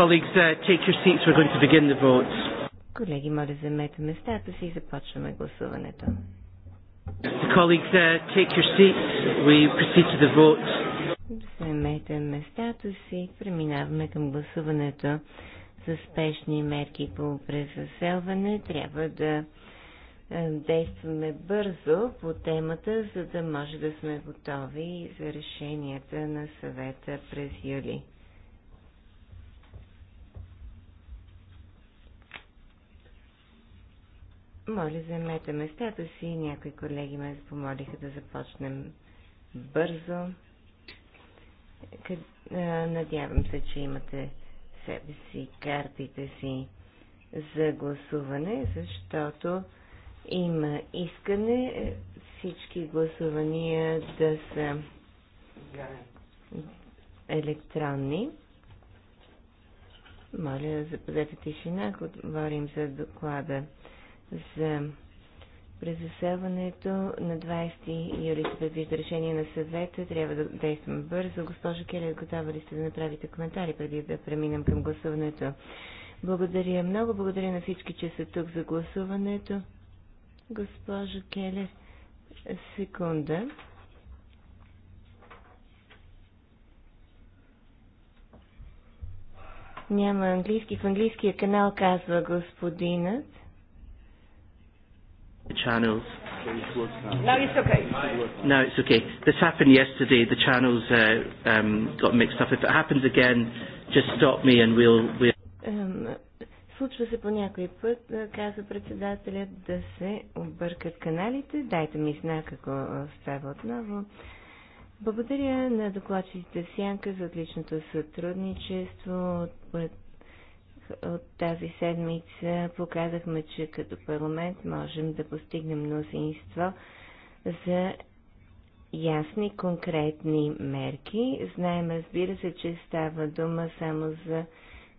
Colleagues, uh, take your seats. We're going to begin the votes. Колеги, моля, заемете местата си и започваме гласуването. Colleagues, uh, take your seats. We proceed to the vote. Заемете местата си. Преминаваме към гласуването за спешни мерки по презаселване. Трябва да е, действаме бързо по темата, за да може да сме готови за решенията на съвета през юли. Моля, заемете местата си. Някои колеги ме помолиха да започнем бързо. Надявам се, че имате себе си картите си за гласуване, защото има искане всички гласувания да са електронни. Моля, запазете тишина, ако говорим за доклада за презасяването на 20 юли се предвижда решение на съвета. Трябва да действаме бързо. Госпожо Келет, готова ли сте да направите коментари преди да преминем към гласуването? Благодаря много. Благодаря на всички, че са тук за гласуването. Госпожо Келер, секунда. Няма английски. В английския канал казва господинът the channels. No, it's okay. No, it's okay. This happened yesterday. The channels uh, um, got mixed up. If it happens again, just stop me and we'll. we'll... Um, случва се по някой път, каза председателят, да се объркат каналите. Дайте ми знак, какво става отново. Благодаря на докладчиците Сянка за отличното сътрудничество. От от тази седмица показахме, че като парламент можем да постигнем мнозинство за ясни, конкретни мерки. Знаем, разбира се, че става дума само за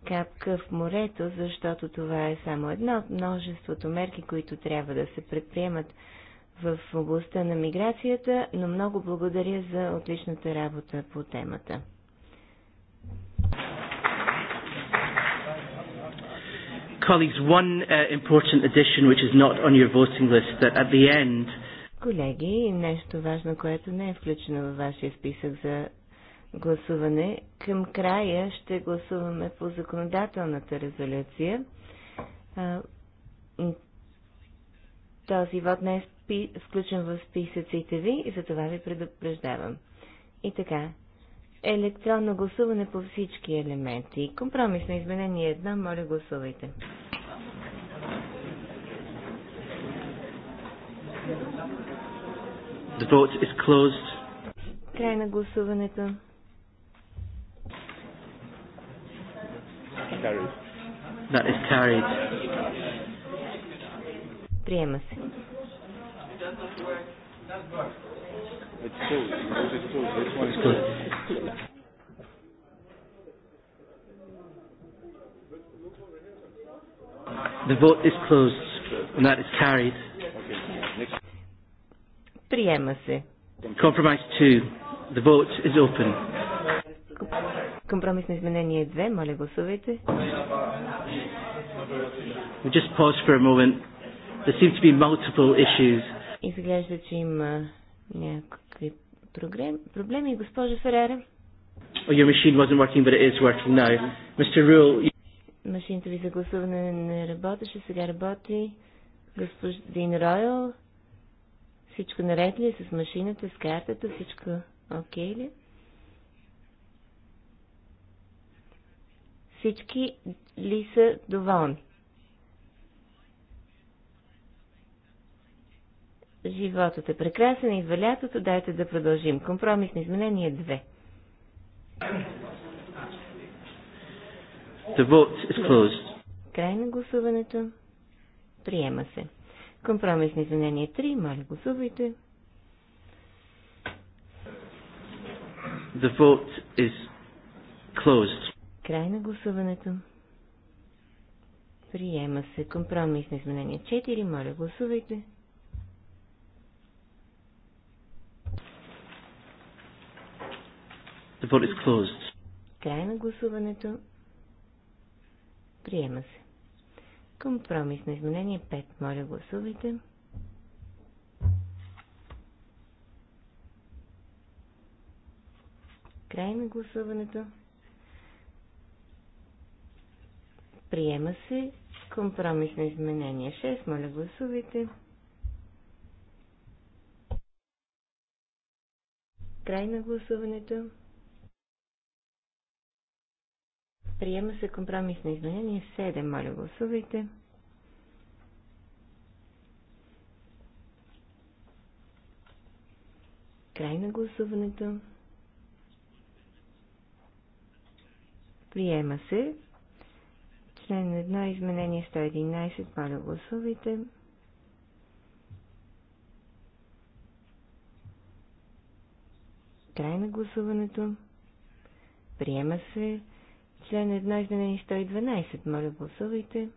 капка в морето, защото това е само едно от множеството мерки, които трябва да се предприемат в областта на миграцията, но много благодаря за отличната работа по темата. Colleagues, one uh, important addition which is not on your voting list that at the end. Колеги, нещо важно, което не е включено във вашия списък за гласуване. Към края ще гласуваме по законодателната резолюция. Този вод не е включен в списъците ви и за това ви предупреждавам. И така, електронно гласуване по всички елементи. Компромисно изменение една, моля гласувайте. The vote is closed. Край на гласуването. That is carried. Приема се. The vote is closed and that is carried. Приема се. Compromise 2. The vote is open. Компромис на изменение 2. Моля гласувайте. We just pause for a moment. There seem to be multiple issues. Изглежда, че има някакви проблеми. Госпожа Ферера. Oh, your machine wasn't working, but it is working now. Mr. Rule, you... Машината ви за гласуване не работеше, сега работи. Господин Ройл, всичко наред ли е с машината, с картата, всичко окей okay ли? Всички ли са доволни? Животът е прекрасен, идва лятото, дайте да продължим. Компромисно изменение 2. The vote is closed. Край на гласуването. Приема се. Компромисно изменение 3. Моля, гласувайте. The vote is closed. Край на гласуването. Приема се компромисно изменение 4. Моля, гласувайте. The vote is closed. Край на гласуването. Приема се. Компромис на изменение 5. Моля, гласувайте. Край на гласуването. Приема се. Компромис на изменение 6. Моля, гласувайте. Край на гласуването. Приема се компромисно изменение 7. Моля, гласувайте. Край на гласуването. Приема се. Член 1, изменение 111. Моля, гласувайте. Край на гласуването. Приема се член 1, изменение 112. Моля, гласувайте.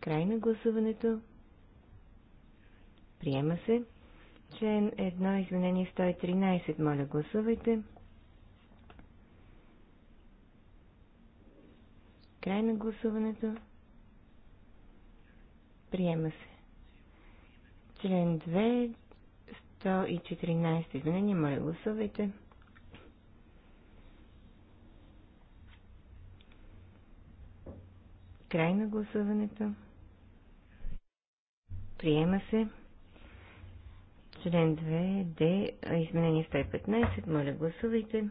Край на гласуването. Приема се. Член 1, изменение 113. Моля, гласувайте. Край на гласуването. Приема се. Член 2, 114 изменения, Моля, гласувайте. Край на гласуването. Приема се. Член 2, Д, изменение 115. Моля, гласувайте.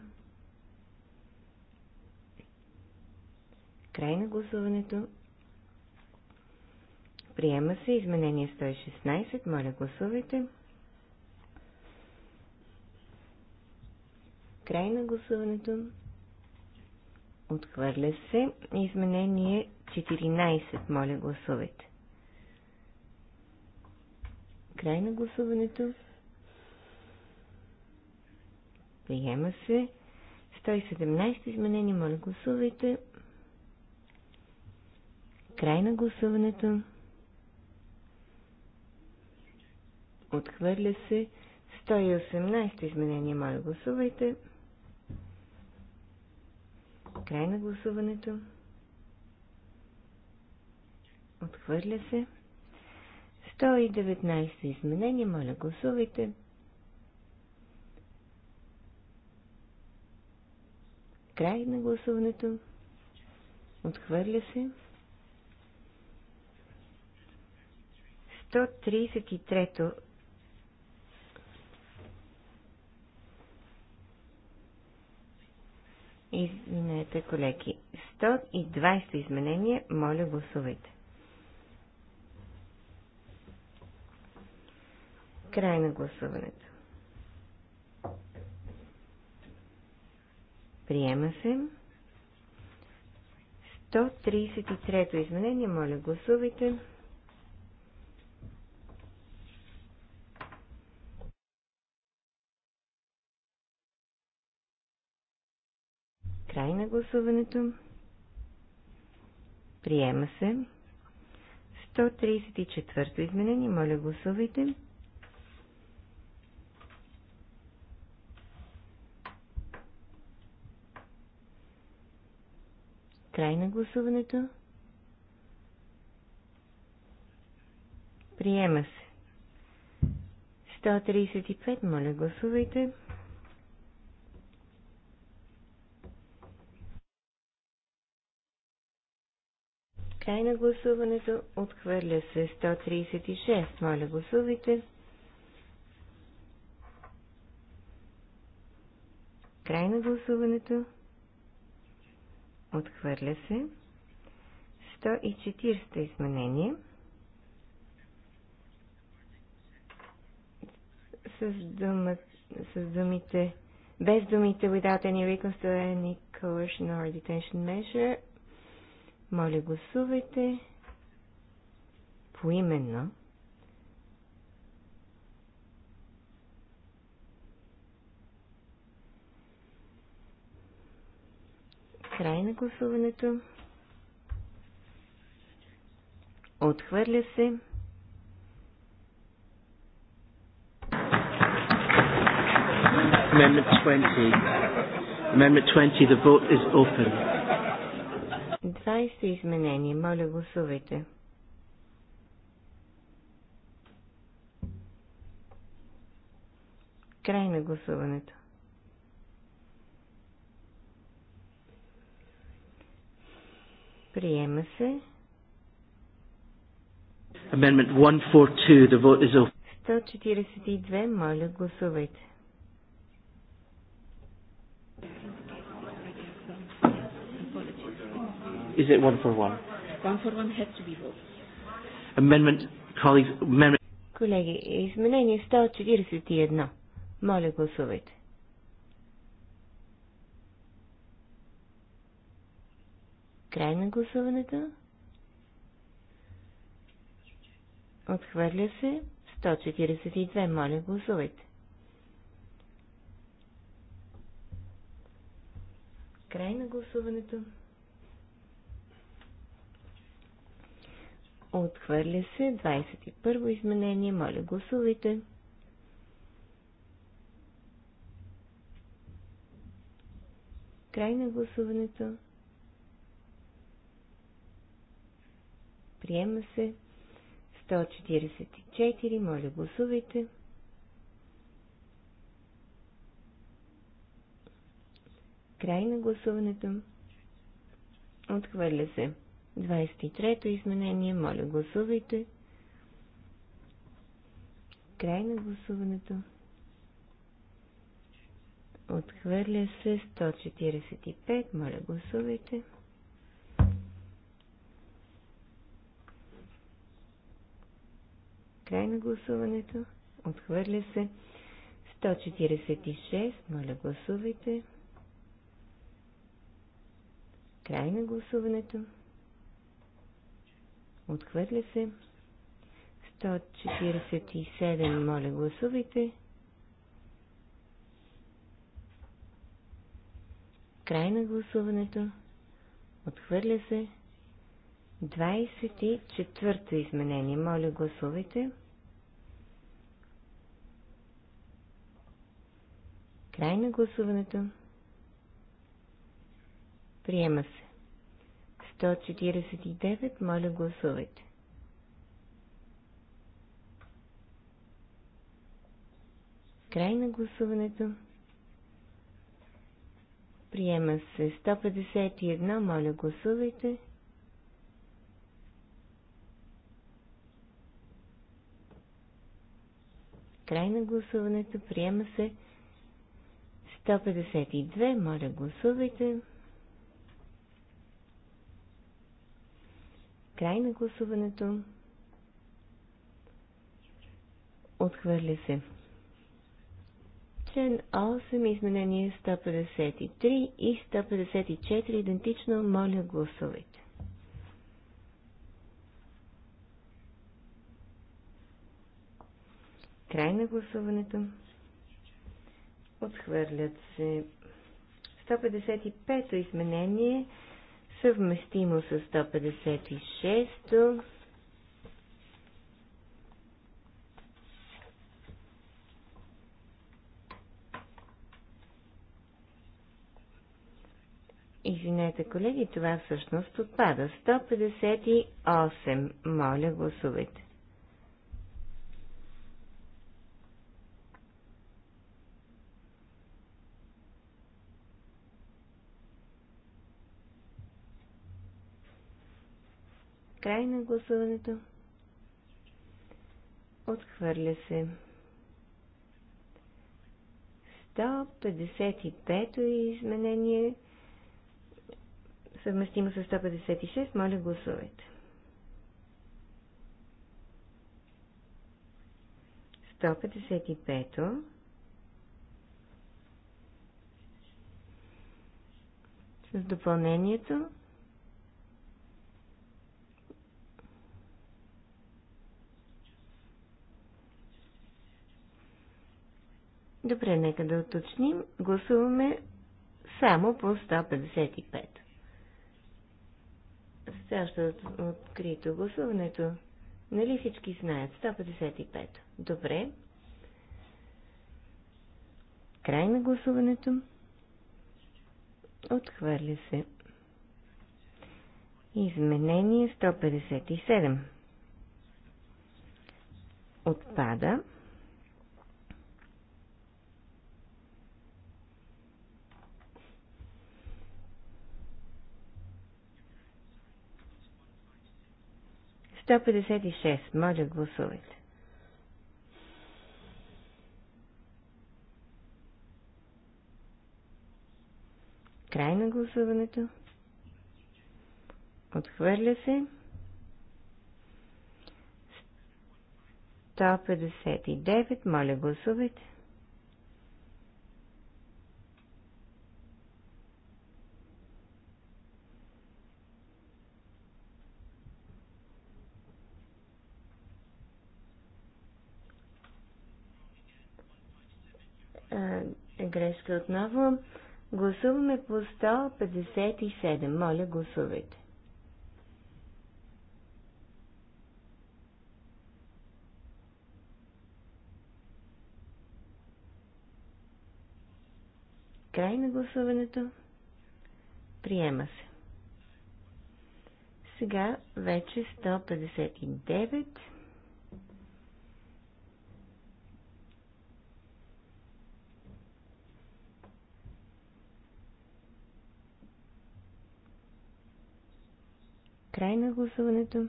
Край на гласуването. Приема се изменение 116. Моля, гласувайте. Край на гласуването. Отхвърля се. Изменение 14. Моля, гласувайте. Край на гласуването. Приема се. 117 изменение. Моля, гласувайте. Край на гласуването. Отхвърля се. 118 изменение. Моля, гласувайте. Край на гласуването. Отхвърля се. 119 изменения. Моля, гласувайте. Край на гласуването. Отхвърля се. 133 Извинете, колеги. 120 изменения, моля гласувайте. Край на гласуването. Приема се. 133 изменение, моля гласувайте. Край на гласуването. Приема се. 134-то изменение. Моля, гласувайте. Край на гласуването. Приема се. 135. Моля, гласувайте. Край на гласуването. Отхвърля се 136. Моля, гласувайте. Край на гласуването. Отхвърля се. 140 изменение. С, дума, с думите без думите without any reconciliation coercion or detention measure моля, гласувайте поименно. Край на гласуването. Отхвърля се. Amendment 20. Amendment 20, the vote is open. 20 изменения. Моля, гласувайте. Край на гласуването. Приема се. Amendment 142, the vote is over. 142, моля гласувайте. Is it one for one? One for one has to be voted. Amendment, colleagues, amendment. Колеги, изменение 141. Моля, гласувайте. Край на гласуването. Отхвърля се. 142. Моля, гласувайте. Край на гласуването. Отхвърля се 21 во изменение. Моля, гласувайте. Край на гласуването. Приема се 144. Моля, гласувайте. Край на гласуването. Отхвърля се. 23-то изменение. Моля, гласувайте. Край на гласуването. Отхвърля се 145. Моля, гласувайте. Край на гласуването. Отхвърля се 146. Моля, гласувайте. Край на гласуването. Отхвърля се. 147. Моля, гласувайте. Край на гласуването. Отхвърля се. 24-то изменение. Моля, гласувайте. Край на гласуването. Приема се. 149. Моля, гласувайте. Край на гласуването. Приема се 151. Моля, гласувайте. Край на гласуването. Приема се 152. Моля, гласувайте. Край на гласуването. Отхвърля се. Член 8, изменение 153 и 154, идентично, моля гласувайте. Край на гласуването. Отхвърлят се 155 изменение съвместимо с 156-то. Извинете, колеги, това всъщност отпада. 158. Моля, гласувайте. Край на гласуването. Отхвърля се. 155-то изменение съвместимо с 156. Моля, гласувайте. 155-то. С допълнението Добре, нека да уточним. Гласуваме само по 155. Все от, открито гласуването. Нали всички знаят? 155. Добре. Край на гласуването. Отхвърля се. Изменение 157. Отпада. 156. Моля, гласувайте. Край на гласуването. Отхвърля се. 159. Моля, гласувайте. грешка отново. Гласуваме по 157. Моля, гласувайте. Край на гласуването. Приема се. Сега вече 159. Край на гласуването.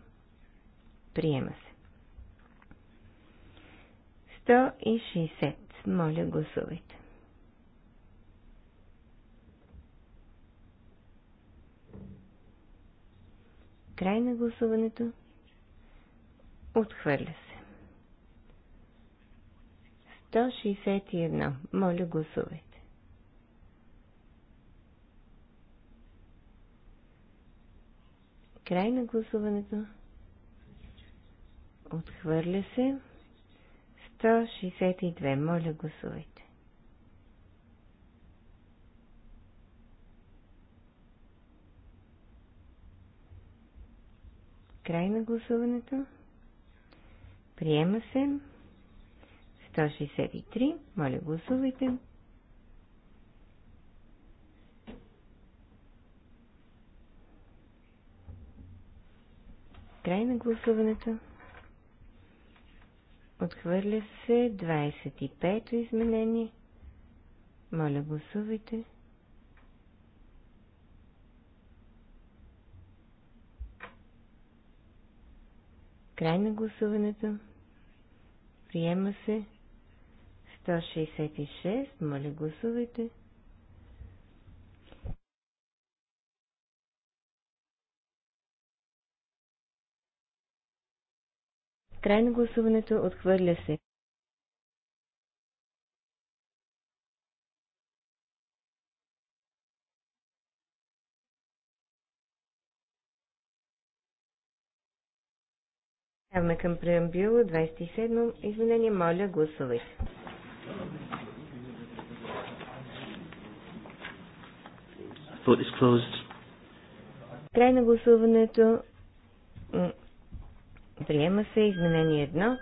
Приема се. 160. Моля, гласувайте. Край на гласуването. Отхвърля се. 161. Моля, гласувайте. Край на гласуването. Отхвърля се. 162. Моля, гласувайте. Край на гласуването. Приема се. 163. Моля, гласувайте. Край на гласуването. Отхвърля се 25-то изменение. Моля, гласувайте. Край на гласуването. Приема се 166. Моля, гласувайте. Край на гласуването. Отхвърля се. Ставаме към преамбюла 27. Извинение, моля, гласувайте. Край на гласуването Приема се изменение 1.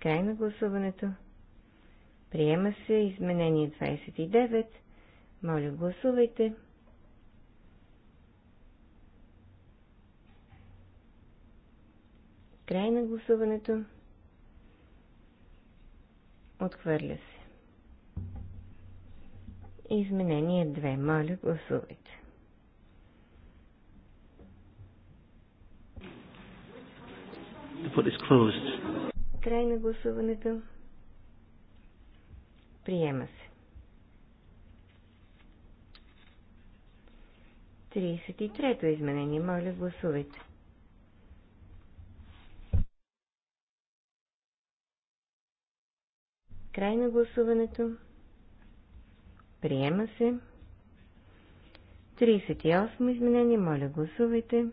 Край на гласуването. Приема се изменение 29. Моля, гласувайте. Край на гласуването. Отхвърля се. Изменение 2. Моля, гласувайте. put this closed. Край на гласуването. Приема се. 33-то изменение. Моля, гласувайте. Край на гласуването. Приема се. 38 изменение. Моля, гласувайте.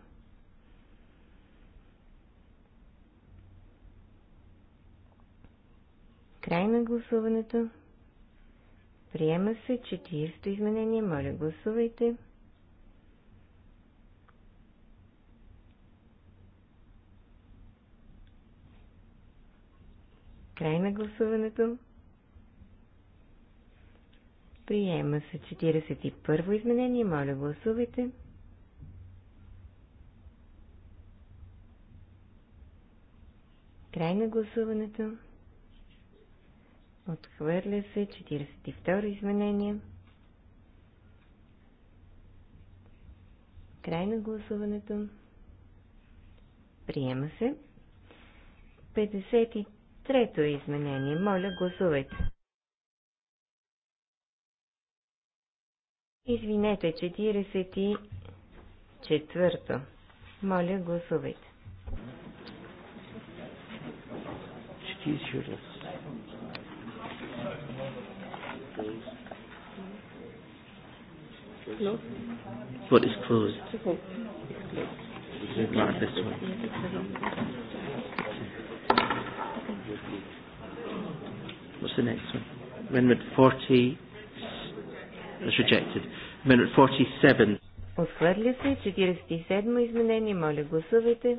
Край на гласуването. Приема се 40 изменение. Моля, гласувайте. Край на гласуването. Приема се 41 изменение. Моля, гласувайте. Край на гласуването. Отхвърля се 42 изменение. Край на гласуването. Приема се. 53-то изменение. Моля, гласувайте. Извинете, 44-то. Моля, гласувайте. 44 closed. Closed. What is closed? It's not this one. What's the next one? Amendment 40 is rejected. Amendment 47. Отхвърля се 47 изменение. Моля, гласувайте.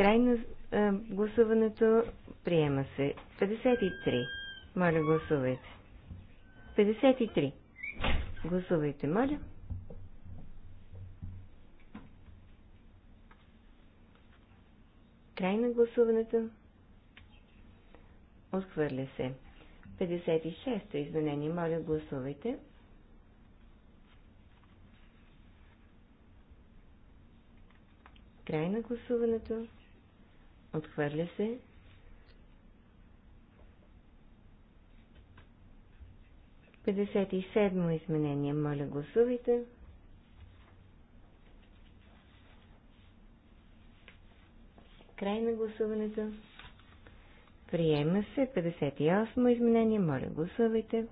Край на а, гласуването. Приема се. 53. Моля, гласувайте. 53. Гласувайте, моля. Край на гласуването. Отхвърля се. 56-то изменение. Моля, гласувайте. Край на гласуването. Отхвърля се. Петдесет и седмо изменение. Моля, гласувайте. Край на гласуването. Приема се 58 изменение. Моля, гласувайте.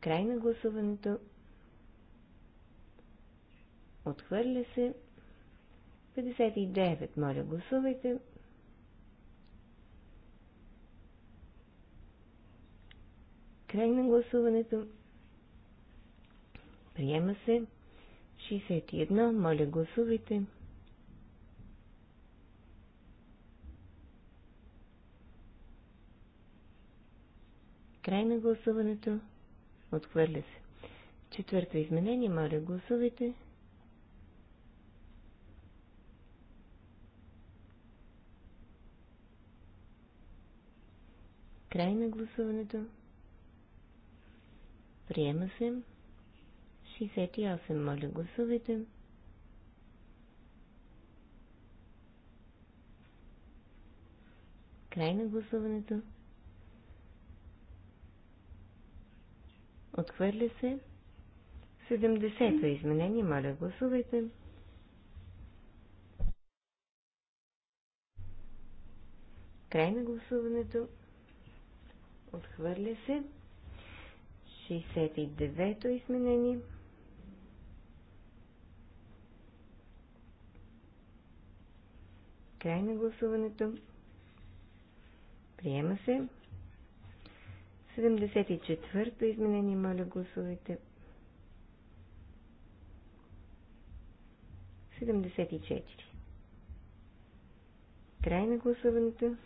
Край на гласуването. Отхвърля се. 59. Моля, гласувайте. Край на гласуването. Приема се. 61. Моля, гласувайте. Край на гласуването. Отхвърля се. Четвърто изменение. Моля, гласувайте. Край на гласуването. Приема се. 68. Моля, гласувайте. Край на гласуването. Отхвърля се. 70-то изменение. Моля, гласувайте. Край на гласуването. Отхвърля се. 69-то изменение. Край на гласуването. Приема се. 74-то изменение. Моля, гласувайте. 74. Край на гласуването.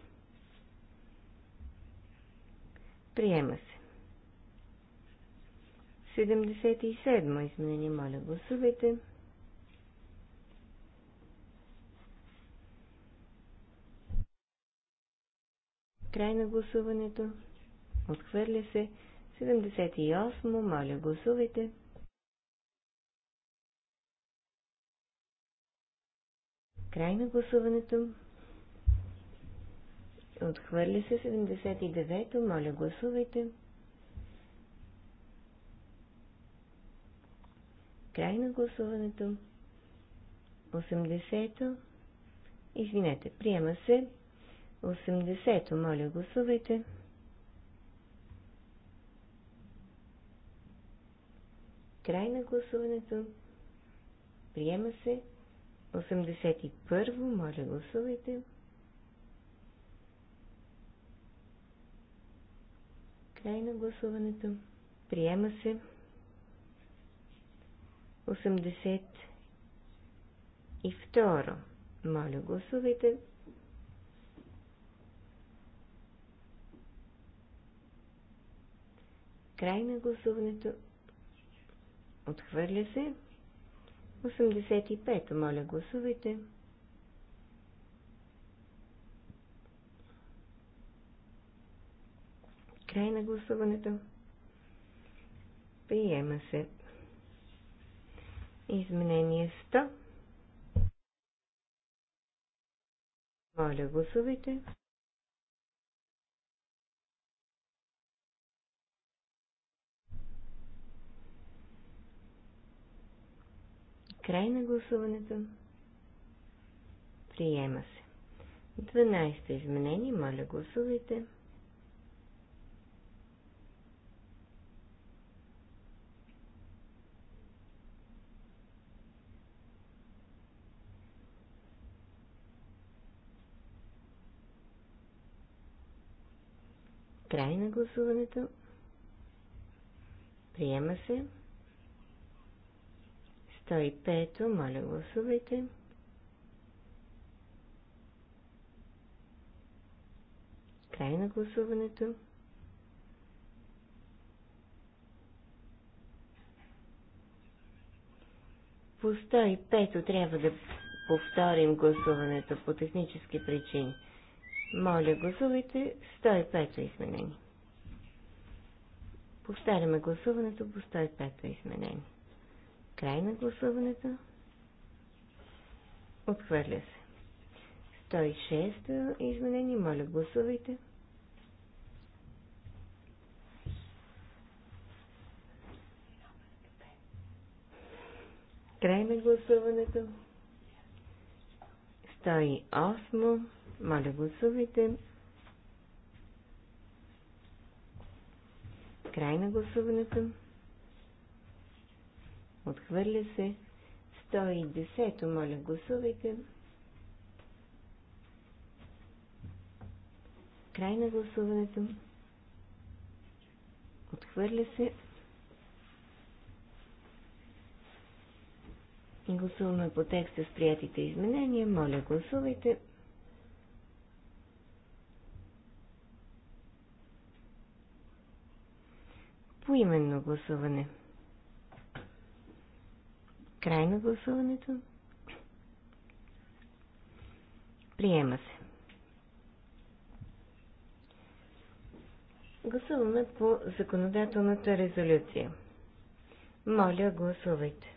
Приема се. 77 изменение, моля гласувайте. Край на гласуването. Отхвърля се. 78. Моля, гласувайте. Край на гласуването. Отхвърля се 79-то. Моля, гласувайте. Край на гласуването. 80-то. Извинете, приема се. 80-то. Моля, гласувайте. Край на гласуването. Приема се. 81-во. Моля, гласувайте. Край на гласуването. Приема се. 80 и второ. Моля, гласувайте. Край на гласуването. Отхвърля се. 85. Моля, гласувайте. Край на гласуването. Приема се. Изменение 100. Моля, гласувайте. Край на гласуването. Приема се. 12 изменение. Моля, гласувайте. гласуването. Приема се. 105-то, моля гласувайте. Край на гласуването. По 105-то трябва да повторим гласуването по технически причини. Моля, гласувайте 105-то изменение. Повтаряме гласуването по 105 изменение. Край на гласуването. Отхвърля се. 106 изменение. Моля, гласувайте. Край на гласуването. 108. Моля, гласувайте. Край на гласуването. Отхвърля се. 110. Моля, гласувайте. Край на гласуването. Отхвърля се. И гласуваме по текста с приятите изменения. Моля, гласувайте. поименно гласуване. Край на гласуването. Приема се. Гласуваме по законодателната резолюция. Моля, гласувайте.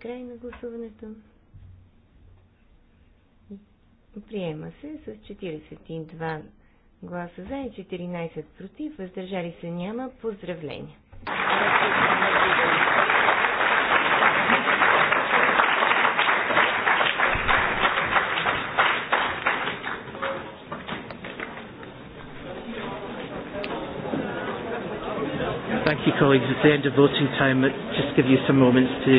Край на гласуването. Приема се с 42 гласа за и 14 против. Въздържали се няма. Поздравления! Thank you, colleagues. It's the end of voting time. but just give you some moments to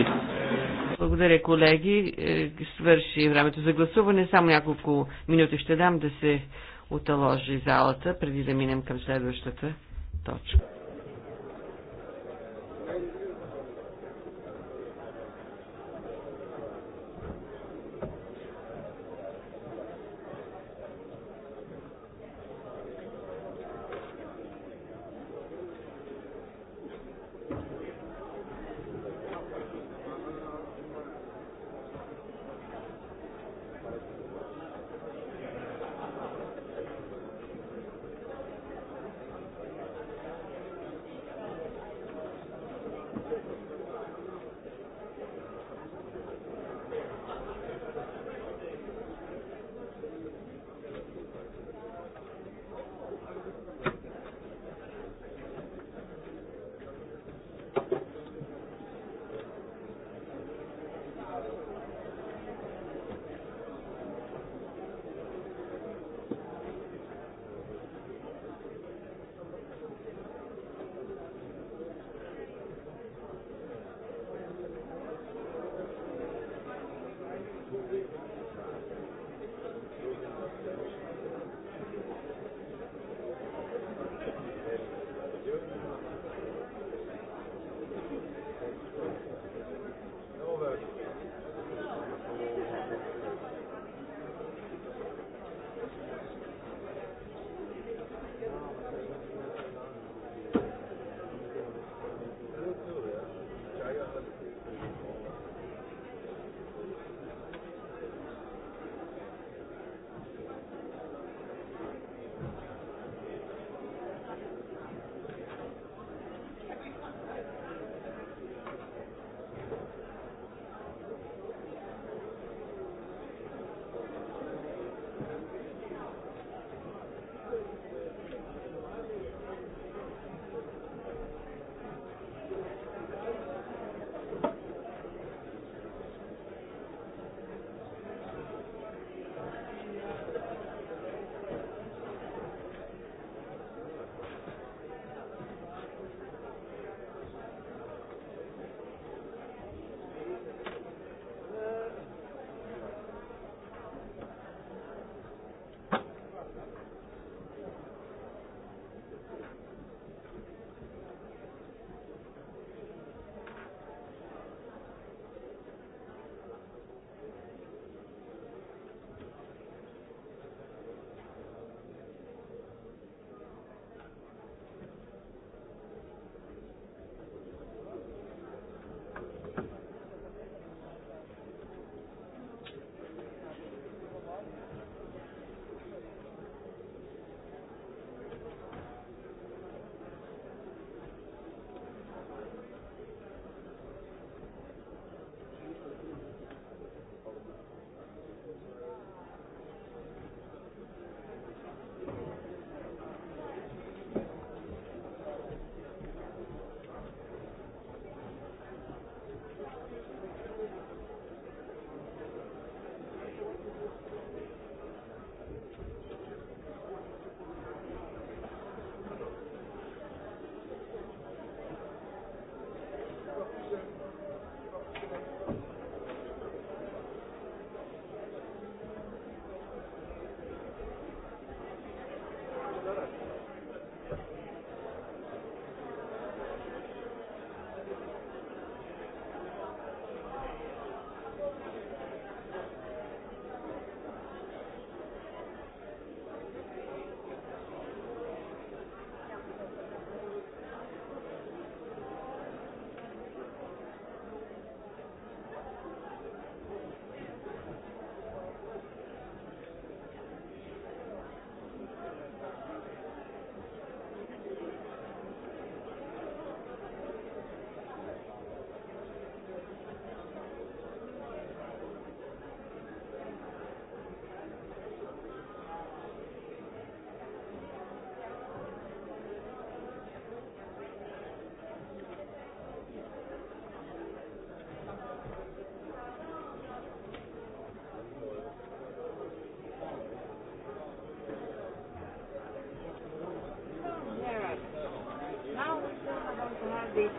благодаря, колеги. Е, свърши времето за гласуване. Само няколко минути ще дам да се оталожи залата, преди да минем към следващата точка.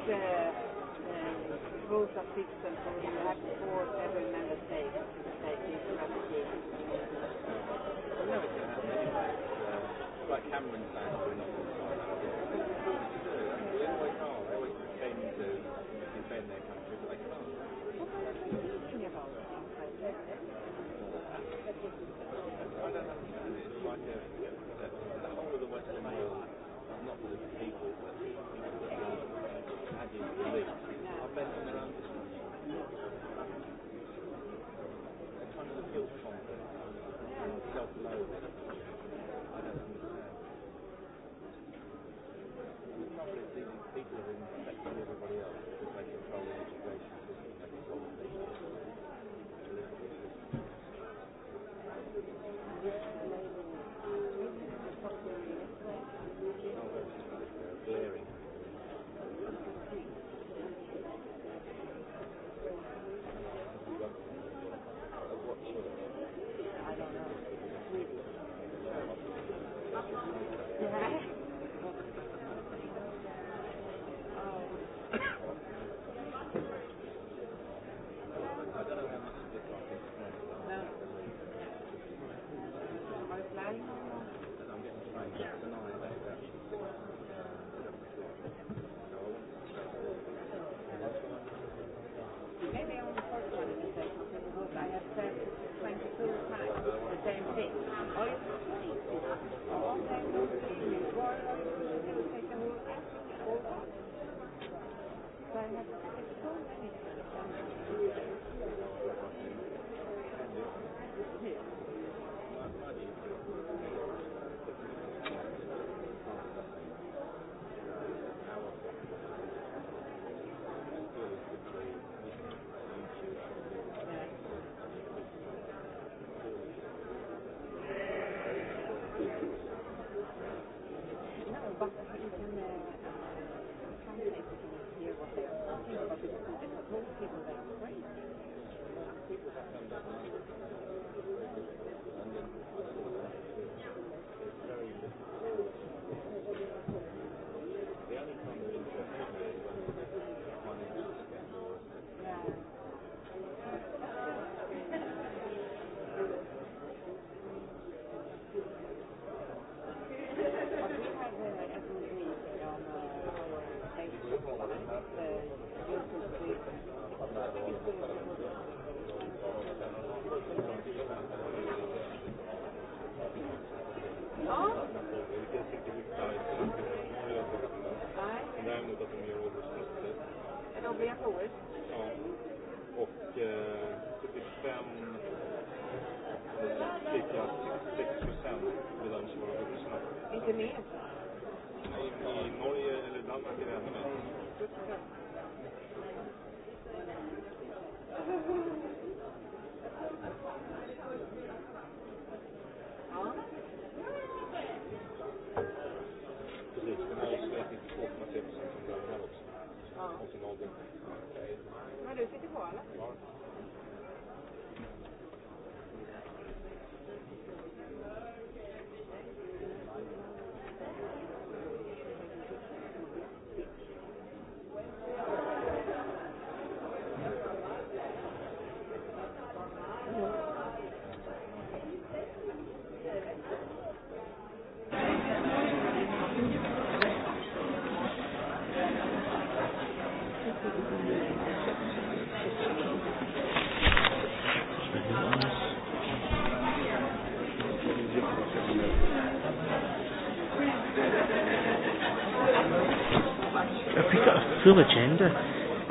uh, uh, rules are fixed and so you have to force every member state to take these ratification. Like Cameron said, we're not going to find They always are. They always pretend to defend their country, but they can't. What are they thinking about things like that? I don't understand It's like a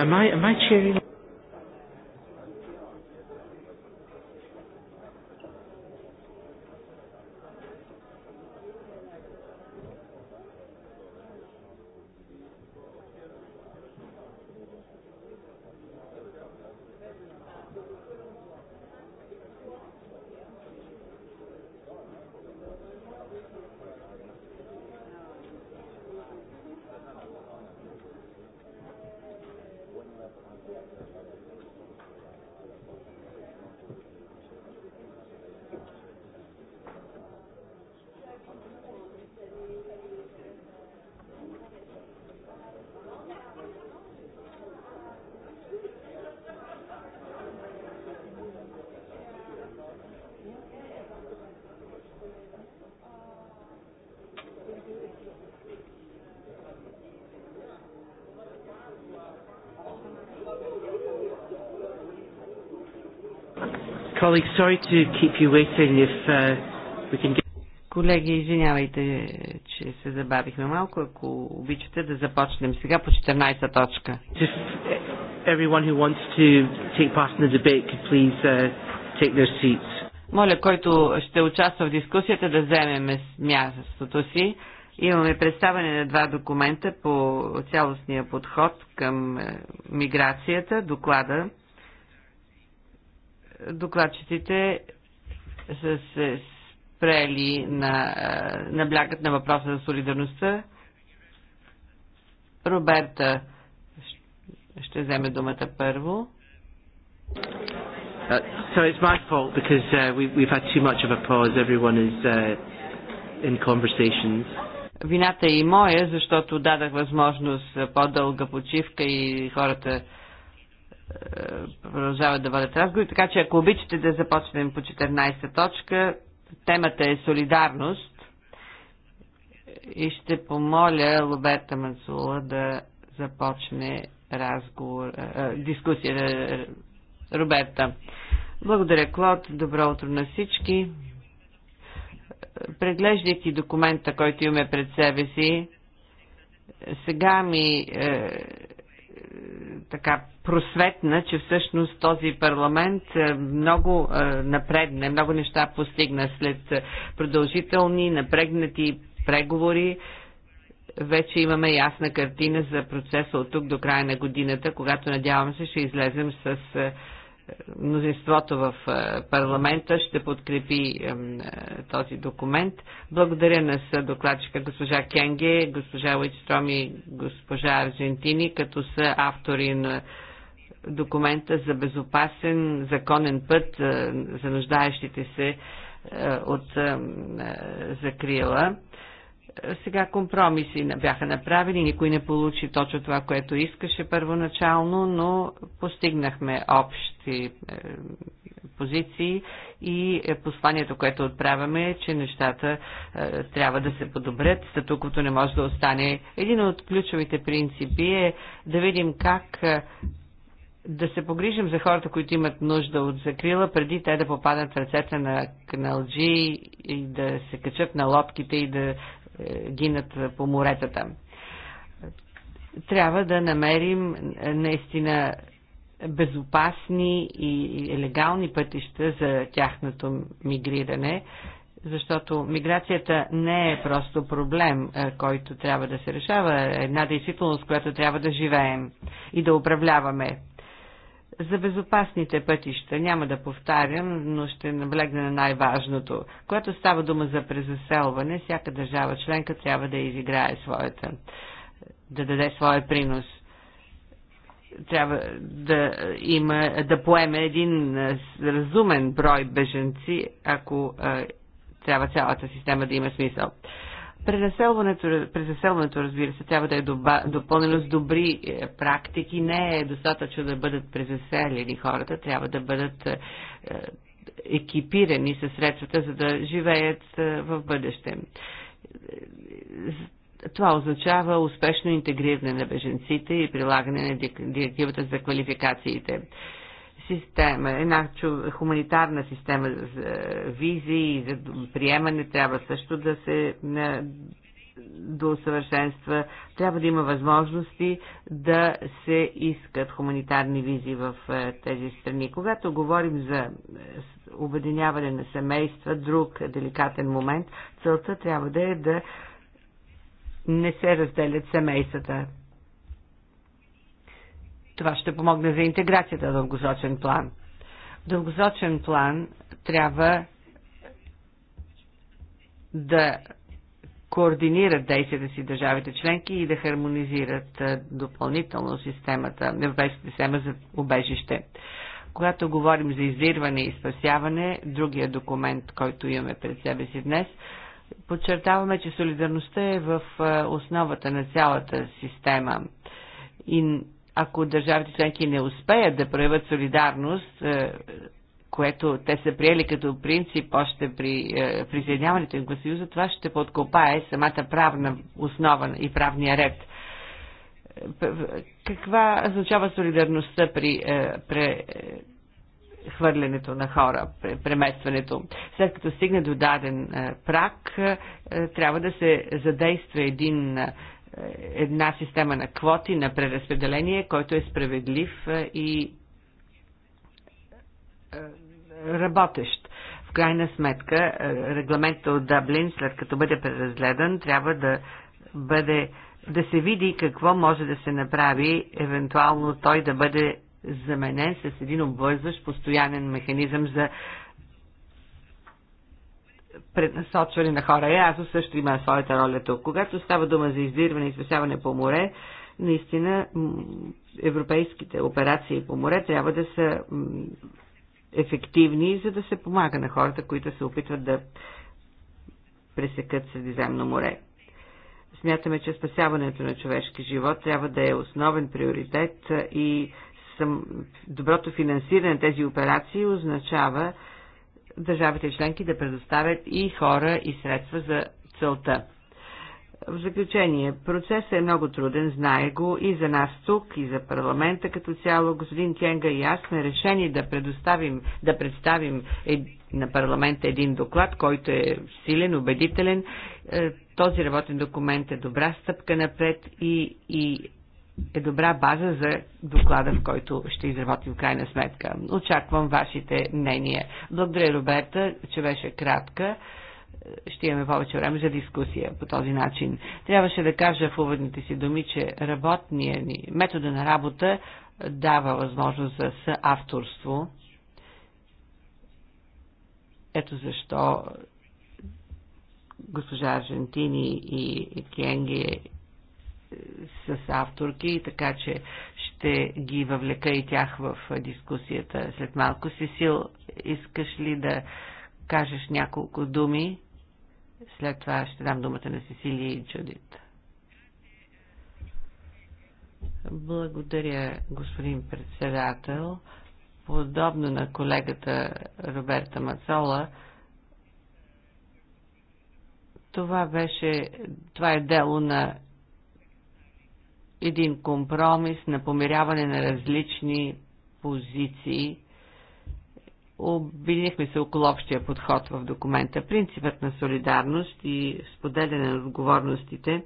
Am I, am I cheering? Uh, Колеги, извинявайте, че се забавихме малко. Ако обичате да започнем сега по 14 точка. Debate, please, uh, Моля, който ще участва в дискусията, да вземем мястото си. Имаме представане на два документа по цялостния подход към е, миграцията, доклада докладчиците са се спрели на, наблягат на въпроса за солидарността. Роберта ще вземе думата първо. Uh, so it's my fault because uh, we, we've had too much of a pause. Everyone is uh, in conversations. Вината е и моя, защото дадах възможност по-дълга почивка и хората uh, е, продължават да водят разговори. Така че ако обичате да започнем по 14 точка, темата е солидарност и ще помоля Лоберта Мацула да започне разговор, э, дискусия. Роберта. Благодаря, Клод. Добро утро на всички. Преглеждайки документа, който имаме пред себе си, сега ми е, така просветна, че всъщност този парламент е, много е, напредна, много неща постигна след продължителни, напрегнати преговори. Вече имаме ясна картина за процеса от тук до края на годината, когато надявам се ще излезем с е, мнозинството в е, парламента ще подкрепи е, този документ. Благодаря на съдокладчика госпожа Кенге, госпожа Уичстром и госпожа Аржентини, като са автори на документа за безопасен, законен път е, за нуждаещите се от закрила. Сега компромиси бяха направени, никой не получи точно това, което искаше първоначално, но постигнахме общи е, позиции и е, посланието, което отправяме е, че нещата е, трябва да се подобрят, статуквото не може да остане. Един от ключовите принципи е да видим как е, да се погрижим за хората, които имат нужда от закрила, преди те да попаднат в ръцете на каналджи и да се качат на лодките и да е, гинат по моретата. Трябва да намерим е, наистина безопасни и легални пътища за тяхното мигриране, защото миграцията не е просто проблем, е, който трябва да се решава, една действителност, която трябва да живеем и да управляваме. За безопасните пътища няма да повтарям, но ще наблегна на най-важното. Когато става дума за презаселване, всяка държава членка трябва да изиграе своята, да даде своя принос. Трябва да има, да поеме един разумен брой беженци, ако трябва цялата система да има смисъл. Презаселването, презаселването, разбира се, трябва да е доба, допълнено с добри е, практики. Не е достатъчно да бъдат презаселени хората, трябва да бъдат е, е, екипирани със средствата, за да живеят в бъдеще. Това означава успешно интегриране на беженците и прилагане на директивата за квалификациите система, една хуманитарна система за визи и за приемане трябва също да се до усъвършенства. Трябва да има възможности да се искат хуманитарни визи в е, тези страни. Когато говорим за е, обединяване на семейства, друг деликатен момент, целта трябва да е да не се разделят семействата. Това ще помогне за интеграцията в дългосрочен план. В дългосрочен план трябва да координират действията си държавите членки и да хармонизират допълнително системата, европейската система за убежище. Когато говорим за издирване и спасяване, другия документ, който имаме пред себе си днес, подчертаваме, че солидарността е в основата на цялата система. И ако държавите членки не успеят да проявят солидарност, е, което те са приели като принцип още при е, присъединяването им към Съюза, това ще подкопае самата правна основа и правния ред. Каква означава солидарността при, е, хвърлянето на хора, преместването. След като стигне до даден прак, трябва да се задейства един една система на квоти, на преразпределение, който е справедлив и работещ. В крайна сметка, регламентът от Даблин, след като бъде преразгледан, трябва да бъде да се види какво може да се направи, евентуално той да бъде заменен с един обвързващ постоянен механизъм за преднасочване на хора. Е, аз също има своята роля тук. Когато става дума за издирване и спасяване по море, наистина европейските операции по море трябва да са ефективни, за да се помага на хората, които се опитват да пресекат Средиземно море. Смятаме, че спасяването на човешки живот трябва да е основен приоритет и доброто финансиране на тези операции означава държавите членки да предоставят и хора и средства за целта. В заключение, процесът е много труден, знае го и за нас тук, и за парламента като цяло. Господин Кенга и аз сме решени да предоставим, да представим на парламента един доклад, който е силен, убедителен. Е, този работен документ е добра стъпка напред и, и е добра база за доклада, в който ще изработим в крайна сметка. Очаквам вашите мнения. Благодаря, Роберта, че беше кратка. Ще имаме повече време за дискусия по този начин. Трябваше да кажа в уводните си думи, че работния ни метода на работа дава възможност за съавторство. Ето защо госпожа Аржентини и Кенге с авторки, така че ще ги въвлека и тях в дискусията след малко. Сесил, искаш ли да кажеш няколко думи? След това ще дам думата на Сесилия и Джудит. Благодаря, господин председател. Подобно на колегата Роберта Мацола, това беше, това е дело на един компромис на помиряване на различни позиции. Обединихме се около общия подход в документа. Принципът на солидарност и споделяне на отговорностите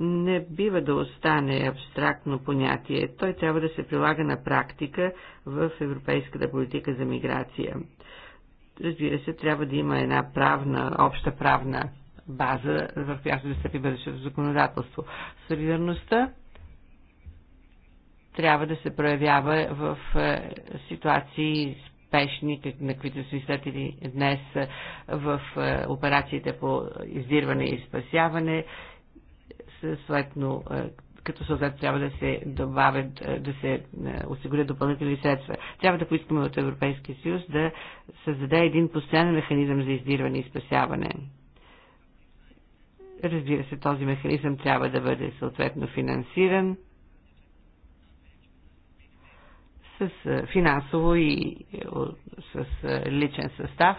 не бива да остане абстрактно понятие. Той трябва да се прилага на практика в европейската политика за миграция. Разбира се, трябва да има една правна, обща правна база, в която да стъпи бъдещето законодателство. Солидарността трябва да се проявява в е, ситуации спешни, на които сме изследили днес е, в е, операциите по издирване и спасяване, съответно като съответно трябва да се добавят, да се осигурят допълнителни средства. Трябва да поискаме от Европейския съюз да създаде един постоянен механизъм за издирване и спасяване. Разбира се, този механизъм трябва да бъде съответно финансиран с финансово и е, с личен състав,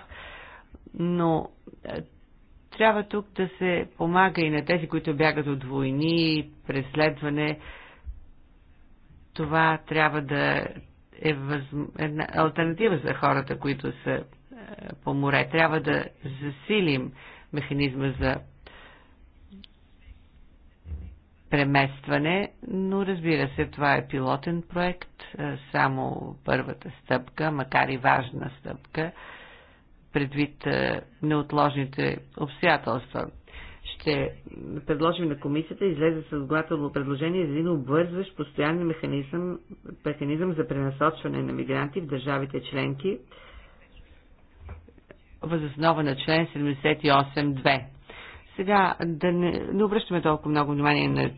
но трябва тук да се помага и на тези, които бягат от войни, преследване. Това трябва да е възм... една альтернатива за хората, които са е, по море. Трябва да засилим механизма за преместване, но разбира се, това е пилотен проект, само първата стъпка, макар и важна стъпка, предвид неотложните обстоятелства. Ще предложим на комисията излезе с глателно предложение за един обвързващ постоянен механизъм, механизъм за пренасочване на мигранти в държавите членки, възоснова на член 78.2 сега да не, не обръщаме толкова много внимание на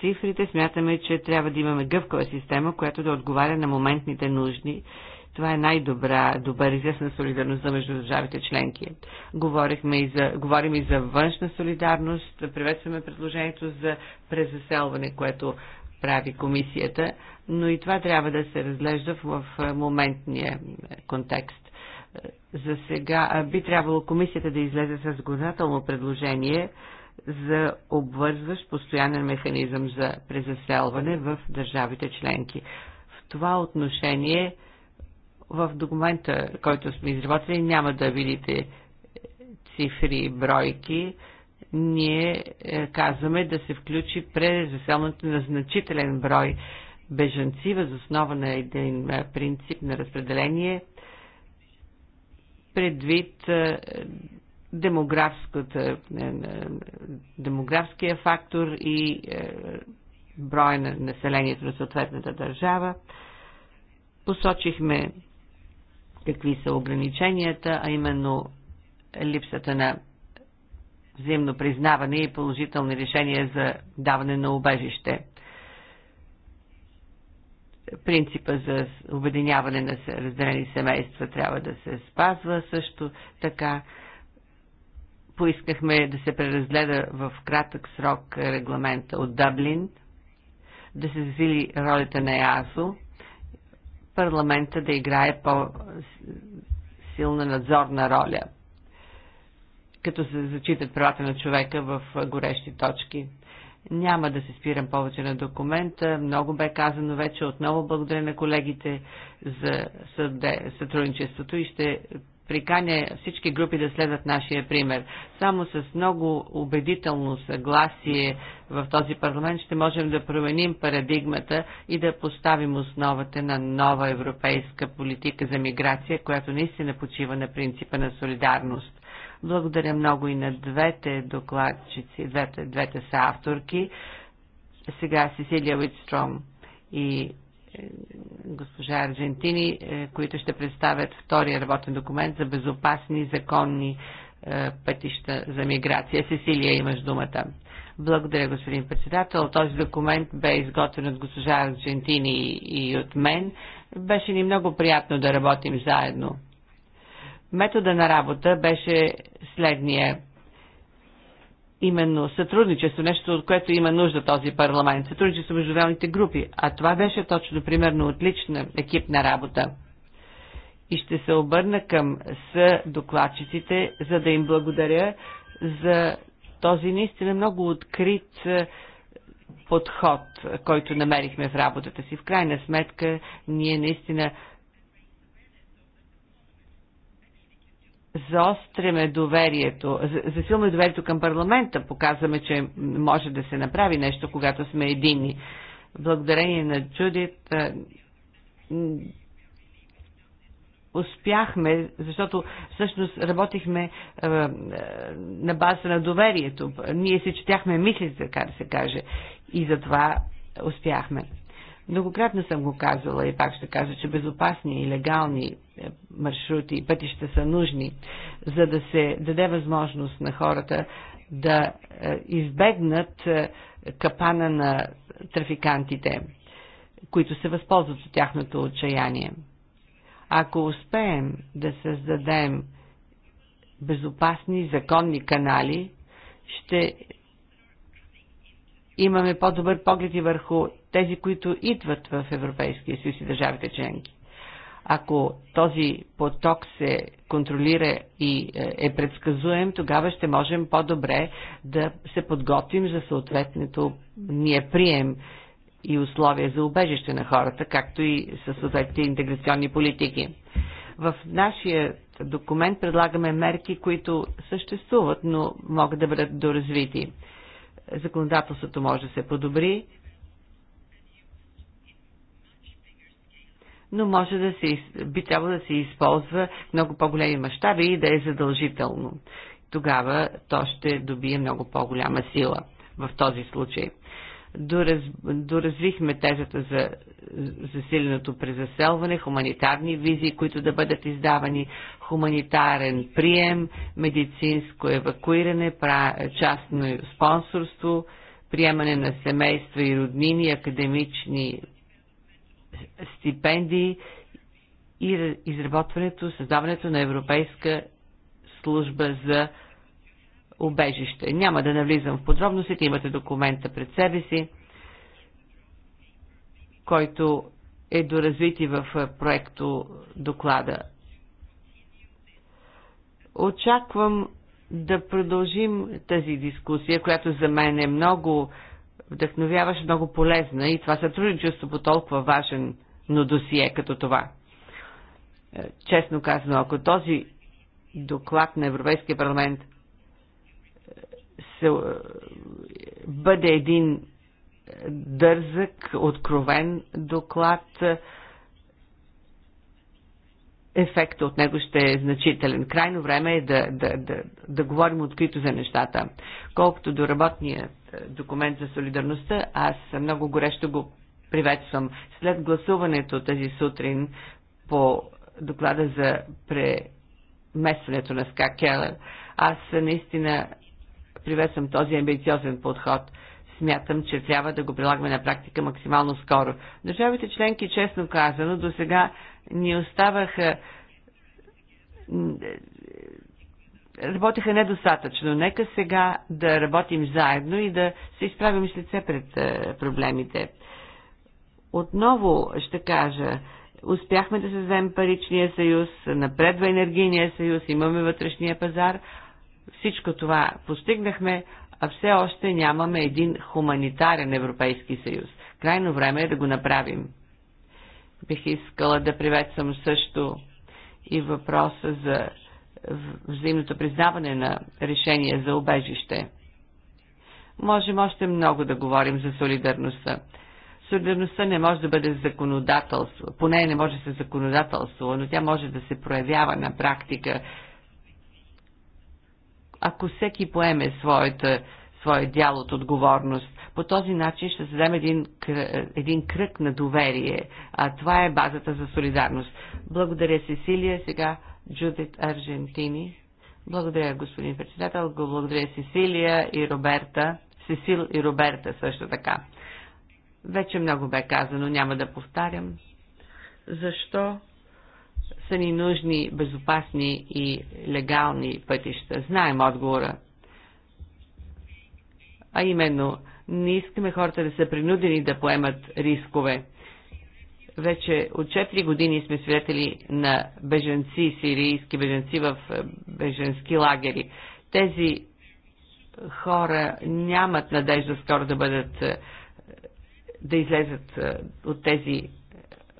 цифрите. Смятаме, че трябва да имаме гъвкава система, която да отговаря на моментните нужди. Това е най-добра, добър известна солидарността между държавите членки. Говорихме и за, говорим и за външна солидарност. Приветстваме предложението за презаселване, което прави комисията, но и това трябва да се разглежда в моментния контекст за сега би трябвало комисията да излезе с законодателно предложение за обвързващ постоянен механизъм за презаселване в държавите членки. В това отношение в документа, който сме изработили, няма да видите цифри и бройки. Ние е, казваме да се включи презаселването на значителен брой бежанци въз основа на един е, принцип на разпределение – предвид е, е, е, демографския фактор и брой на населението на съответната държава. Посочихме какви са ограниченията, а именно липсата на взаимно признаване и положителни решения за даване на убежище принципа за обединяване на разделени семейства трябва да се спазва също така. Поискахме да се преразгледа в кратък срок регламента от Дъблин, да се засили ролята на ЕАСО, парламента да играе по-силна надзорна роля, като се зачитат правата на човека в горещи точки – няма да се спирам повече на документа. Много бе казано вече. Отново благодаря на колегите за сътрудничеството и ще приканя всички групи да следват нашия пример. Само с много убедително съгласие в този парламент ще можем да променим парадигмата и да поставим основата на нова европейска политика за миграция, която наистина почива на принципа на солидарност. Благодаря много и на двете докладчици, двете, двете са авторки. Сега Сесилия Уитстром и е, госпожа Аржентини, е, които ще представят втория работен документ за безопасни законни е, пътища за миграция. Сесилия, имаш думата. Благодаря, господин председател. Този документ бе изготвен от госпожа Аржентини и от мен. Беше ни много приятно да работим заедно. Метода на работа беше следния. Именно сътрудничество, нещо от което има нужда този парламент, сътрудничество между отделните групи. А това беше точно, примерно, отлична екипна работа. И ще се обърна към с докладчиците, за да им благодаря за този наистина много открит е, подход, който намерихме в работата си. В крайна сметка, ние наистина Заостряме доверието, засилваме доверието към парламента, показваме, че може да се направи нещо, когато сме едини. Благодарение на Джудит успяхме, защото всъщност работихме на база на доверието. Ние се четяхме мислите, така да се каже. И затова успяхме. Многократно съм го казвала и пак ще кажа, че безопасни и легални е, маршрути и пътища са нужни, за да се даде възможност на хората да е, избегнат е, капана на трафикантите, които се възползват от тяхното отчаяние. Ако успеем да създадем безопасни, законни канали, ще имаме по-добър поглед и върху тези, които идват в Европейския съюз и държавите членки. Ако този поток се контролира и е, е предсказуем, тогава ще можем по-добре да се подготвим за съответното ние прием и условия за убежище на хората, както и със съответните интеграционни политики. В нашия документ предлагаме мерки, които съществуват, но могат да бъдат доразвити. Законодателството може да се подобри, но може да се, би трябвало да се използва в много по-големи мащаби и да е задължително. Тогава то ще добие много по-голяма сила в този случай. Дораз, доразвихме тезата за засиленото презаселване, хуманитарни визии, които да бъдат издавани, хуманитарен прием, медицинско евакуиране, частно спонсорство, приемане на семейства и роднини, академични стипендии и изработването, създаването на Европейска служба за убежище. Няма да навлизам в подробностите, имате документа пред себе си, който е доразвити в проекто доклада. Очаквам да продължим тази дискусия, която за мен е много вдъхновяваш много полезна и това сътрудничество по толкова важен но досие като това. Е, честно казано, ако този доклад на Европейския парламент е, се, е, бъде един дързък, откровен доклад, ефекта от него ще е значителен. Крайно време е да, да, да, да говорим открито за нещата. Колкото до работния документ за солидарността. Аз много горещо го приветствам. След гласуването тази сутрин по доклада за преместването на Ска Келер, аз наистина приветствам този амбициозен подход. Смятам, че трябва да го прилагаме на практика максимално скоро. Държавите членки, честно казано, до сега ни оставаха работеха недостатъчно. Нека сега да работим заедно и да се изправим с лице пред е, проблемите. Отново ще кажа, успяхме да създадем паричния съюз, напредва енергийния съюз, имаме вътрешния пазар. Всичко това постигнахме, а все още нямаме един хуманитарен Европейски съюз. Крайно време е да го направим. Бих искала да приветствам също и въпроса за взаимното признаване на решение за обежище. Можем още много да говорим за солидарността. Солидарността не може да бъде законодателство, поне не може да се законодателство, но тя може да се проявява на практика. Ако всеки поеме своята, своя дял от отговорност, по този начин ще създадем един, един кръг на доверие. А това е базата за солидарност. Благодаря, Сесилия. Сега Джудит Аржентини. Благодаря, господин председател. Благодаря Сесилия и Роберта. Сесил и Роберта също така. Вече много бе казано, няма да повтарям. Защо са ни нужни безопасни и легални пътища? Знаем отговора. А именно, не искаме хората да са принудени да поемат рискове вече от 4 години сме свидетели на беженци, сирийски беженци в е, беженски лагери. Тези хора нямат надежда скоро да бъдат е, да излезат е, от тези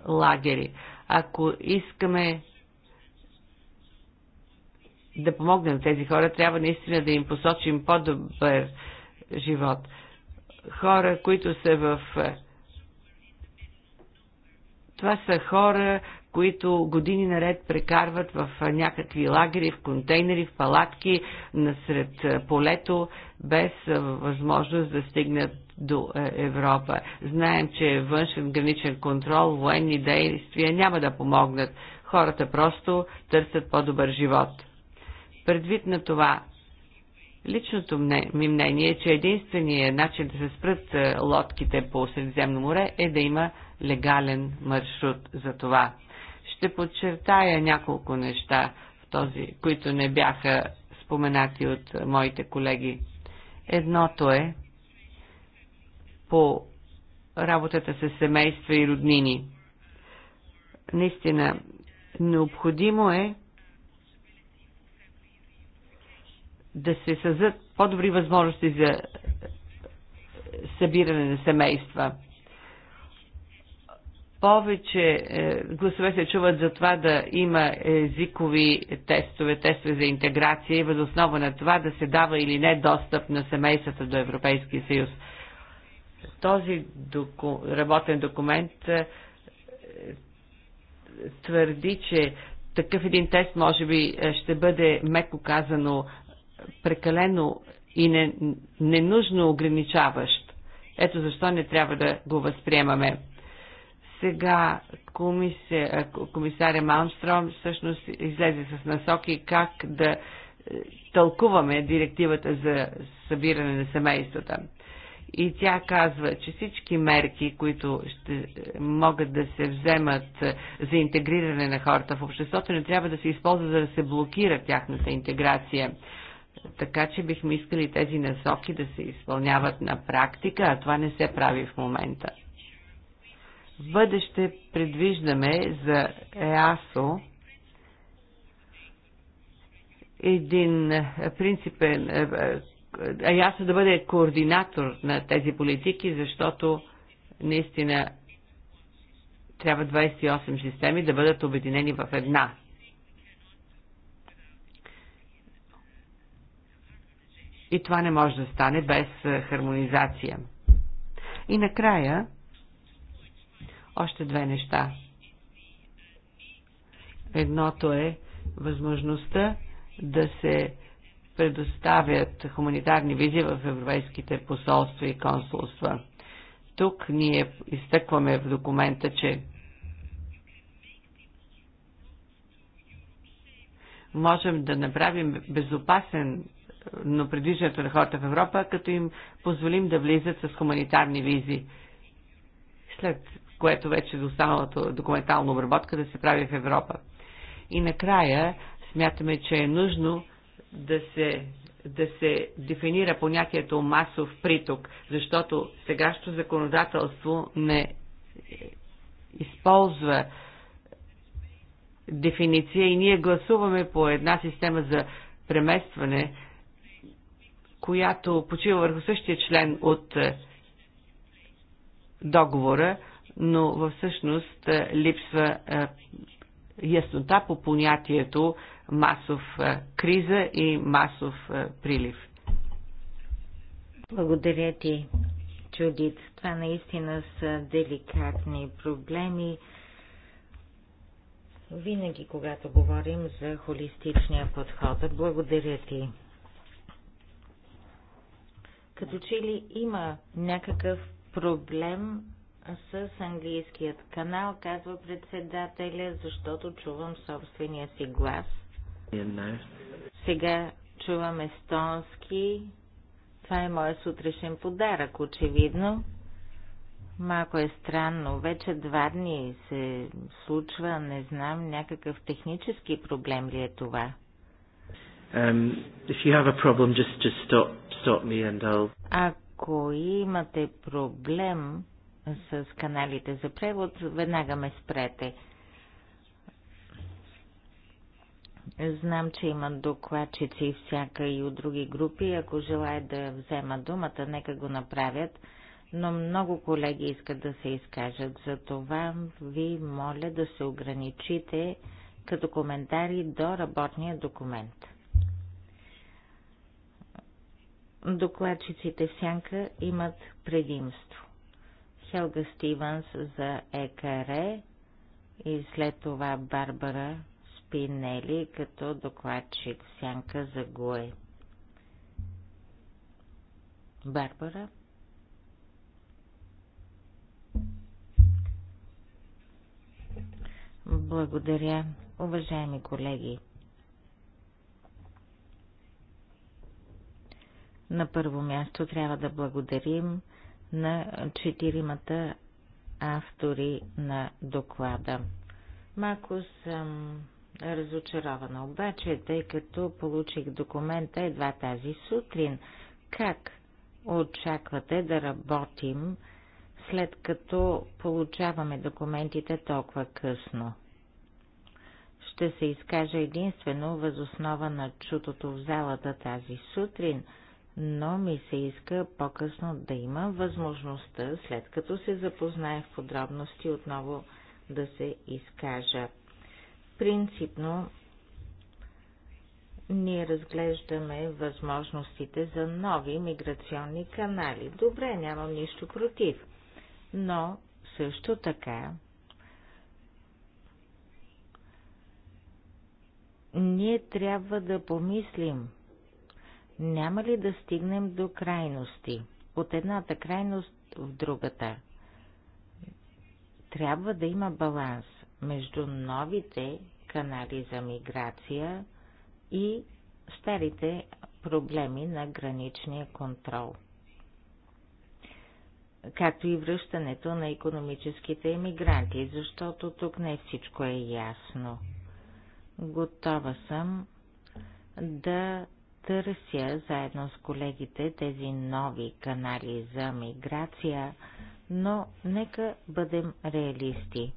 лагери. Ако искаме да помогнем тези хора, трябва наистина да им посочим по-добър живот. Хора, които са в това са хора, които години наред прекарват в някакви лагери, в контейнери, в палатки, насред полето, без възможност да стигнат до Европа. Знаем, че външен граничен контрол, военни действия няма да помогнат. Хората просто търсят по-добър живот. Предвид на това, Личното ми мнение е, че единственият начин да се спрат е, лодките по Средиземно море е да има легален маршрут за това. Ще подчертая няколко неща, в този, които не бяха споменати от е, моите колеги. Едното е по работата с семейства и роднини. Наистина, необходимо е да се създадат по-добри възможности за събиране на семейства. Повече е, гласове се чуват за това да има езикови тестове, тестове за интеграция и възоснова на това да се дава или не достъп на семействата до Европейския съюз. Този доку... работен документ е, твърди, че такъв един тест може би е, ще бъде, меко казано, прекалено и не, ненужно ограничаващ. Ето защо не трябва да го възприемаме. Сега комисия, комисаря Малмстром всъщност излезе с насоки как да е, тълкуваме директивата за събиране на семействата. И тя казва, че всички мерки, които ще е, могат да се вземат е, за интегриране на хората в обществото, не трябва да се използват за да се блокира тяхната интеграция така че бихме искали тези насоки да се изпълняват на практика, а това не се прави в момента. В бъдеще предвиждаме за ЕАСО един принципен, е, е, ЕАСО да бъде координатор на тези политики, защото наистина трябва 28 системи да бъдат обединени в една И това не може да стане без е, хармонизация. И накрая, още две неща. Едното е възможността да се предоставят хуманитарни визи в европейските посолства и консулства. Тук ние изтъкваме в документа, че можем да направим безопасен на предвиждането на хората в Европа, като им позволим да влизат с хуманитарни визи. След което вече до останалата документална обработка да се прави в Европа. И накрая смятаме, че е нужно да се, да се дефинира понятието масов приток, защото сегашното законодателство не използва дефиниция и ние гласуваме по една система за преместване която почива върху същия член от е, договора, но във всъщност е, липсва е, яснота по понятието масов криза и масов прилив. Благодаря ти, Чудит. Това наистина са деликатни проблеми. Винаги, когато говорим за холистичния подход, благодаря ти. Като че ли има някакъв проблем с английският канал, казва председателя, защото чувам собствения си глас. Сега чувам естонски. Това е моят сутрешен подарък, очевидно. Малко е странно. Вече два дни се случва, не знам, някакъв технически проблем ли е това. Um, if you have a problem, just, just stop, stop me and I'll... Ако имате проблем с каналите за превод, веднага ме спрете. Знам, че има докладчици всяка и от други групи. Ако желаят да взема думата, нека го направят. Но много колеги искат да се изкажат. За това ви моля да се ограничите като коментари до работния документ. Докладчиците в сянка имат предимство. Хелга Стивенс за ЕКР и след това Барбара Спинели като докладчик в сянка за ГУЕ. Барбара? Благодаря, уважаеми колеги. На първо място трябва да благодарим на четиримата автори на доклада. Малко съм разочарована обаче, тъй като получих документа едва тази сутрин. Как очаквате да работим, след като получаваме документите толкова късно? Ще се изкажа единствено възоснова на чутото в залата тази сутрин – но ми се иска по-късно да има възможността, след като се запознае в подробности, отново да се изкажа. Принципно ние разглеждаме възможностите за нови миграционни канали. Добре, нямам нищо против, но също така ние трябва да помислим няма ли да стигнем до крайности? От едната крайност в другата. Трябва да има баланс между новите канали за миграция и старите проблеми на граничния контрол, както и връщането на економическите емигранти, защото тук не всичко е ясно. Готова съм да търся заедно с колегите тези нови канали за миграция, но нека бъдем реалисти.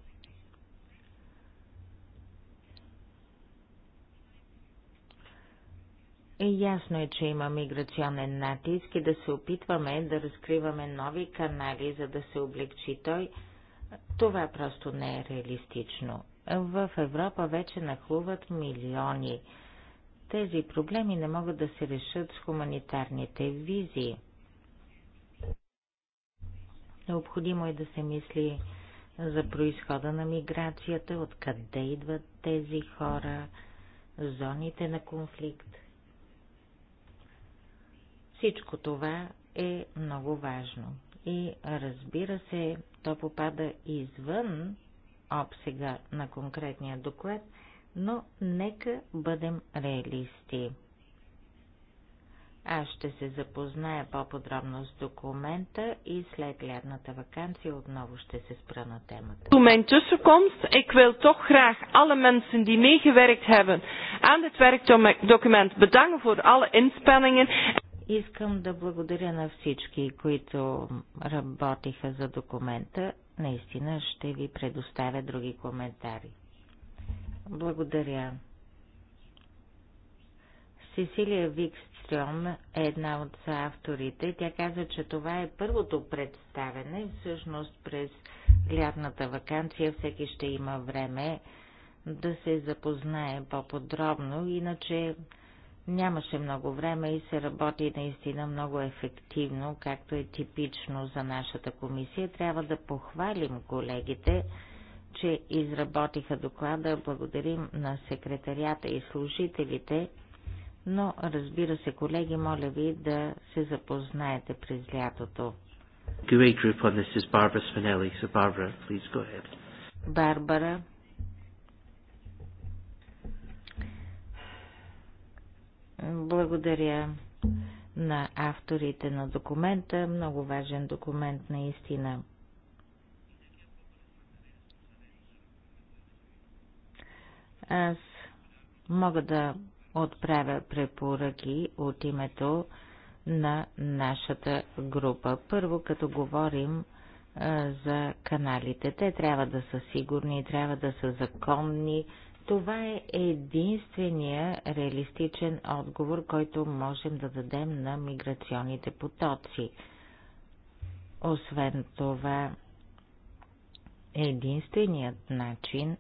Е, ясно е, че има миграционен натиск и да се опитваме да разкриваме нови канали, за да се облегчи той, това просто не е реалистично. В Европа вече нахлуват милиони тези проблеми не могат да се решат с хуманитарните визии. Необходимо е да се мисли за происхода на миграцията, откъде идват тези хора, зоните на конфликт. Всичко това е много важно. И разбира се, то попада извън обсега на конкретния доклад – но нека бъдем реалисти. Аз ще се запозная по-подробно с документа и след лятната вакансия отново ще се спра на темата. Toen mijn tussenkomst, ik wil toch graag alle mensen die meegewerkt hebben aan dit werkdocument bedanken voor alle inspanningen. Искам да благодаря на всички, които работиха за документа. Наистина ще ви предоставя други коментари. Благодаря. Сесилия Викстрюм е една от авторите. Тя каза, че това е първото представене. Всъщност през лятната вакансия всеки ще има време да се запознае по-подробно, иначе нямаше много време и се работи наистина много ефективно, както е типично за нашата комисия. Трябва да похвалим колегите, че изработиха доклада. Благодарим на секретарията и служителите, но разбира се, колеги, моля ви да се запознаете през лятото. Барбара, Благодаря на авторите на документа. Много важен документ наистина. Аз мога да отправя препоръки от името на нашата група. Първо, като говорим за каналите. Те трябва да са сигурни, трябва да са законни. Това е единствения реалистичен отговор, който можем да дадем на миграционните потоци. Освен това, единственият начин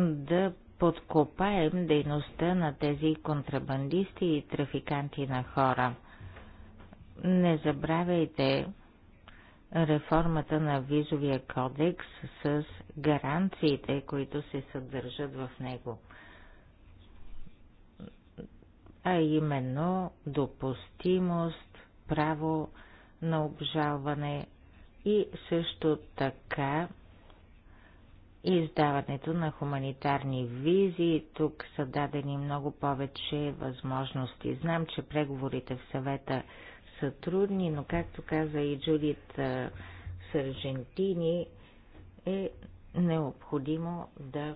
да подкопаем дейността на тези контрабандисти и трафиканти на хора. Не забравяйте реформата на визовия кодекс с гаранциите, които се съдържат в него. А именно допустимост, право на обжалване и също така издаването на хуманитарни визи. Тук са дадени много повече възможности. Знам, че преговорите в съвета са трудни, но както каза и Джудит Сържентини е необходимо да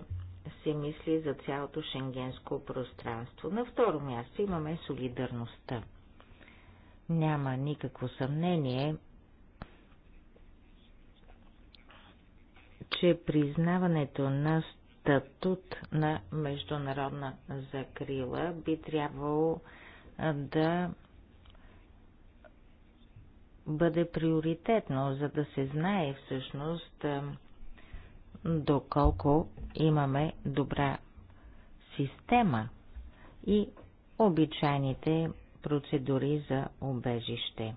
се мисли за цялото шенгенско пространство. На второ място имаме солидарността. Няма никакво съмнение, че признаването на статут на международна закрила би трябвало да бъде приоритетно, за да се знае всъщност доколко имаме добра система и обичайните процедури за обежище.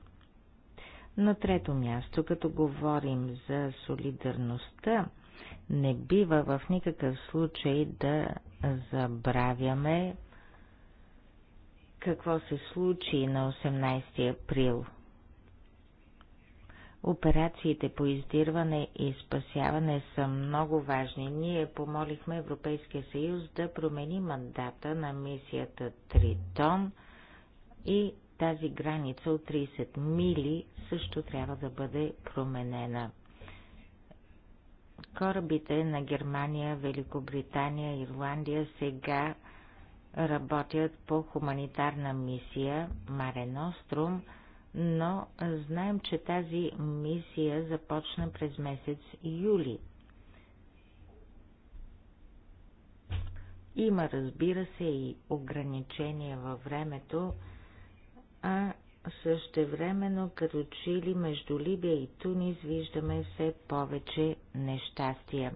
На трето място, като говорим за солидарността, не бива в никакъв случай да забравяме какво се случи на 18 април. Операциите по издирване и спасяване са много важни. Ние помолихме Европейския съюз да промени мандата на мисията Тритон и тази граница от 30 мили също трябва да бъде променена. Корабите на Германия, Великобритания, Ирландия сега работят по хуманитарна мисия Маре Ностром, но знаем, че тази мисия започна през месец юли. Има, разбира се, и ограничения във времето, а същевременно като чили между Либия и Тунис виждаме все повече нещастия.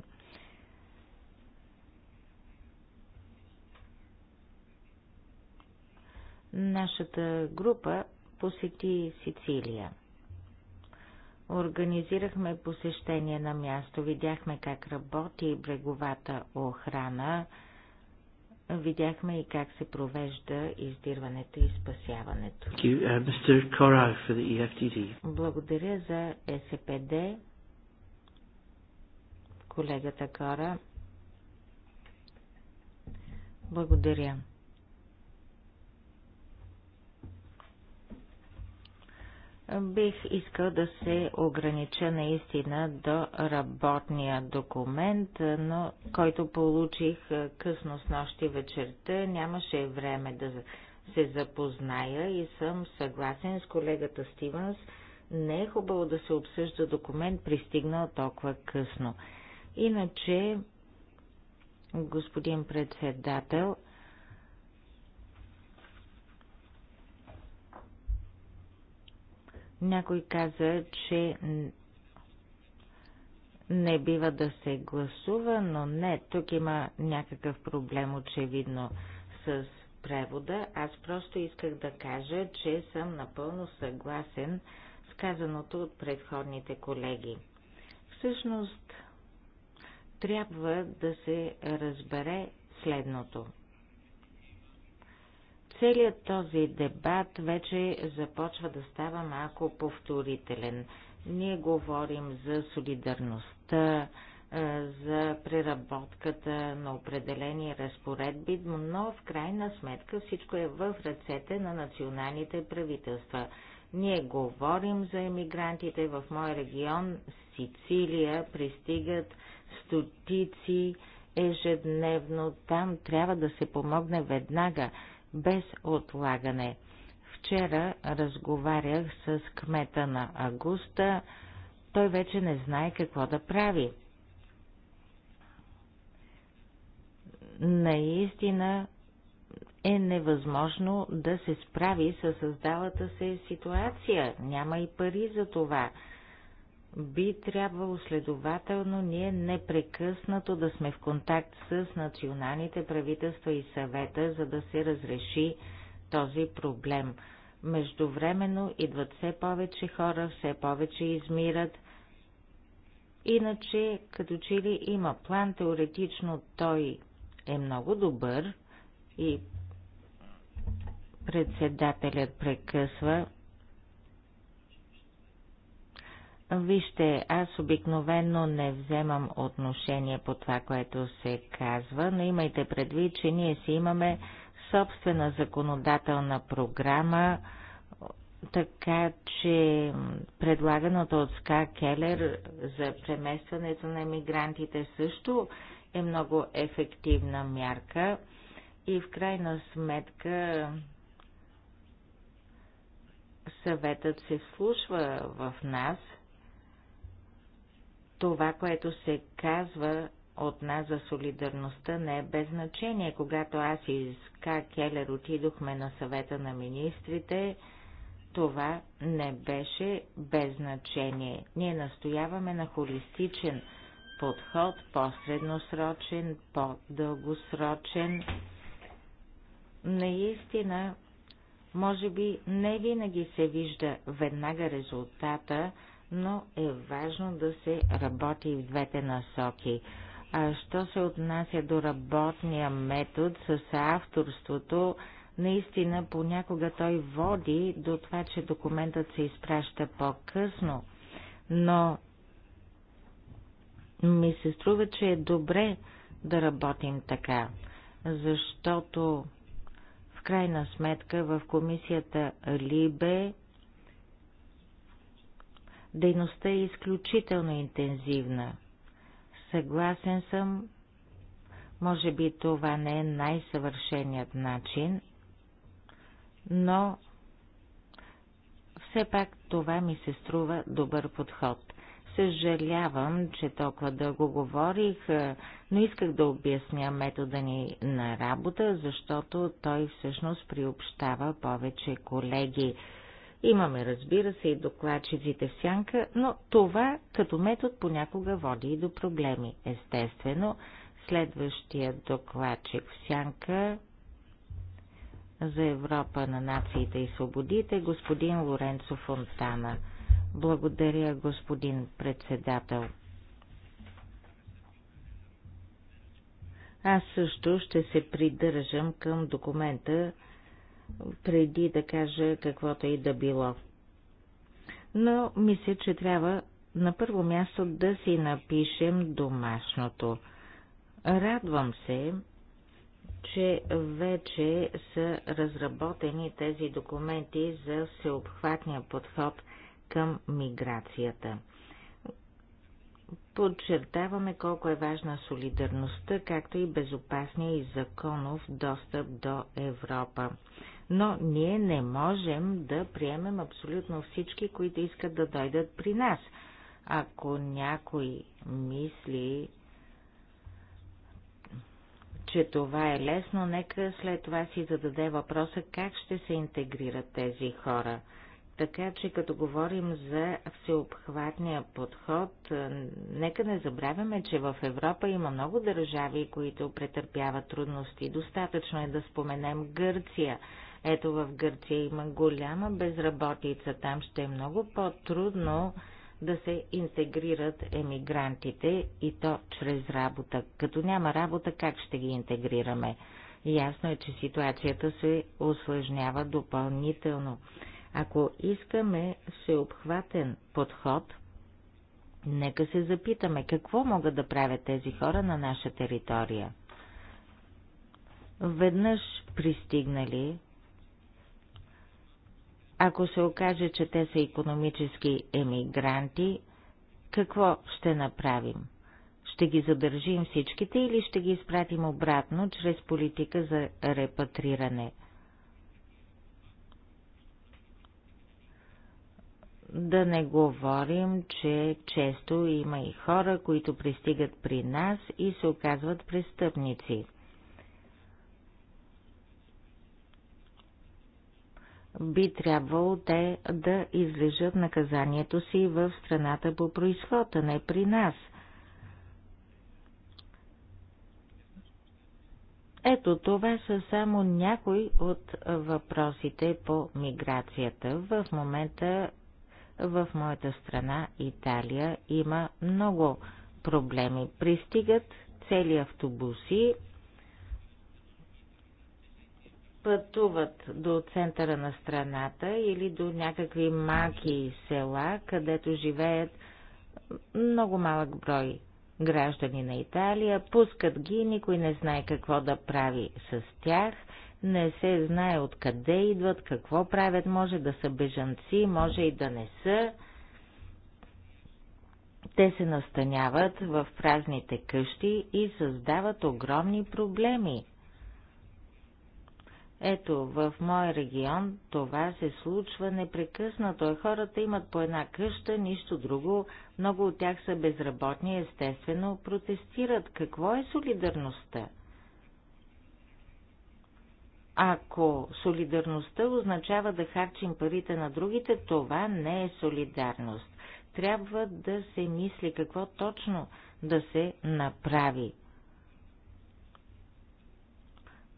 Нашата група посети Сицилия. Организирахме посещение на място, видяхме как работи бреговата охрана, видяхме и как се провежда издирването и спасяването. Uh, e Благодаря за СПД. Колегата Кора. Благодаря. бих искал да се огранича наистина до работния документ, но който получих късно с нощи вечерта, нямаше време да се запозная и съм съгласен с колегата Стивенс, не е хубаво да се обсъжда документ, пристигнал толкова късно. Иначе, господин председател, Някой каза, че не бива да се гласува, но не, тук има някакъв проблем очевидно с превода. Аз просто исках да кажа, че съм напълно съгласен с казаното от предходните колеги. Всъщност, трябва да се разбере следното – Целият този дебат вече започва да става малко повторителен. Ние говорим за солидарността, е, за преработката на определени разпоредби, но в крайна сметка всичко е в ръцете на националните правителства. Ние говорим за емигрантите в моя регион Сицилия, пристигат стотици ежедневно, там трябва да се помогне веднага без отлагане. Вчера разговарях с кмета на Агуста. Той вече не знае какво да прави. Наистина е невъзможно да се справи с създалата се ситуация. Няма и пари за това. Би трябвало следователно ние непрекъснато да сме в контакт с националните правителства и съвета, за да се разреши този проблем. Междувременно идват все повече хора, все повече измират. Иначе, като че ли има план, теоретично той е много добър и председателят прекъсва Вижте, аз обикновенно не вземам отношение по това, което се казва, но имайте предвид, че ние си имаме собствена законодателна програма, така че предлаганото от Ска Келер за преместването на емигрантите също е много ефективна мярка и в крайна сметка съветът се вслушва в нас – това, което се казва от нас за солидарността не е без значение. Когато аз и Ска Келер отидохме на съвета на министрите, това не беше без значение. Ние настояваме на холистичен подход, по-средносрочен, по-дългосрочен. Наистина, може би не винаги се вижда веднага резултата, но е важно да се работи в двете насоки. А що се отнася до работния метод с авторството, наистина понякога той води до това, че документът се изпраща по-късно, но ми се струва, че е добре да работим така, защото в крайна сметка в комисията Либе Дейността е изключително интензивна. Съгласен съм, може би това не е най-съвършеният начин, но все пак това ми се струва добър подход. Съжалявам, че толкова дълго говорих, но исках да обясня метода ни на работа, защото той всъщност приобщава повече колеги. Имаме, разбира се, и докладчиците в сянка, но това като метод понякога води и до проблеми. Естествено, следващия докладчик в сянка за Европа на нациите и свободите, господин Лоренцо Фонтана. Благодаря, господин председател. Аз също ще се придържам към документа, преди да кажа каквото и да било. Но мисля, че трябва на първо място да си напишем домашното. Радвам се, че вече са разработени тези документи за всеобхватния подход към миграцията. Подчертаваме колко е важна солидарността, както и безопасния и законов достъп до Европа но ние не можем да приемем абсолютно всички, които искат да дойдат при нас. Ако някой мисли, че това е лесно, нека след това си зададе въпроса как ще се интегрират тези хора. Така че като говорим за всеобхватния подход, нека не забравяме, че в Европа има много държави, които претърпяват трудности. Достатъчно е да споменем Гърция, ето в Гърция има голяма безработица, там ще е много по-трудно да се интегрират емигрантите и то чрез работа. Като няма работа, как ще ги интегрираме? Ясно е, че ситуацията се осложнява допълнително. Ако искаме всеобхватен подход, нека се запитаме какво могат да правят тези хора на наша територия. Веднъж пристигнали, ако се окаже, че те са економически емигранти, какво ще направим? Ще ги задържим всичките или ще ги изпратим обратно чрез политика за репатриране? Да не говорим, че често има и хора, които пристигат при нас и се оказват престъпници – би трябвало те да излежат наказанието си в страната по происход, а не при нас. Ето това са само някои от въпросите по миграцията. В момента в моята страна, Италия, има много проблеми. Пристигат цели автобуси пътуват до центъра на страната или до някакви малки села, където живеят много малък брой граждани на Италия, пускат ги, никой не знае какво да прави с тях, не се знае откъде идват, какво правят, може да са бежанци, може и да не са. Те се настаняват в празните къщи и създават огромни проблеми ето, в мой регион това се случва непрекъснато. Хората имат по една къща, нищо друго. Много от тях са безработни, естествено протестират. Какво е солидарността? Ако солидарността означава да харчим парите на другите, това не е солидарност. Трябва да се мисли какво точно да се направи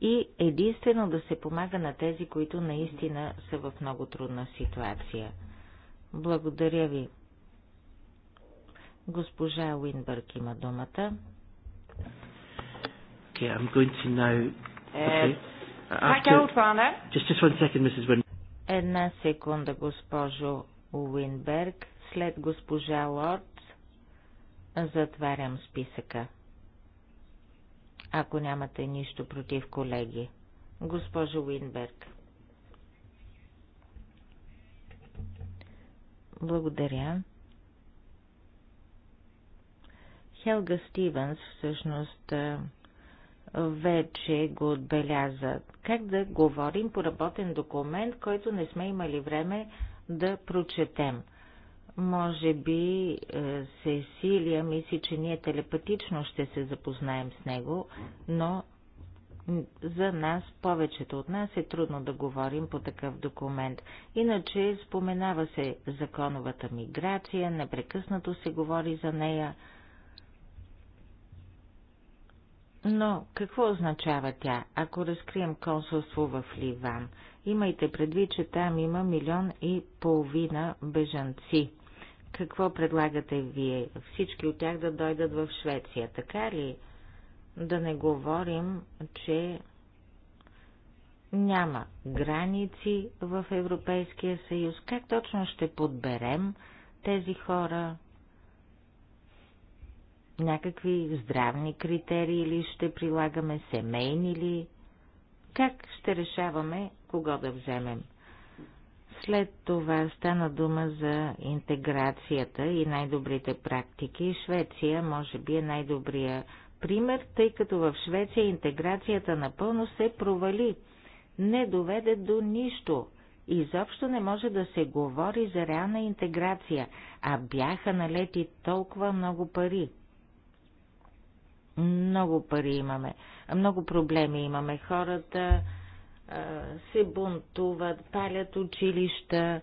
и единствено да се помага на тези, които наистина са в много трудна ситуация. Благодаря ви. Госпожа Уинбърг има думата. Okay, I'm going to now... Е, okay. After... Just, just one second, Mrs. Win... Една секунда, госпожо Уинберг. След госпожа Лорд затварям списъка ако нямате нищо против колеги. Госпожо Уинберг. Благодаря. Хелга Стивенс всъщност вече го отбеляза. Как да говорим по работен документ, който не сме имали време да прочетем? Може би е, Сесилия мисли, че ние телепатично ще се запознаем с него, но за нас, повечето от нас е трудно да говорим по такъв документ. Иначе споменава се законовата миграция, непрекъснато се говори за нея. Но какво означава тя, ако разкрием консулство в Ливан? Имайте предвид, че там има милион и половина бежанци. Какво предлагате вие? Всички от тях да дойдат в Швеция, така ли? Да не говорим, че няма граници в Европейския съюз. Как точно ще подберем тези хора? Някакви здравни критерии ли ще прилагаме, семейни ли? Как ще решаваме кого да вземем? След това стана дума за интеграцията и най-добрите практики. Швеция може би е най-добрия пример, тъй като в Швеция интеграцията напълно се провали. Не доведе до нищо. Изобщо не може да се говори за реална интеграция, а бяха налети толкова много пари. Много пари имаме, много проблеми имаме. Хората се бунтуват, палят училища.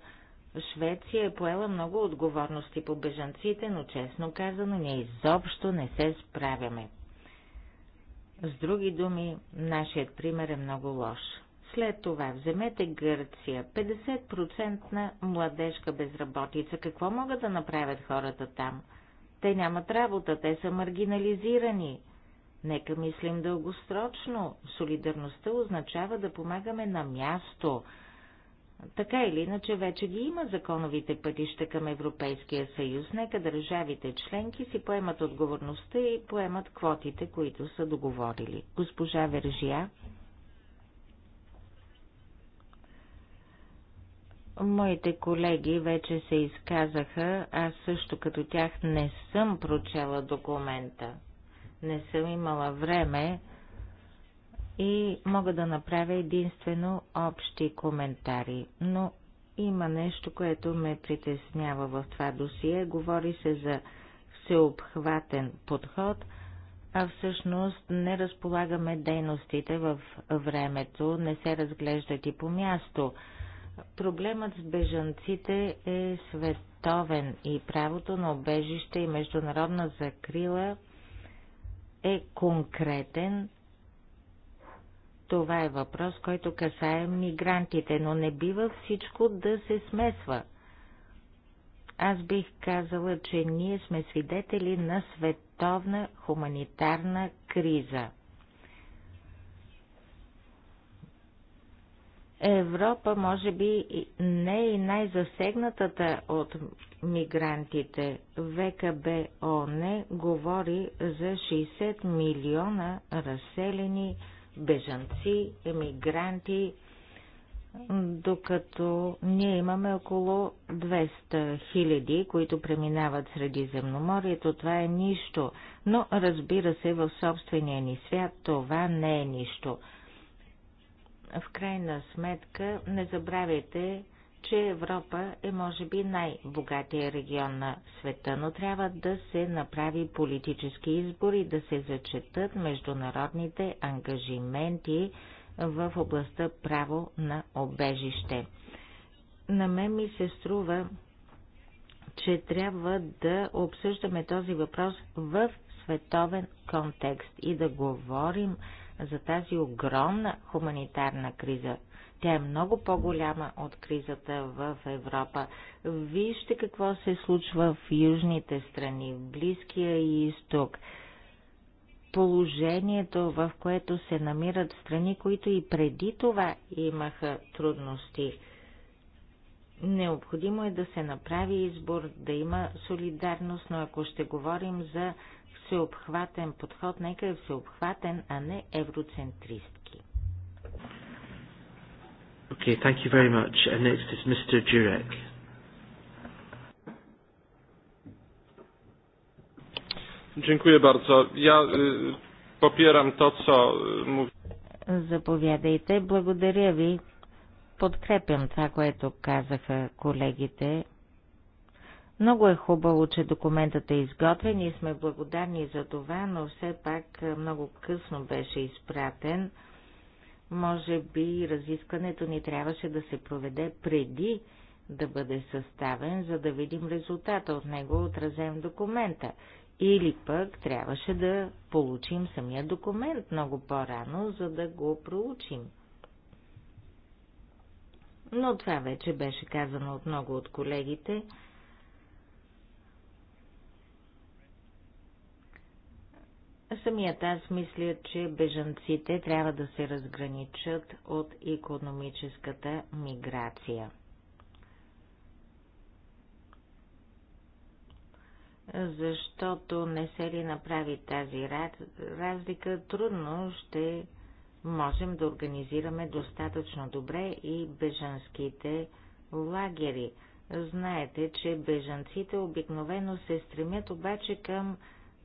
Швеция е поела много отговорности по бежанците, но честно казано ние изобщо не се справяме. С други думи, нашият пример е много лош. След това вземете Гърция, 50% на младежка безработица. Какво могат да направят хората там? Те нямат работа, те са маргинализирани. Нека мислим дългосрочно. Солидарността означава да помагаме на място. Така или иначе вече ги има законовите пътища към Европейския съюз. Нека държавите членки си поемат отговорността и поемат квотите, които са договорили. Госпожа Вержия. Моите колеги вече се изказаха, аз също като тях не съм прочела документа не съм имала време и мога да направя единствено общи коментари, но има нещо, което ме притеснява в това досие. Говори се за всеобхватен подход, а всъщност не разполагаме дейностите в времето, не се разглеждат и по място. Проблемът с бежанците е световен и правото на обежище и международна закрила е конкретен. Това е въпрос, който касае мигрантите, но не бива всичко да се смесва. Аз бих казала, че ние сме свидетели на световна хуманитарна криза. Европа може би не е и най-засегнатата от мигрантите. ВКБ ООН говори за 60 милиона разселени бежанци, емигранти, докато ние имаме около 200 хиляди, които преминават Средиземноморието. Това е нищо, но разбира се, в собствения ни свят това не е нищо. В крайна сметка, не забравяйте, че Европа е може би най-богатия регион на света, но трябва да се направи политически избор и да се зачетат международните ангажименти в областта право на обежище. На мен ми се струва, че трябва да обсъждаме този въпрос в световен контекст и да говорим за тази огромна хуманитарна криза, тя е много по-голяма от кризата в Европа. Вижте какво се случва в южните страни, в Близкия и изток. Положението, в което се намират страни, които и преди това имаха трудности. Необходимо е да се направи избор, да има солидарност, но ако ще говорим за всеобхватен подход, нека е всеобхватен, а не евроцентристки. Okay, thank you very much. And next is Mr. Jurek. Dziękuję bardzo. Ja y, popieram to, co mówi. Заповядайте. Благодаря ви. Подкрепям това, което казаха колегите. Много е хубаво, че документът е изготвен и сме благодарни за това, но все пак е, много късно беше изпратен. Може би разискването ни трябваше да се проведе преди да бъде съставен, за да видим резултата от него отразен в документа. Или пък трябваше да получим самия документ много по-рано, за да го проучим. Но това вече беше казано от много от колегите – Самият аз мисля, че бежанците трябва да се разграничат от економическата миграция. Защото не се ли направи тази разлика, трудно ще можем да организираме достатъчно добре и бежанските лагери. Знаете, че бежанците обикновено се стремят обаче към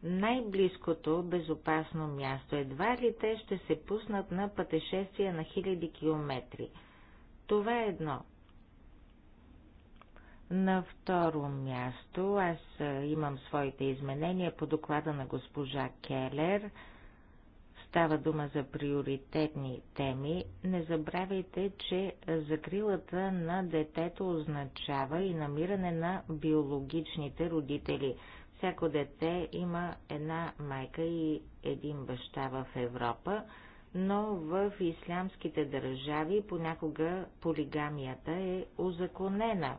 най-близкото безопасно място. Едва ли те ще се пуснат на пътешествие на хиляди километри. Това е едно. На второ място аз имам своите изменения по доклада на госпожа Келер. Става дума за приоритетни теми. Не забравяйте, че закрилата на детето означава и намиране на биологичните родители – Всяко дете има една майка и един баща в Европа, но в ислямските държави понякога полигамията е узаконена.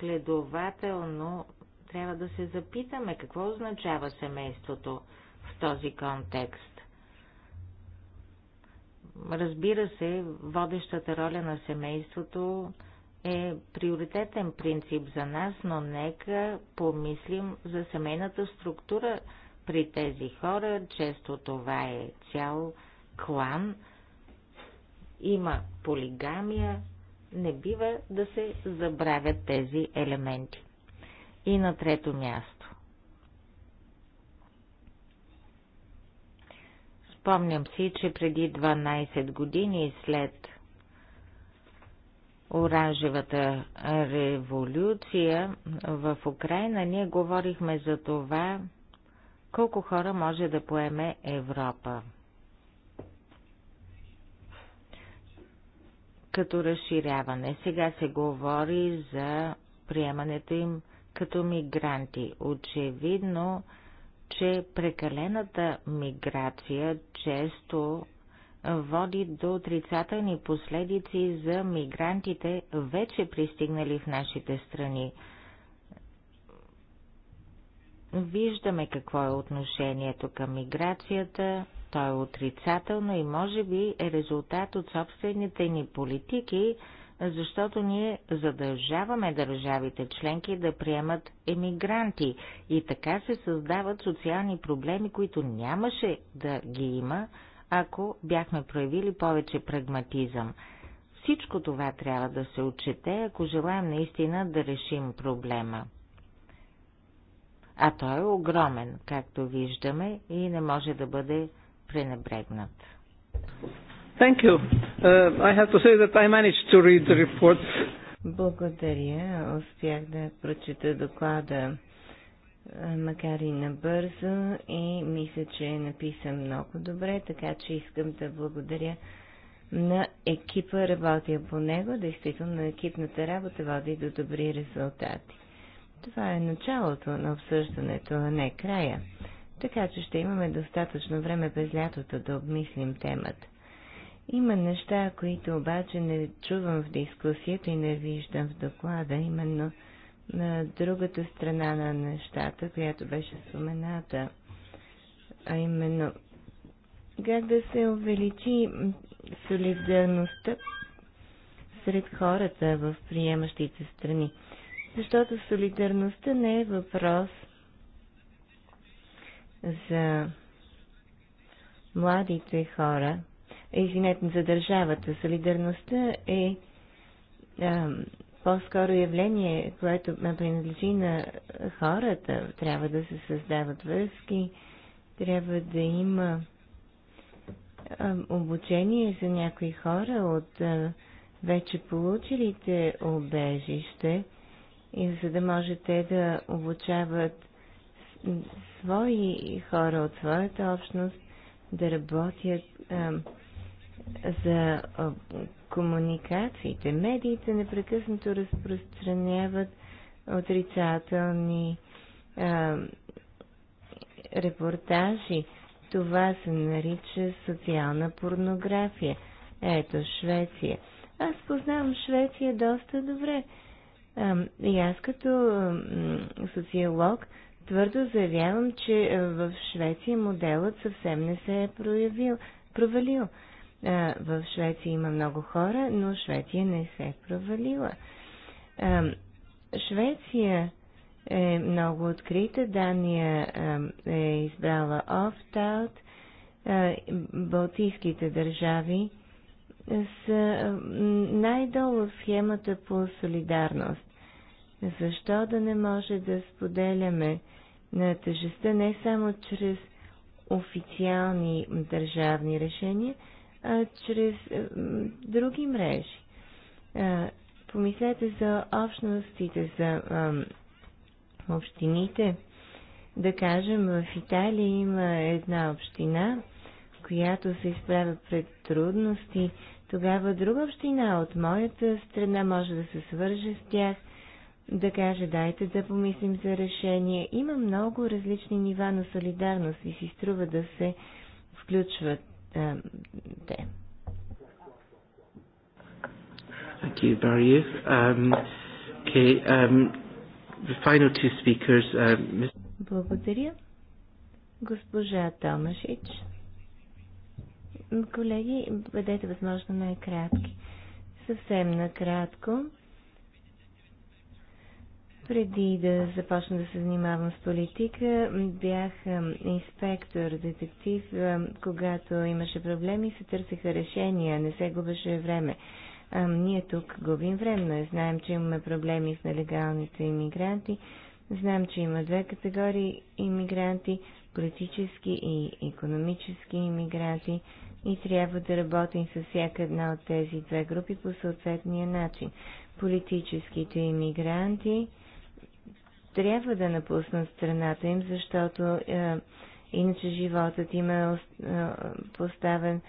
Следователно, трябва да се запитаме какво означава семейството в този контекст. Разбира се, водещата роля на семейството е приоритетен принцип за нас, но нека помислим за семейната структура при тези хора. Често това е цял клан. Има полигамия. Не бива да се забравят тези елементи. И на трето място. Спомням си, че преди 12 години след оранжевата революция в Украина, ние говорихме за това, колко хора може да поеме Европа. Като разширяване. Сега се говори за приемането им като мигранти. Очевидно, че прекалената миграция често води до отрицателни последици за мигрантите, вече пристигнали в нашите страни. Виждаме какво е отношението към миграцията, то е отрицателно и може би е резултат от собствените ни политики, защото ние задължаваме държавите членки да приемат емигранти и така се създават социални проблеми, които нямаше да ги има, ако бяхме проявили повече прагматизъм. Всичко това трябва да се отчете, ако желаем наистина да решим проблема. А той е огромен, както виждаме, и не може да бъде пренебрегнат. Thank you. Uh, I have to say that I managed to read the report. Благодаря. Успях да прочита доклада макар и набързо и мисля, че е написан много добре, така че искам да благодаря на екипа, работя по него, действително екипната работа води до добри резултати. Това е началото на обсъждането, а не края, така че ще имаме достатъчно време през лятото да обмислим темата. Има неща, които обаче не чувам в дискусията и не виждам в доклада, именно – на другата страна на нещата, която беше спомената, а именно как да се увеличи солидарността сред хората в приемащите страни. Защото солидарността не е въпрос за младите хора, извинете, за държавата. Солидарността е по-скоро явление, което принадлежи на хората. Трябва да се създават връзки, трябва да има обучение за някои хора от вече получилите обежище, за да може те да обучават свои хора от своята общност да работят за комуникациите. Медиите непрекъснато разпространяват отрицателни а, репортажи. Това се нарича социална порнография. Ето Швеция. Аз познавам Швеция доста добре. А, и аз като а, социолог твърдо заявявам, че в Швеция моделът съвсем не се е проявил, провалил в Швеция има много хора, но Швеция не се е провалила. Швеция е много открита, Дания е избрала офтаут. Балтийските държави са най-долу в схемата по солидарност. Защо да не може да споделяме на тежестта не само чрез официални държавни решения, а, чрез а, други мрежи. А, помислете за общностите, за а, общините. Да кажем, в Италия има една община, която се изправя пред трудности, тогава друга община от моята страна може да се свърже с тях, да каже дайте да помислим за решение. Има много различни нива на солидарност и си струва да се включват те. Thank you, Barry. Um, okay, um, the final two speakers, uh, Ms. Благодаря. Госпожа Томашич. Колеги, бъдете възможно най-кратки. Съвсем накратко. Преди да започна да се занимавам с политика, бях инспектор, детектив. Когато имаше проблеми, се търсеха решения, не се губеше време. А, ние тук губим време. Знаем, че имаме проблеми с нелегалните иммигранти. Знаем, че има две категории иммигранти политически и економически иммигранти и трябва да работим с всяка една от тези две групи по съответния начин. Политическите иммигранти трябва да напуснат страната им, защото е, иначе животът им е, е поставен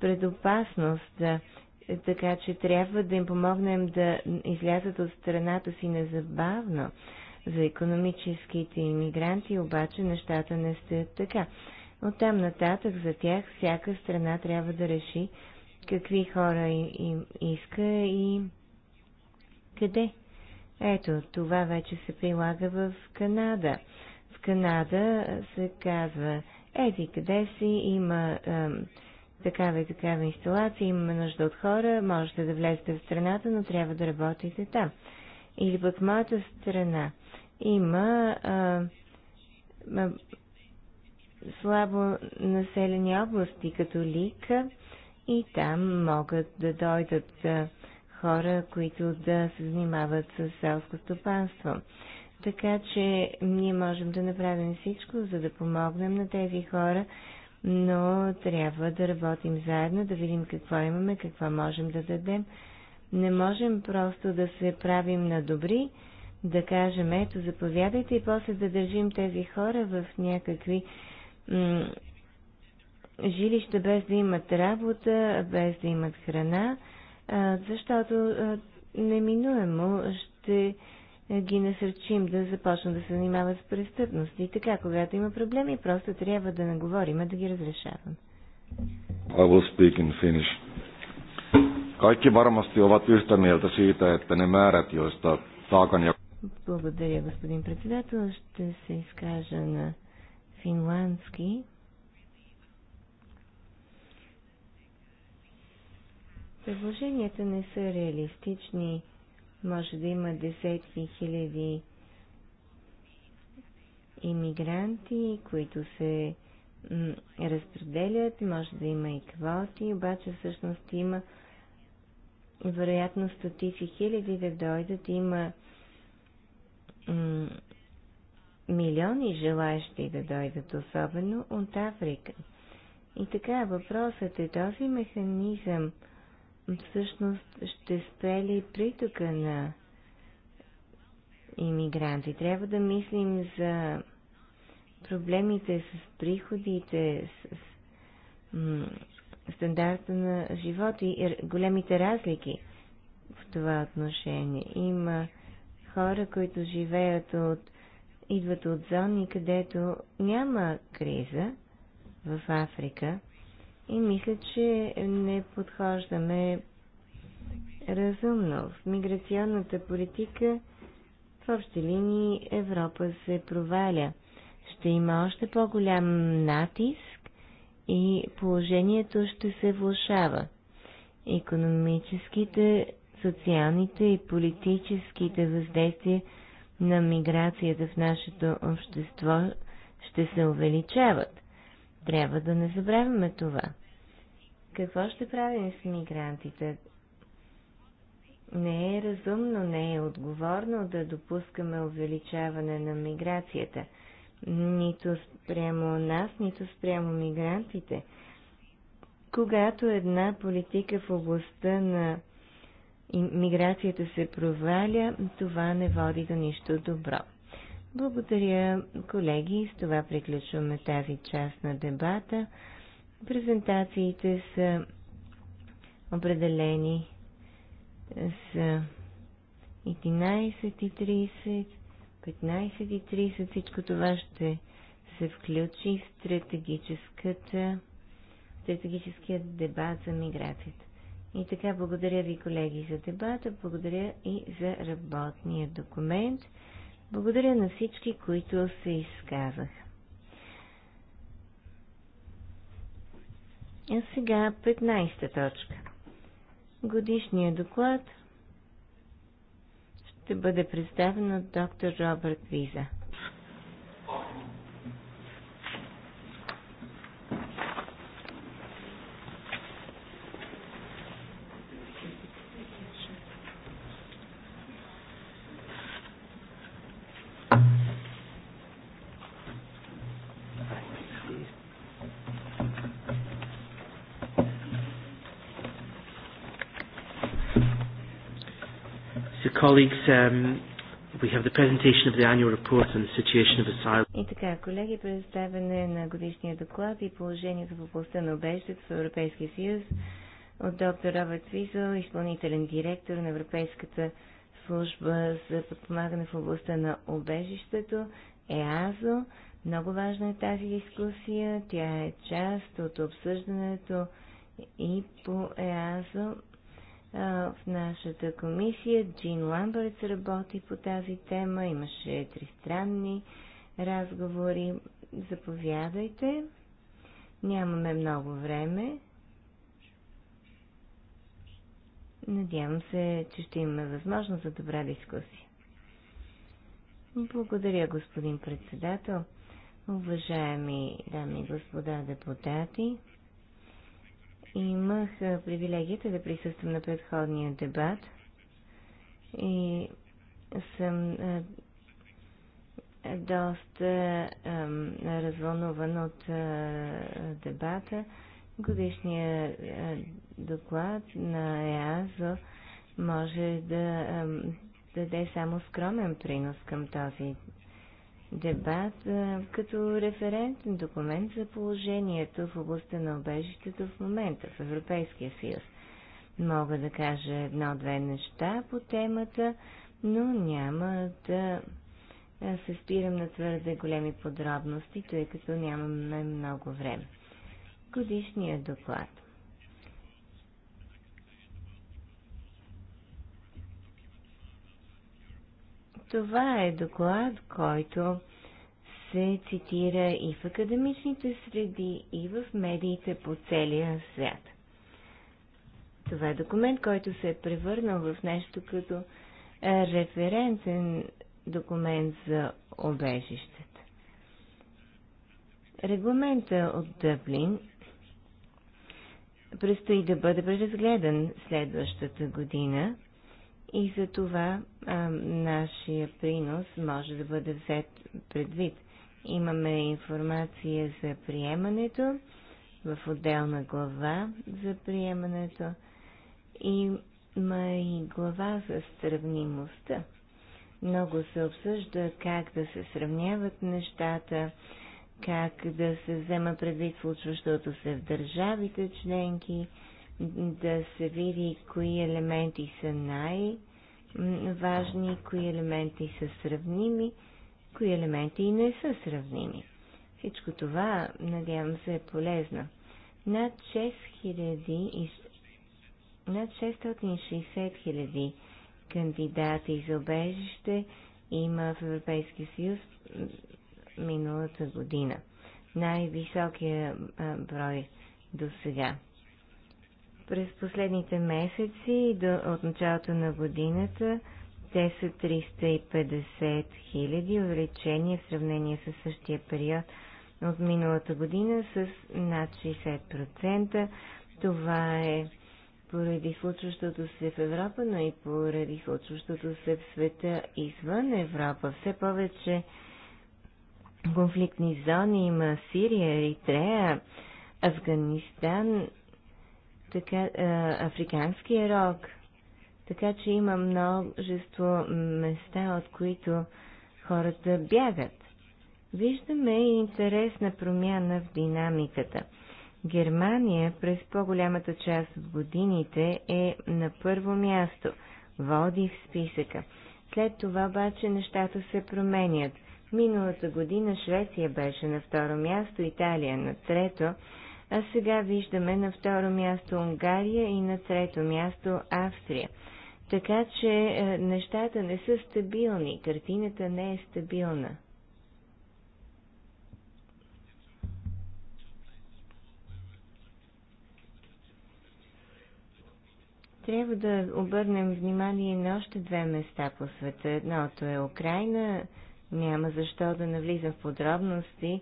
пред опасност. Да, е, така че трябва да им помогнем да излязат от страната си незабавно. За економическите иммигранти обаче нещата не стоят така. Оттам нататък за тях всяка страна трябва да реши какви хора им иска и къде. Ето, това вече се прилага в Канада. В Канада се казва, еди къде си, има е, такава и такава инсталация, имаме нужда от хора, можете да влезете в страната, но трябва да работите там. Или пък моята страна има е, е, слабо населени области, като Лика, и там могат да дойдат е, хора, които да се занимават с селско стопанство. Така че ние можем да направим всичко, за да помогнем на тези хора, но трябва да работим заедно, да видим какво имаме, какво можем да дадем. Не можем просто да се правим на добри, да кажем, ето, заповядайте и после да държим тези хора в някакви жилища без да имат работа, без да имат храна защото неминуемо ще ги насърчим да започнат да се занимават с престъпност. И така, когато има проблеми, просто трябва да наговорим, а да ги разрешавам. I will speak in Finnish. Kaikki varmasti ovat yhtä mieltä siitä, että ne määrät, joista ja... Благодаря, господин председател. Ще се изкажа на финландски. Предложенията не са реалистични. Може да има десетки хиляди иммигранти, които се разпределят, може да има и квоти, обаче всъщност има вероятно стотици хиляди да дойдат, има милиони желаящи да дойдат, особено от Африка. И така, въпросът е този механизъм – всъщност ще спре ли притока на иммигранти? Трябва да мислим за проблемите с приходите, с, стандарта на живот и големите разлики в това отношение. Има хора, които живеят от, идват от зони, където няма криза в Африка – и мисля, че не подхождаме разумно. В миграционната политика в общи линии Европа се проваля. Ще има още по-голям натиск и положението ще се влушава. Економическите, социалните и политическите въздействия на миграцията в нашето общество ще се увеличават. Трябва да не забравяме това. Какво ще правим с мигрантите? Не е разумно, не е отговорно да допускаме увеличаване на миграцията. Нито спрямо нас, нито спрямо мигрантите. Когато една политика в областта на миграцията се проваля, това не води до нищо добро. Благодаря, колеги. С това приключваме тази част на дебата. Презентациите са определени с 11.30, 15.30. Всичко това ще се включи в стратегическата, стратегическия дебат за миграцията. И така, благодаря ви, колеги, за дебата, благодаря и за работния документ. Благодаря на всички, които се изказаха. А сега 15-та точка. Годишният доклад ще бъде представен от доктор Робърт Виза. colleagues, um, we have the presentation of the annual report on the situation of asylum. И така, колеги, представяне на годишния доклад и положението в областта на обеждането в Европейския съюз от доктор Робърт Визо, изпълнителен директор на Европейската служба за подпомагане в областта на обежището, ЕАЗО. Много важна е тази дискусия. Тя е част от обсъждането и по ЕАЗО в нашата комисия. Джин Ламбърт работи по тази тема. Имаше тристранни разговори. Заповядайте. Нямаме много време. Надявам се, че ще имаме възможност за добра дискусия. Благодаря, господин председател. Уважаеми дами и господа депутати, Имах привилегията да присъствам на предходния дебат и съм доста развълнуван от дебата. Годишният доклад на ЕАЗО може да даде само скромен принос към този дебат като референтен документ за положението в областта на обежището в момента в Европейския съюз. Мога да кажа едно-две неща по темата, но няма да се спирам на твърде големи подробности, тъй като нямаме много време. Годишният доклад. Това е доклад, който се цитира и в академичните среди, и в медиите по целия свят. Това е документ, който се е превърнал в нещо като референтен документ за обежищата. Регламента от Дъблин предстои да бъде преразгледан следващата година и за това нашия принос може да бъде взет предвид. Имаме информация за приемането в отделна глава за приемането. Има и глава за сравнимостта. Много се обсъжда как да се сравняват нещата, как да се взема предвид случващото се в държавите членки, да се види кои елементи са най- важни, кои елементи са сравними, кои елементи не са сравними. Всичко това, надявам се, е полезно. Над 6000 над 660 хиляди кандидати за обежище има в Европейския съюз миналата година. Най-високия брой до сега. През последните месеци до, от началото на годината те са 350 хиляди, увеличение в сравнение с същия период от миналата година с над 60%. Това е поради случващото се в Европа, но и поради случващото се в света извън Европа. Все повече конфликтни зони има Сирия, Еритрея, Афганистан, така, африканския рок. Така че има множество места, от които хората бягат. Виждаме и интересна промяна в динамиката. Германия през по-голямата част от годините е на първо място, води в списъка. След това обаче нещата се променят. Миналата година Швеция беше на второ място, Италия на трето, а сега виждаме на второ място Унгария и на трето място Австрия. Така че е, нещата не са стабилни, картината не е стабилна. Трябва да обърнем внимание на още две места по света. Едното е Украина, няма защо да навлизам в подробности,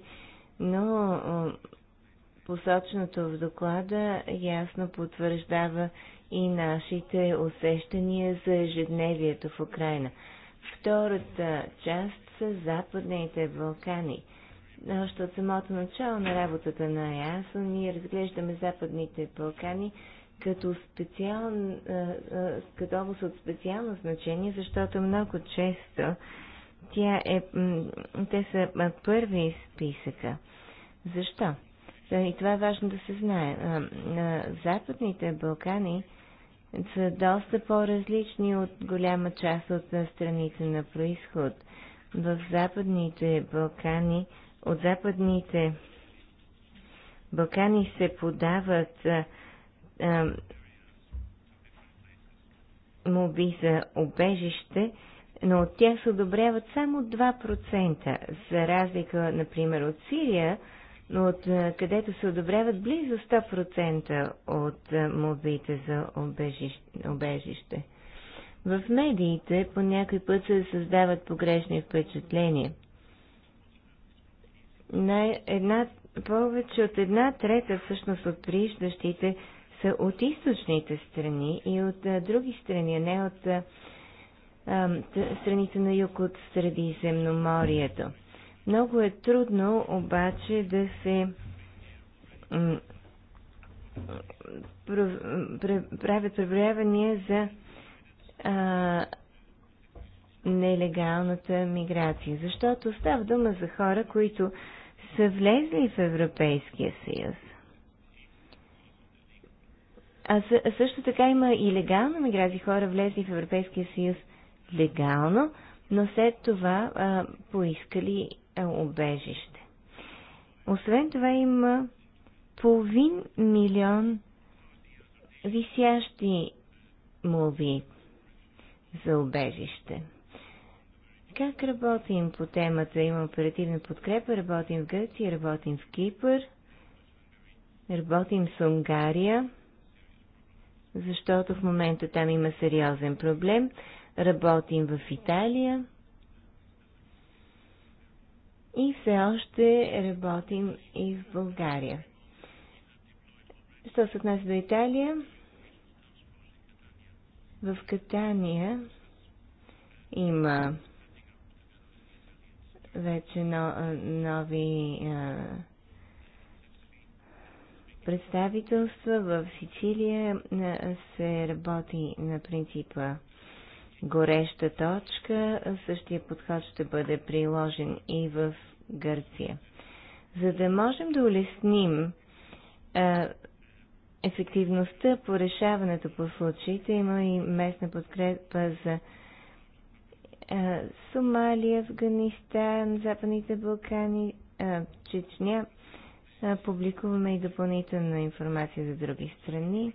но посоченото в доклада ясно потвърждава и нашите усещания за ежедневието в Украина. Втората част са Западните Балкани. Още от самото начало на работата на ЕАСО ние разглеждаме Западните Балкани като, специал, като област от специално значение, защото много често тя е, те са първи списъка. Защо? И това е важно да се знае. На Западните Балкани са доста по-различни от голяма част от страните на происход. В Западните Балкани, от Западните Балкани се подават моби за обежище, но от тях се одобряват само 2%, за разлика, например, от Сирия, от е, където се одобряват близо 100% от е, молбите за обежище. В медиите по някой път се създават погрешни впечатления. На една, повече от една трета всъщност от прииждащите са от източните страни и от а, е, други страни, а не от а, страните на юг от Средиземноморието. Много е трудно обаче да се правят преброявания за а, нелегалната миграция, защото става дума за хора, които са влезли в Европейския съюз. А също така има и легална миграция, хора влезли в Европейския съюз легално, но след това а, поискали обежище. Е Освен това има половин милион висящи молви за обежище. Как работим по темата? Има оперативна подкрепа, работим в Гърция, работим в Кипър, работим с Унгария, защото в момента там има сериозен проблем. Работим в Италия, и все още работим и в България. Що се отнася до Италия, в Катания има вече но, нови а, представителства. В Сицилия се работи на принципа гореща точка, същия подход ще бъде приложен и в Гърция. За да можем да улесним а, ефективността по решаването по случаите, има и местна подкрепа за а, Сомалия, Афганистан, Западните Балкани, а, Чечня. А, публикуваме и допълнителна информация за други страни.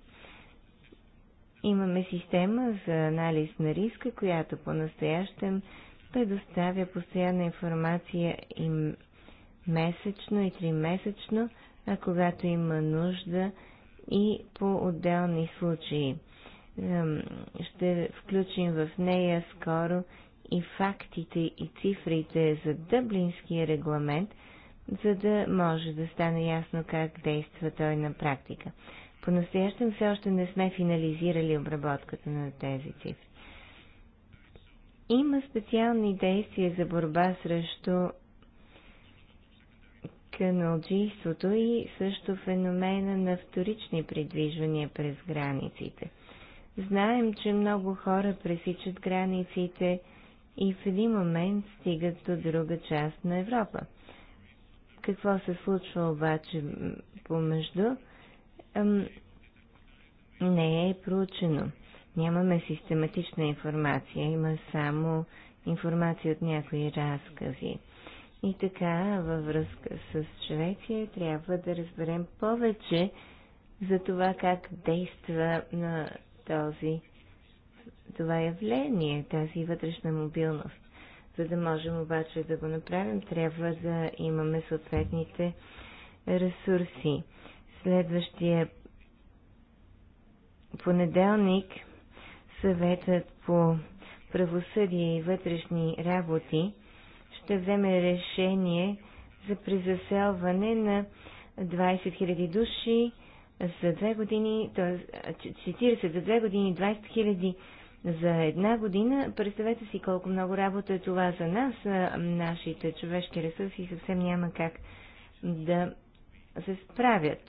Имаме система за анализ на риска, която по-настоящем предоставя постоянна информация и месечно и тримесечно, а когато има нужда и по отделни случаи. Ще включим в нея скоро и фактите и цифрите за Дъблинския регламент, за да може да стане ясно как действа той на практика. По-настоящем все още не сме финализирали обработката на тези цифри. Има специални действия за борба срещу каналджийството и също феномена на вторични придвижвания през границите. Знаем, че много хора пресичат границите и в един момент стигат до друга част на Европа. Какво се случва обаче помежду? не е проучено. Нямаме систематична информация, има само информация от някои разкази. И така, във връзка с Швеция, трябва да разберем повече за това как действа на този, това явление, тази вътрешна мобилност. За да можем обаче да го направим, трябва да имаме съответните ресурси следващия понеделник съветът по правосъдие и вътрешни работи ще вземе решение за призаселване на 20 000 души за две години, т.е. 40 за две години, 20 000 за една година. Представете си колко много работа е това за нас. Нашите човешки ресурси съвсем няма как да се справят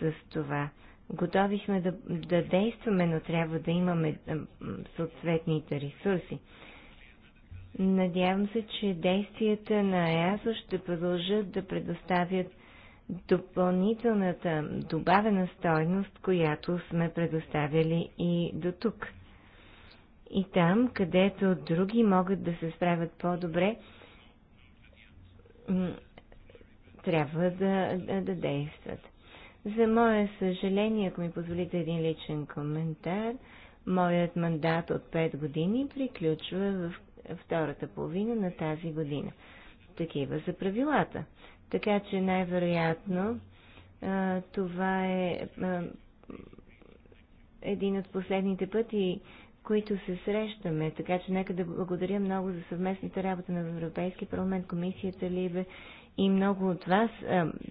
с това. Готови сме да, да действаме, но трябва да имаме съответните ресурси. Надявам се, че действията на ЕАСО ще продължат да предоставят допълнителната добавена стойност, която сме предоставили и до тук. И там, където други могат да се справят по-добре, трябва да, да, да действат. За мое съжаление, ако ми позволите един личен коментар, моят мандат от 5 години приключва в втората половина на тази година. Такива са правилата. Така че най-вероятно това е един от последните пъти, които се срещаме. Така че нека да благодаря много за съвместната работа на Европейски парламент, комисията Либе и много от вас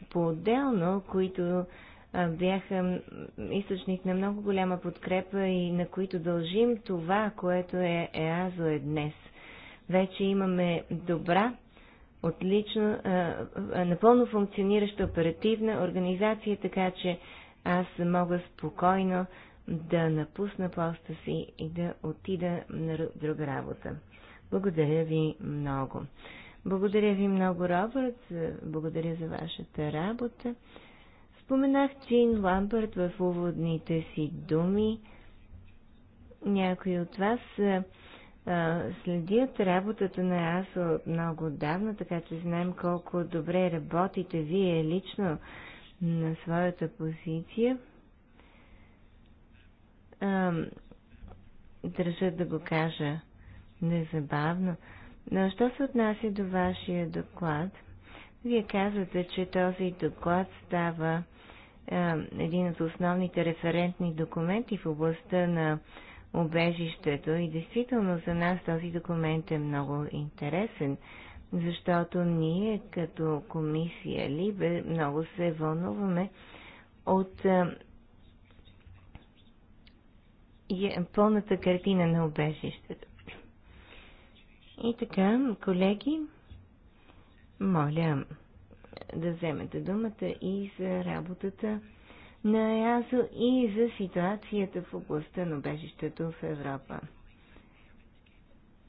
по-отделно, които бяха източник на много голяма подкрепа и на които дължим това, което е ЕАЗО е днес. Вече имаме добра, отлично, напълно функционираща оперативна организация, така че аз мога спокойно да напусна поста си и да отида на друга работа. Благодаря ви много. Благодаря ви много, Робърт. Благодаря за вашата работа. Споменах Джин Ламбърт в уводните си думи. Някои от вас а, а, следят работата на аз от много отдавна, така че знаем колко добре работите вие лично на своята позиция. А, държа да го кажа незабавно. Но що се отнася до вашия доклад, вие казвате, че този доклад става е, един от основните референтни документи в областта на обежището и действително за нас този документ е много интересен, защото ние като комисия Либе много се вълнуваме от е, е пълната картина на обежището. И така, колеги, моля да вземете думата и за работата на ЕАСо и за ситуацията в областта на убежището в Европа.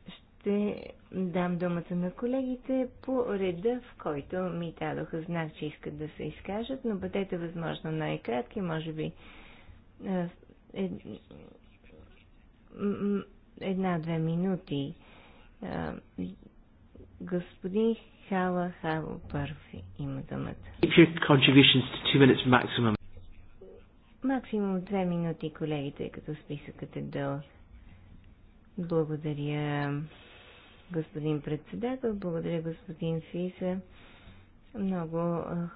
Ще дам думата на колегите по реда, в който ми дадоха знак, че искат да се изкажат, но бъдете възможно най-кратки, може би една-две минути Господин Хала Хало първи има думата. Максимум две минути, колегите, като списъкът е дълъг. Благодаря, господин председател, благодаря, господин Фиса. Много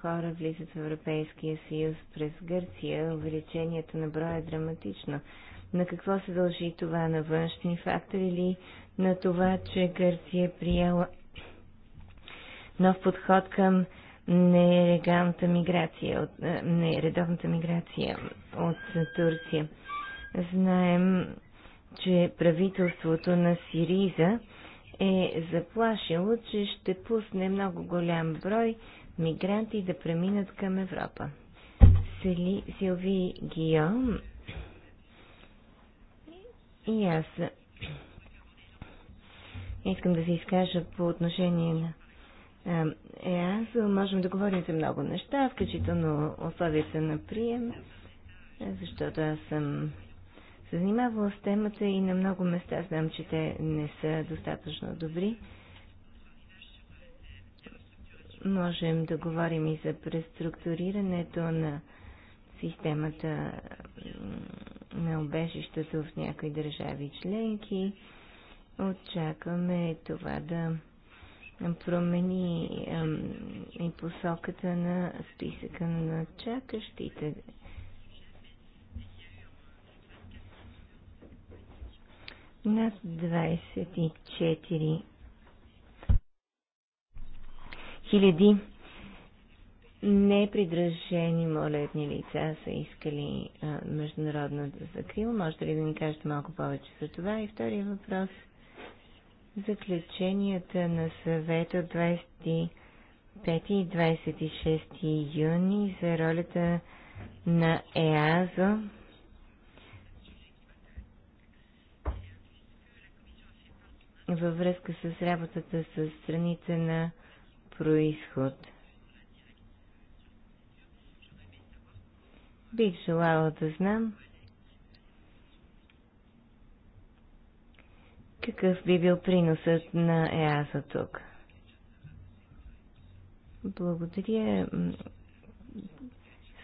хора влизат в Европейския съюз през Гърция. Увеличението на броя е драматично. На какво се дължи това? На външни фактори или на това, че Гърция е приела нов подход към нерегалната миграция, от, е, нередовната миграция от Турция. Знаем, че правителството на Сириза е заплашило, че ще пусне много голям брой мигранти да преминат към Европа. Сели, Силви Гио и аз Искам да се изкажа по отношение на ЕАЗО. Можем да говорим за много неща, включително условията на прием, защото аз съм се занимавала с темата и на много места знам, че те не са достатъчно добри. Можем да говорим и за преструктурирането на системата на обежището в някои държави членки очакваме това да промени и посоката на списъка на чакащите. Над 24 хиляди непридръжени молетни лица са искали международната закрила. Можете ли да ни кажете малко повече за това? И втория въпрос – заключенията на съвета 25 и 26 юни за ролята на ЕАЗО във връзка с работата с страните на происход. Бих желала да знам Какъв би бил приносът на ЕАСА тук? Благодаря.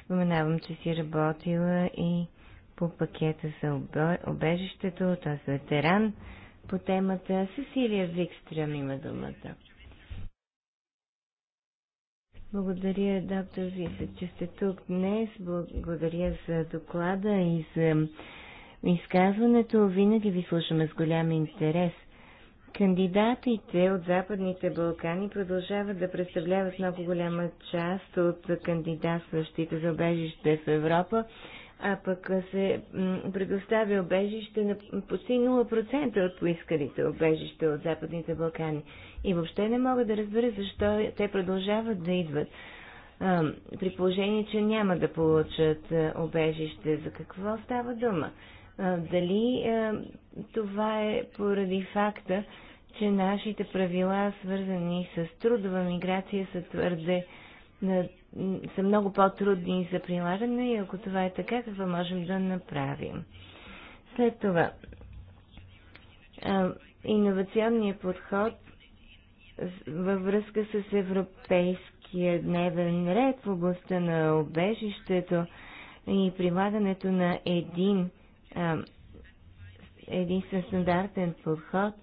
Споменавам, че си работила и по пакета за обежището, т.е. ветеран по темата. Сесилия Викстрем има думата. Благодаря, доктор Виса, че сте тук днес. Благодаря за доклада и за изказването. Винаги ви слушаме с голям интерес. Кандидатите от Западните Балкани продължават да представляват много голяма част от кандидатстващите за обежище в Европа, а пък се предоставя обежище на почти 0% от поискалите обежище от Западните Балкани. И въобще не мога да разбера защо те продължават да идват. При положение, че няма да получат обежище, за какво става дума? Дали това е поради факта, че нашите правила, свързани с трудова миграция, са твърде са много по-трудни за прилагане и ако това е така, какво можем да направим? След това, иновационният подход във връзка с европейския дневен ред в областта на обежището и прилагането на един единствен стандартен подход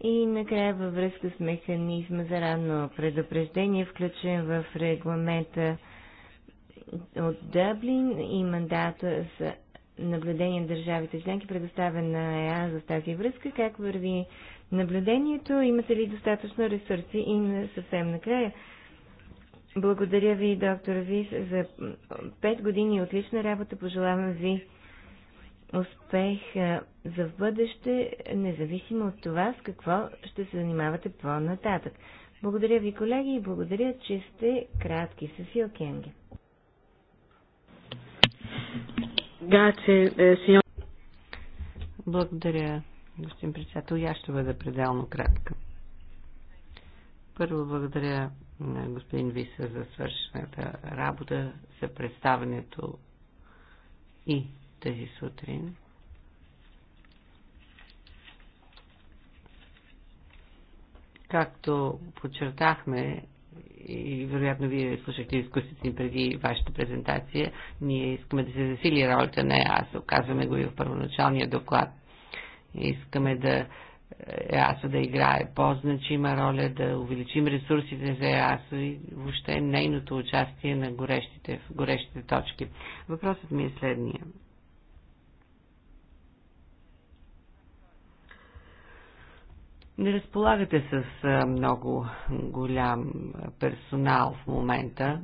и накрая във връзка с механизма за ранно предупреждение, включен в регламента от Дъблин и мандата за наблюдение на държавите членки, предоставен на ЕА за тази връзка. Как върви наблюдението? Имате ли достатъчно ресурси? И на съвсем накрая. Благодаря ви, доктор Вис, за 5 години отлична работа. Пожелавам ви успех за в бъдеще, независимо от това с какво ще се занимавате по-нататък. Благодаря ви, колеги, и благодаря, че сте кратки. с Йокенге. Е, благодаря, господин председател. Я ще бъда пределно кратка. Първо благодаря на господин Виса за свършената работа, за представенето и тази сутрин. Както подчертахме и вероятно вие слушахте дискусията преди вашата презентация, ние искаме да се засили ролята на ЕАСО. Казваме го и в първоначалния доклад. Искаме да е, ЕАСО да играе по-значима роля, да увеличим ресурсите за ЕАСО и въобще нейното участие на горещите, в горещите точки. Въпросът ми е следния. Не разполагате с много голям персонал в момента.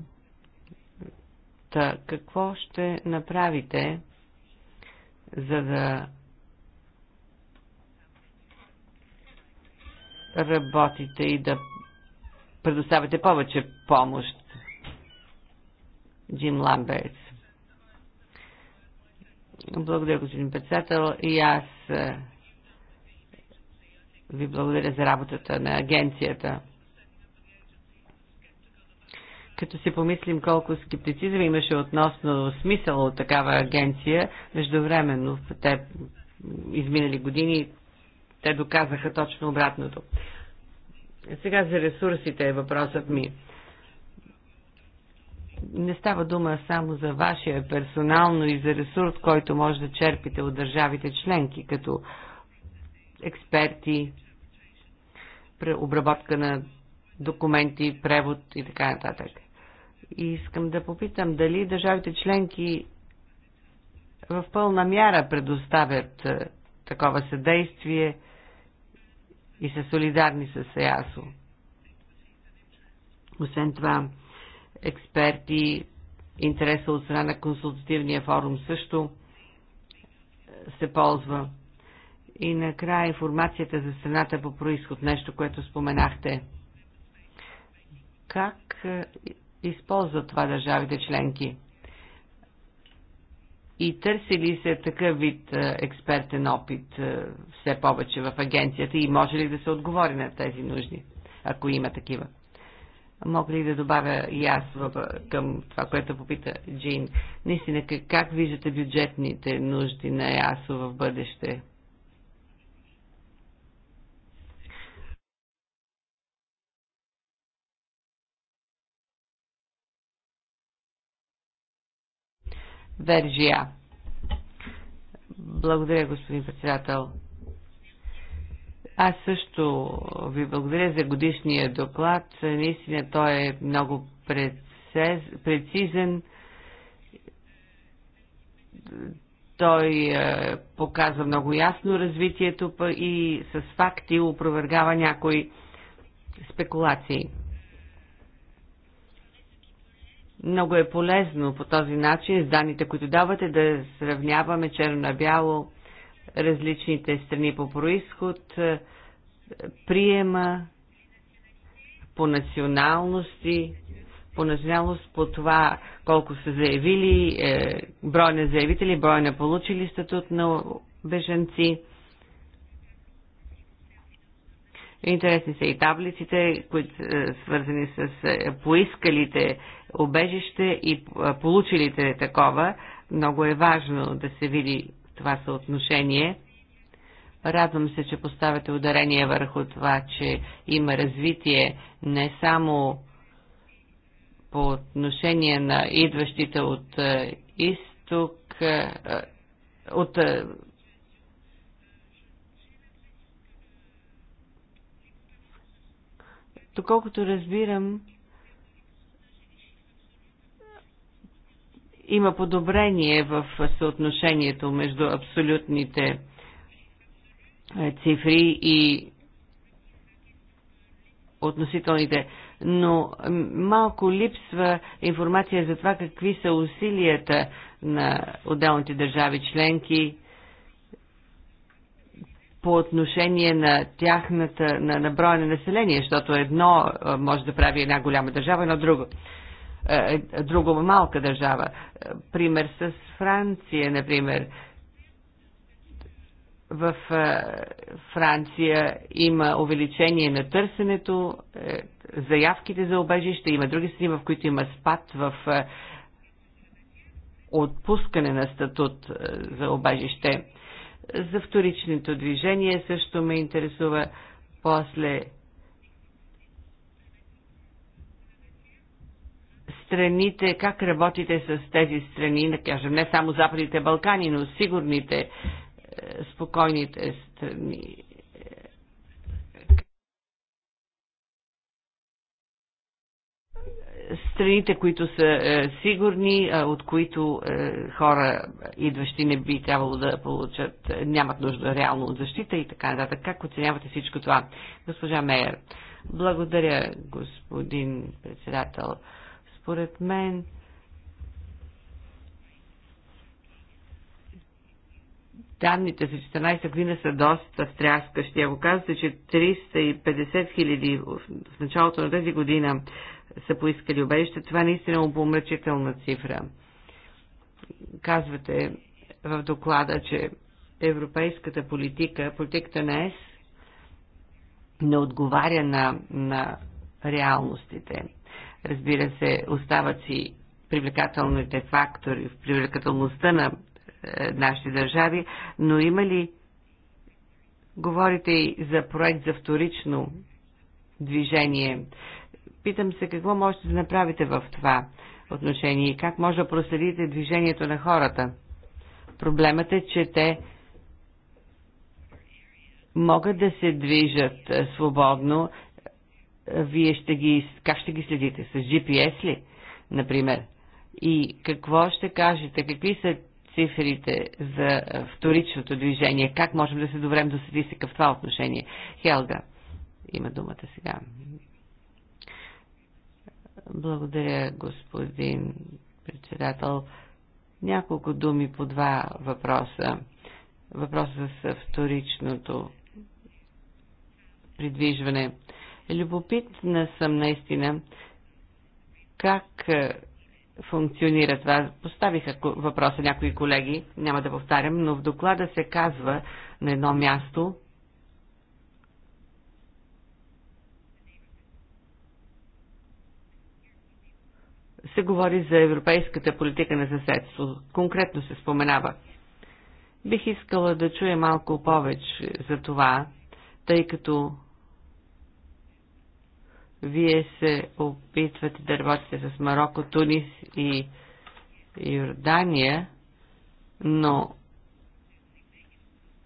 Та какво ще направите, за да работите и да предоставяте повече помощ? Джим Ламбертс. Благодаря, господин председател. И аз ви благодаря за работата на агенцията. Като си помислим колко скептицизъм имаше относно смисъл от такава агенция, междувременно в те изминали години те доказаха точно обратното. Сега за ресурсите е въпросът ми не става дума само за вашия персонално и за ресурс, който може да черпите от държавите членки, като експерти, обработка на документи, превод и така нататък. И искам да попитам дали държавите членки в пълна мяра предоставят е, такова съдействие и са солидарни с ЕАСО. Освен това, експерти, интереса от страна на консултативния форум също е, се ползва. И накрая информацията за страната по происход, нещо, което споменахте. Как е, използват това държавите членки? И търси ли се такъв вид е, експертен опит е, все повече в агенцията и може ли да се отговори на тези нужди, ако има такива? Мога ли да добавя и аз към това, което попита Джин? Наистина, как, как виждате бюджетните нужди на ЕАСО в бъдеще? Вержия. Благодаря, господин председател. Аз също ви благодаря за годишния доклад. Наистина той е много прецизен. Той е, показва много ясно развитието и с факти опровергава някои спекулации. Много е полезно по този начин с данните, които давате, да сравняваме черно на бяло различните страни по происход, е, приема по националности, по националност, по това колко са заявили, е, брой на заявители, брой на получили статут на беженци. Интересни са и таблиците, които е, свързани с е, поискалите обежище и получилите такова. Много е важно да се види това съотношение. Радвам се, че поставяте ударение върху това, че има развитие не само по отношение на идващите от изток, от доколкото разбирам, има подобрение в съотношението между абсолютните е, цифри и относителните, но малко липсва информация за това какви са усилията на отделните държави членки по отношение на тяхната, на, на броя на население, защото едно е, може да прави една голяма държава, едно друго. Е, е, друга малка държава. Е, пример с Франция, например. В Франция има увеличение на търсенето, заявките за обежище, има други страни, в които има спад в отпускане на статут за обежище. За вторичното движение също ме интересува после страните, как работите с тези страни, да кажем, не само Западните Балкани, но сигурните, е, спокойните страни? страните, които са е, сигурни, е, от които е, хора, идващи, не би трябвало да получат, е, нямат нужда реално от защита и така нататък. Как оценявате всичко това, госпожа Мейер? Благодаря, господин председател. Според мен, данните за 14 година са доста стряскащи. Ако казвате, че 350 хиляди в началото на тази година са поискали убежище, това наистина е обомръчителна цифра. Казвате в доклада, че европейската политика, политиката на ЕС, не отговаря на, на реалностите. Разбира се, остават си привлекателните фактори в привлекателността на е, нашите държави, но има ли говорите и за проект за вторично движение? Питам се какво можете да направите в това отношение и как може да проследите движението на хората. Проблемът е, че те могат да се движат е, свободно вие ще ги, как ще ги следите? С GPS ли, например? И какво ще кажете? Какви са цифрите за вторичното движение? Как можем да се добрем до статистика в това отношение? Хелга има думата сега. Благодаря, господин председател. Няколко думи по два въпроса. Въпроса за вторичното придвижване. Любопитна съм наистина как е, функционира това. Поставиха въпроса някои колеги, няма да повтарям, но в доклада се казва на едно място, се говори за европейската политика на съседство. Конкретно се споменава. Бих искала да чуя малко повече за това, тъй като вие се опитвате да работите с Марокко, Тунис и Йордания, но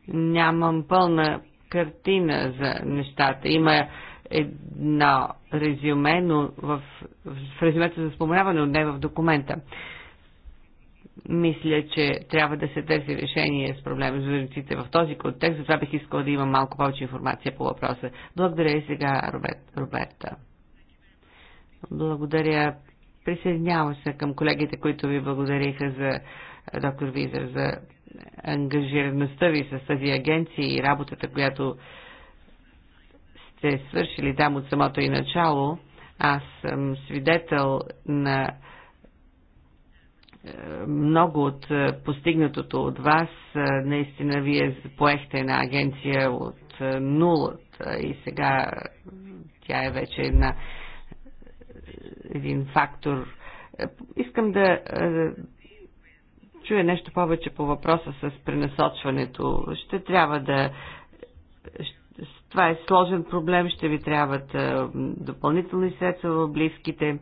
нямам пълна картина за нещата. Има едно резюме, но в, в резюмето за споменаване, но не в документа мисля, че трябва да се търси решение с проблема с журналистите в този контекст, затова бих искала да има малко повече информация по въпроса. Благодаря и сега, Роберт, Роберта. Благодаря. Присъединявам се към колегите, които ви благодариха за доктор Визер, за ангажираността ви с тази агенция и работата, която сте свършили там от самото и начало. Аз съм свидетел на много от е, постигнатото от вас, е, наистина вие поехте една агенция от е, нулата и сега тя е вече една, един фактор. Искам да чуя нещо повече по въпроса с пренасочването. Ще трябва да това е сложен проблем, ще ви трябват допълнителни средства в близките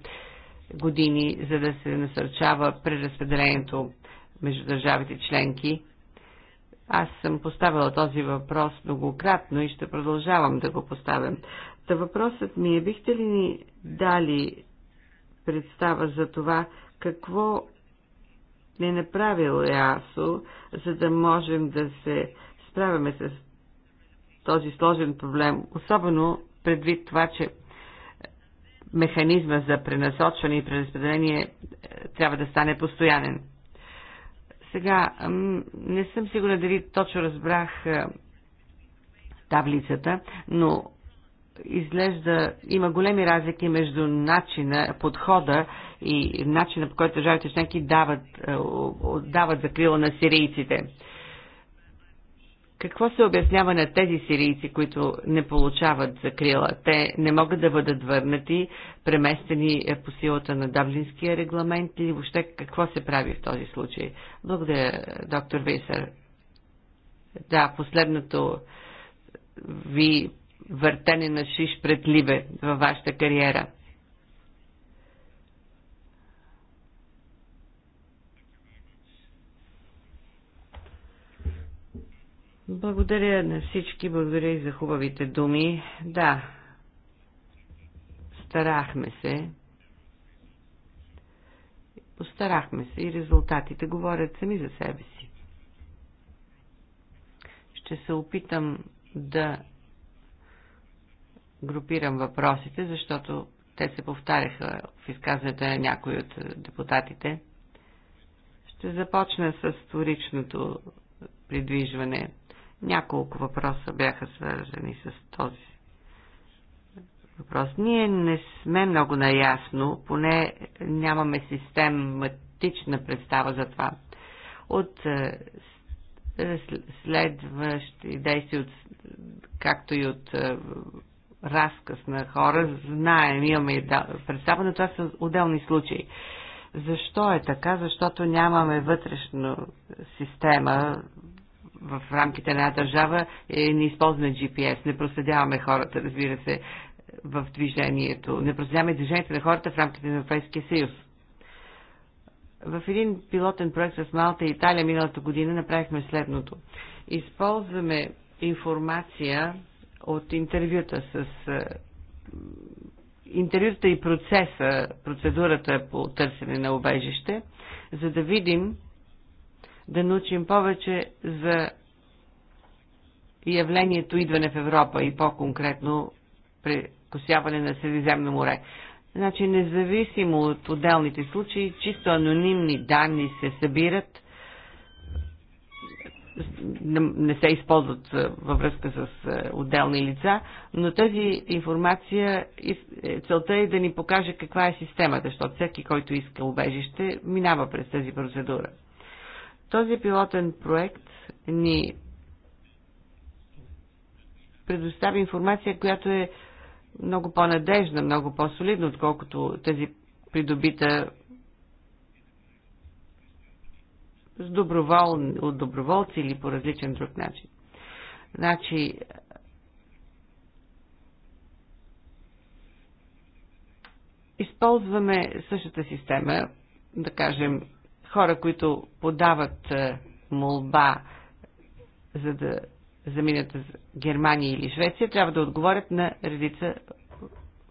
години, за да се насърчава преразпределението между държавите членки. Аз съм поставила този въпрос многократно и ще продължавам да го поставям. Та въпросът ми е, бихте ли ни дали представа за това, какво не направил ЕАСО, за да можем да се справяме с този сложен проблем, особено предвид това, че механизма за пренасочване и преразпределение е, трябва да стане постоянен. Сега, не съм сигурна дали точно разбрах е, таблицата, но изглежда има големи разлики между начина, подхода и начина по който държавите членки дават, е, дават закрила на сирийците. Какво се обяснява на тези сирийци, които не получават закрила? Те не могат да бъдат върнати, преместени е, по силата на Даблинския регламент или въобще какво се прави в този случай? Благодаря, доктор Вейсър. Да, последното ви въртене на шиш пред Либе във вашата кариера – Благодаря на всички, благодаря и за хубавите думи. Да, старахме се. Постарахме се и резултатите говорят сами за себе си. Ще се опитам да групирам въпросите, защото те се повтаряха в изказването на някои от депутатите. Ще започна с вторичното придвижване – няколко въпроса бяха свързани с този въпрос. Ние не сме много наясно, поне нямаме систематична представа за това. От е, следващи действия, от, както и от е, разказ на хора, знаем, имаме представа, но това са отделни случаи. Защо е така? Защото нямаме вътрешна система в рамките на една държава и е, не използваме GPS, не проследяваме хората, разбира се, в движението, не проследяваме движението на хората в рамките на Европейския съюз. В един пилотен проект с Малта и Италия миналата година направихме следното. Използваме информация от интервюта с е, интервюта и процеса, процедурата по търсене на обежище, за да видим да научим повече за явлението идване в Европа и по-конкретно прекосяване на Средиземно море. Значи, независимо от отделните случаи, чисто анонимни данни се събират, не се използват във връзка с отделни лица, но тази информация, е, целта е да ни покаже каква е системата, защото всеки, който иска убежище, минава през тази процедура. Този пилотен проект ни предостави информация, която е много по-надежна, много по-солидна, отколкото тези придобита с добровол, от доброволци или по различен друг начин. Значи, използваме същата система, да кажем, хора, които подават е, молба за да заминат в Германия или Швеция, трябва да отговорят на редица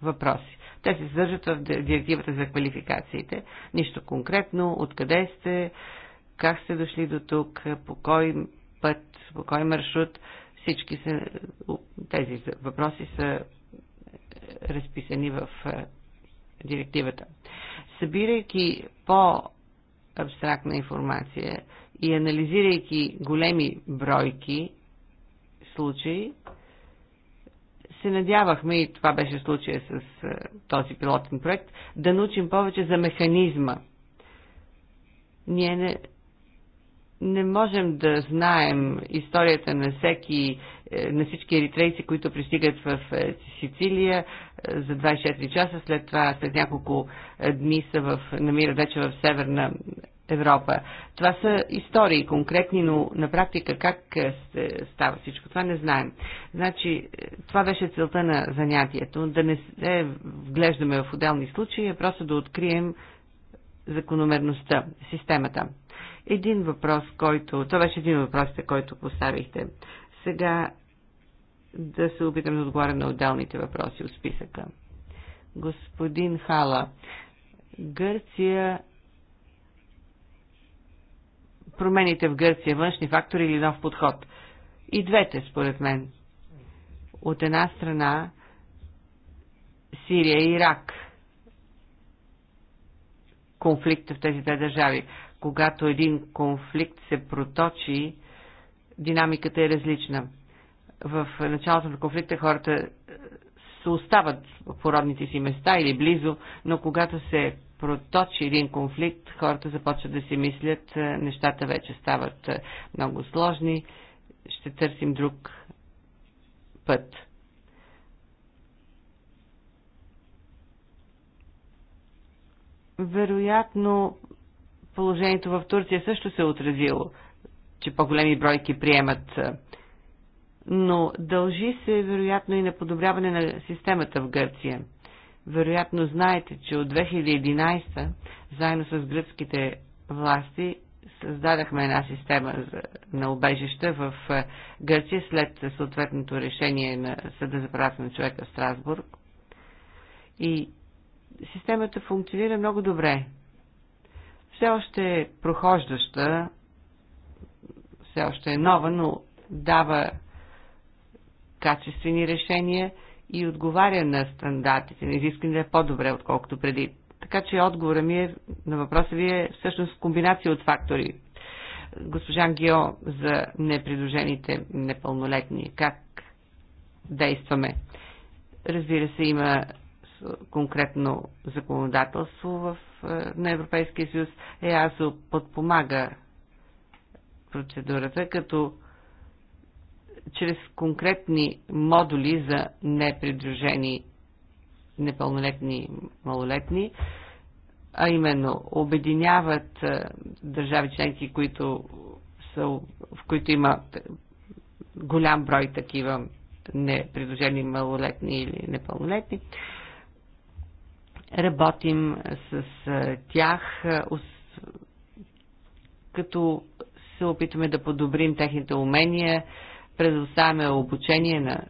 въпроси. Те се съдържат в директивата за квалификациите. Нищо конкретно, откъде сте, как сте дошли до тук, по кой път, по кой маршрут. Всички са, тези въпроси са е, разписани в е, директивата. Събирайки по абстрактна информация и анализирайки големи бройки случаи, се надявахме, и това беше случая с е, този пилотен проект, да научим повече за механизма. Ние не, не можем да знаем историята на всеки, е, на всички еритрейци, които пристигат в е, Сицилия, за 24 часа, след това след няколко е, дни се в, намира вече в Северна Европа. Това са истории конкретни, но на практика как е, става всичко това не знаем. Значи, е, това беше целта на занятието, да не се вглеждаме в отделни случаи, а просто да открием закономерността, системата. Един въпрос, който... Това беше един от въпросите, който поставихте. Сега да се опитам да отговоря на отделните въпроси от списъка. Господин Хала, Гърция промените в Гърция, външни фактори или нов подход. И двете, според мен. От една страна Сирия и Ирак. Конфликта в тези две държави. Когато един конфликт се проточи, динамиката е различна в началото на конфликта хората е, се остават в породните си места или близо, но когато се проточи един конфликт, хората започват да си мислят, е, нещата вече стават е, много сложни, ще търсим друг път. Вероятно, положението в Турция също се е отразило, че по-големи бройки приемат но дължи се вероятно и на подобряване на системата в Гърция. Вероятно знаете, че от 2011 заедно с гръцките власти създадахме една система на обежища в е, Гърция след съответното решение на Съда за правата на човека в Страсбург. И системата функционира много добре. Все още е прохождаща, все още е нова, но дава качествени решения и отговаря на стандартите, на е по-добре, отколкото преди. Така че отговора ми е, на въпроса ви е всъщност комбинация от фактори. Госпожа Гео за непридружените непълнолетни. Как действаме? Разбира се, има конкретно законодателство в, е, на Европейския съюз. ЕАСО подпомага процедурата, като чрез конкретни модули за непридружени непълнолетни малолетни, а именно обединяват държави членки, които са, в които има голям брой такива непридружени малолетни или непълнолетни. Работим с тях, като се опитваме да подобрим техните умения, предоставяме обучение на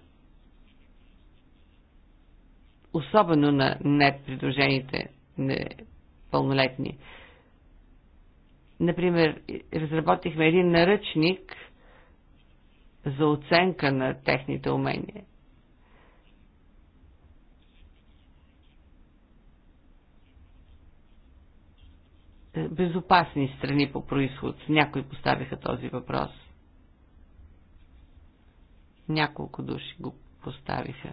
особено на непридружените непълнолетни. Например, разработихме един наръчник за оценка на техните умения. Безопасни страни по происход. Някои поставиха този въпрос – няколко души го поставиха.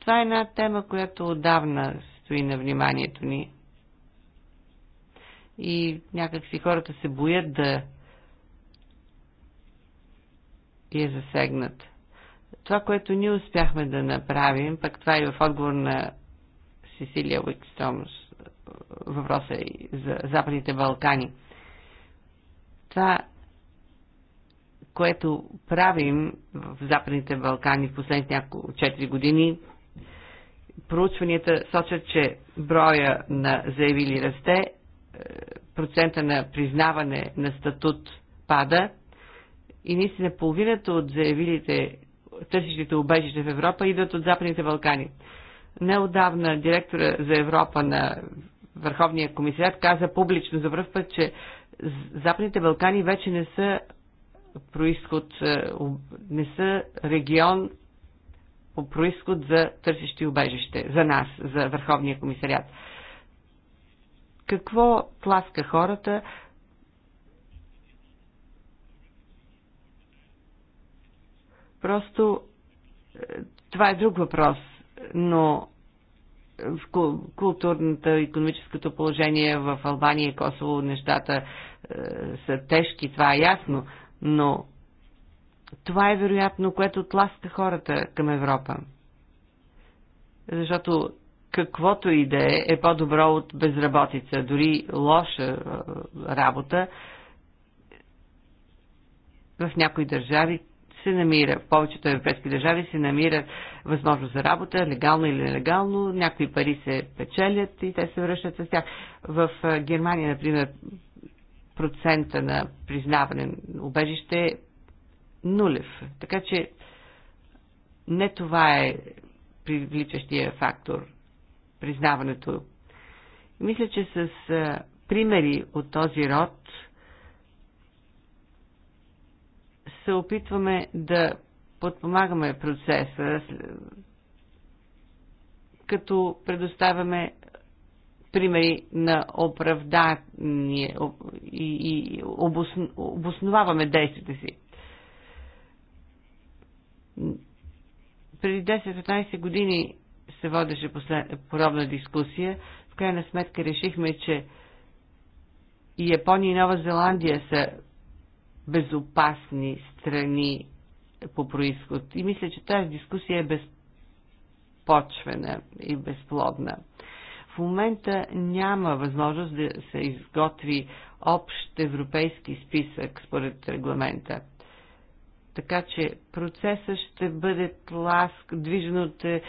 Това е една тема, която отдавна стои на вниманието ни. И някакси хората се боят да я засегнат. Това, което ние успяхме да направим, пък това и е в отговор на Сесилия Уикстомс, въпроса и за Западните Балкани. Това което правим в Западните Балкани в последните няколко 4 години, проучванията сочат, че броя на заявили расте, е, процента на признаване на статут пада и наистина половината от заявилите търсещите обежище в Европа идват от Западните Балкани. Неодавна директора за Европа на Върховния комисарят каза публично за първ път, че Западните Балкани вече не са происход, е, не са регион по происход за търсещи убежище, за нас, за Върховния комисариат. Какво тласка хората? Просто е, това е друг въпрос, но в културното и економическото положение в Албания и Косово нещата е, са тежки, това е ясно, но това е вероятно, което тласка хората към Европа. Защото каквото и да е, е по-добро от безработица, дори лоша е, работа. В някои държави се намира, в повечето европейски държави се намира възможност за работа, легално или нелегално, някои пари се печелят и те се връщат с тях. В е, Германия, например, процента на признаване на убежище е нулев. Така че не това е привличащия фактор, признаването. Мисля, че с примери от този род се опитваме да подпомагаме процеса, като предоставяме примери на оправдание и, обосноваваме действията си. Преди 10-15 години се водеше подобна дискусия. В крайна сметка решихме, че и Япония и Нова Зеландия са безопасни страни по происход. И мисля, че тази дискусия е безпочвена и безплодна. В момента няма възможност да се изготви общ европейски списък според регламента. Така че процесът ще бъде тласк, движен от е,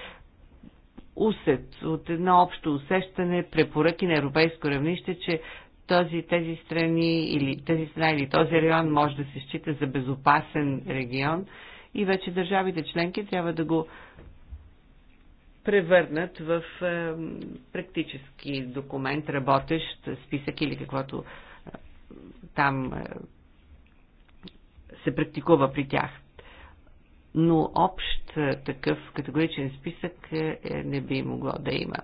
усет, от едно общо усещане, препоръки на европейско равнище, че този, тези страни или тази страна или този район може да се счита за безопасен регион и вече държавите членки трябва да го превърнат в практически документ, работещ, списък или каквото е, там е, се практикува при тях. Но общ е, такъв категоричен списък не би могло да има.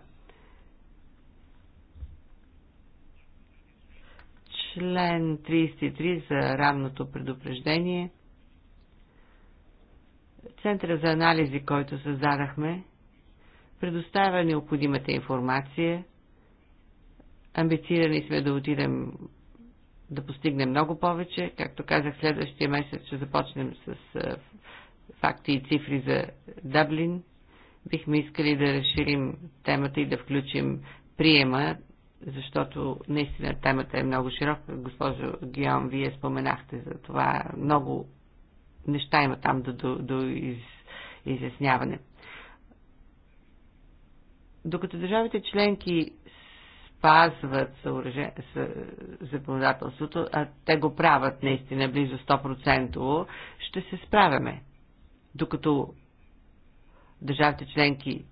Член 33 за ранното предупреждение. Центъра за анализи, който създадахме, предоставя необходимата информация. Амбицирани сме да отидем да постигнем много повече. Както казах, следващия месец ще започнем с факти и цифри за Даблин. Бихме искали да разширим темата и да включим приема, защото наистина темата е много широка. Госпожо Гион, вие споменахте за това. Много неща има там до, до, до из, изясняване. Докато държавите членки спазват съоръже... законодателството, а те го правят наистина близо 100%, ще се справяме. Докато държавите членки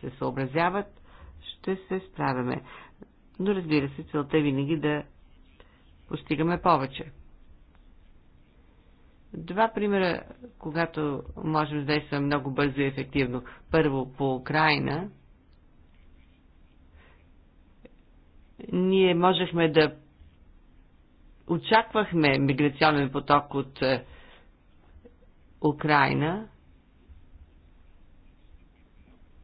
се съобразяват, ще се справяме. Но разбира се, целта е винаги да постигаме повече. Два примера, когато можем да действаме много бързо и ефективно. Първо, по Украина. Ние можехме да очаквахме миграционен поток от е, Украина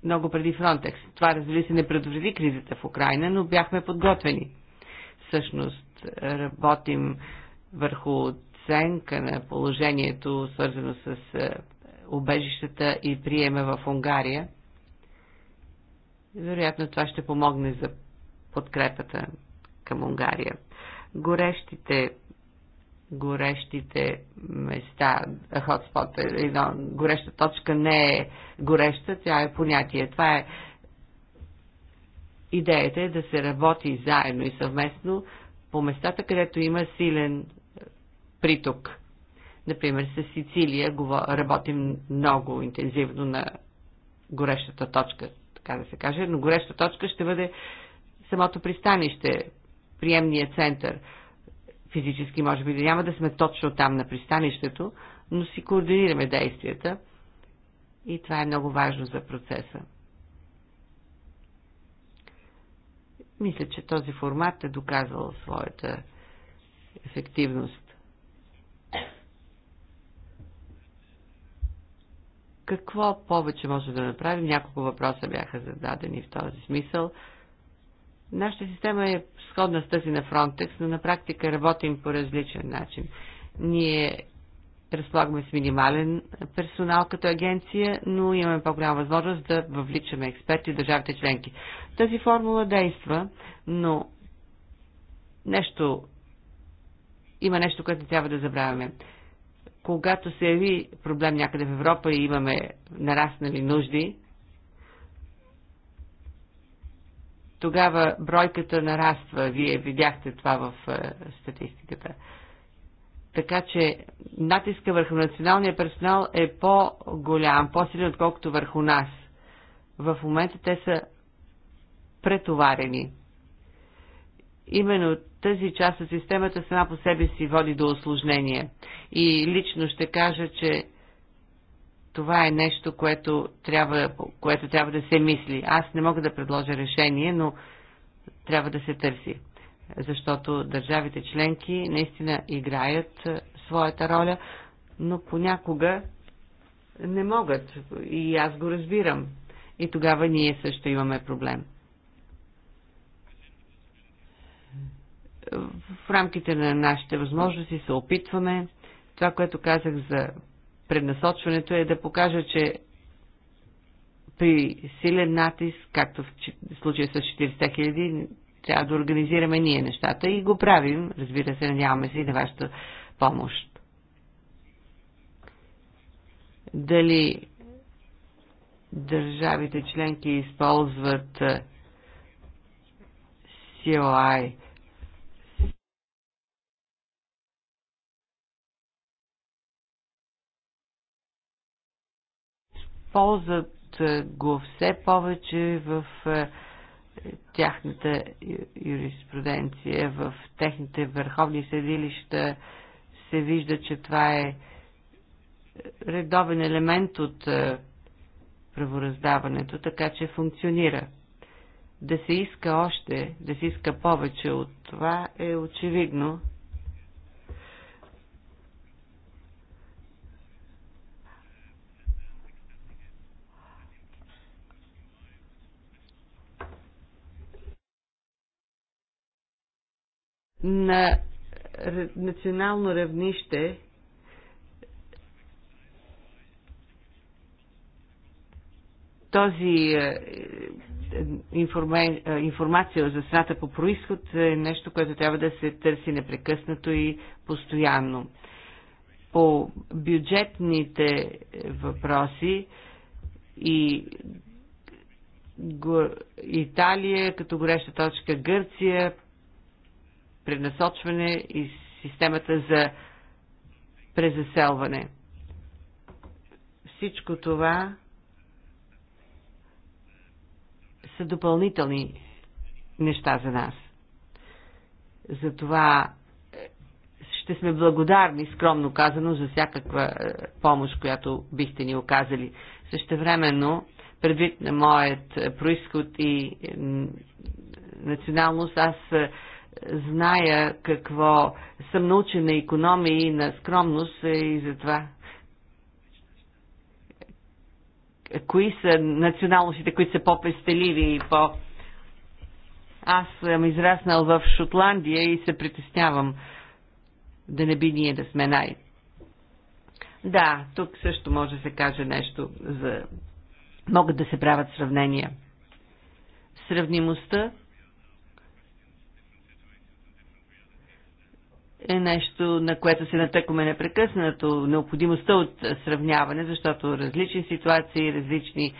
много преди Фронтекс. Това, разбира се, не предупреди кризата в Украина, но бяхме подготвени. Всъщност, работим върху оценка на положението, свързано с е, убежищата и приема в Унгария. Вероятно това ще помогне за подкрепата към Унгария. Горещите горещите места, хотспот, е една гореща точка не е гореща, тя е понятие. Това е идеята е да се работи заедно и съвместно по местата, където има силен приток. Например, с Сицилия работим много интензивно на горещата точка, така да се каже, но горещата точка ще бъде самото пристанище, приемния център. Физически, може би, да няма да сме точно там на пристанището, но си координираме действията и това е много важно за процеса. Мисля, че този формат е доказал своята ефективност. Какво повече може да направим? Няколко въпроса бяха зададени в този смисъл. Нашата система е сходна с тази на Frontex, но на практика работим по различен начин. Ние разполагаме с минимален персонал като агенция, но имаме по-голяма възможност да въвличаме експерти в държавите членки. Тази формула действа, но нещо, има нещо, което трябва да забравяме когато се яви проблем някъде в Европа и имаме нараснали нужди, тогава бройката нараства. Вие видяхте това в е, статистиката. Така че натиска върху националния персонал е по-голям, по-силен, отколкото върху нас. В момента те са претоварени именно тази част от системата сама по себе си води до осложнение. И лично ще кажа, че това е нещо, което трябва, което трябва да се мисли. Аз не мога да предложа решение, но трябва да се търси. Защото държавите членки наистина играят своята роля, но понякога не могат. И аз го разбирам. И тогава ние също имаме проблем. в рамките на нашите възможности се опитваме. Това, което казах за преднасочването е да покажа, че при силен натиск, както в случая с 40 хиляди, трябва да организираме ние нещата и го правим. Разбира се, надяваме се и на вашата помощ. Дали държавите членки използват COI използват е, го все повече в е, тяхната юриспруденция, в техните върховни съдилища се вижда, че това е редовен елемент от е, правораздаването, така че функционира. Да се иска още, да се иска повече от това е очевидно, на национално равнище този е, е, е, информация за страната по происход е нещо, което трябва да се търси непрекъснато и постоянно. По бюджетните въпроси и Италия като гореща точка, Гърция, пренасочване и системата за презаселване. Всичко това са допълнителни неща за нас. Затова е, ще сме благодарни, скромно казано, за всякаква е, помощ, която бихте ни оказали. Същевременно, предвид на моят е, происход и националност, аз зная какво съм научен на економия и на скромност е и затова кои са националностите, които са по-пестеливи и по... Аз съм израснал в Шотландия и се притеснявам да не би ние да сме най. Да, тук също може да се каже нещо за... Могат да се правят сравнения. Сравнимостта е нещо, на което се натъкваме непрекъснато, необходимостта от сравняване, защото различни ситуации, различни...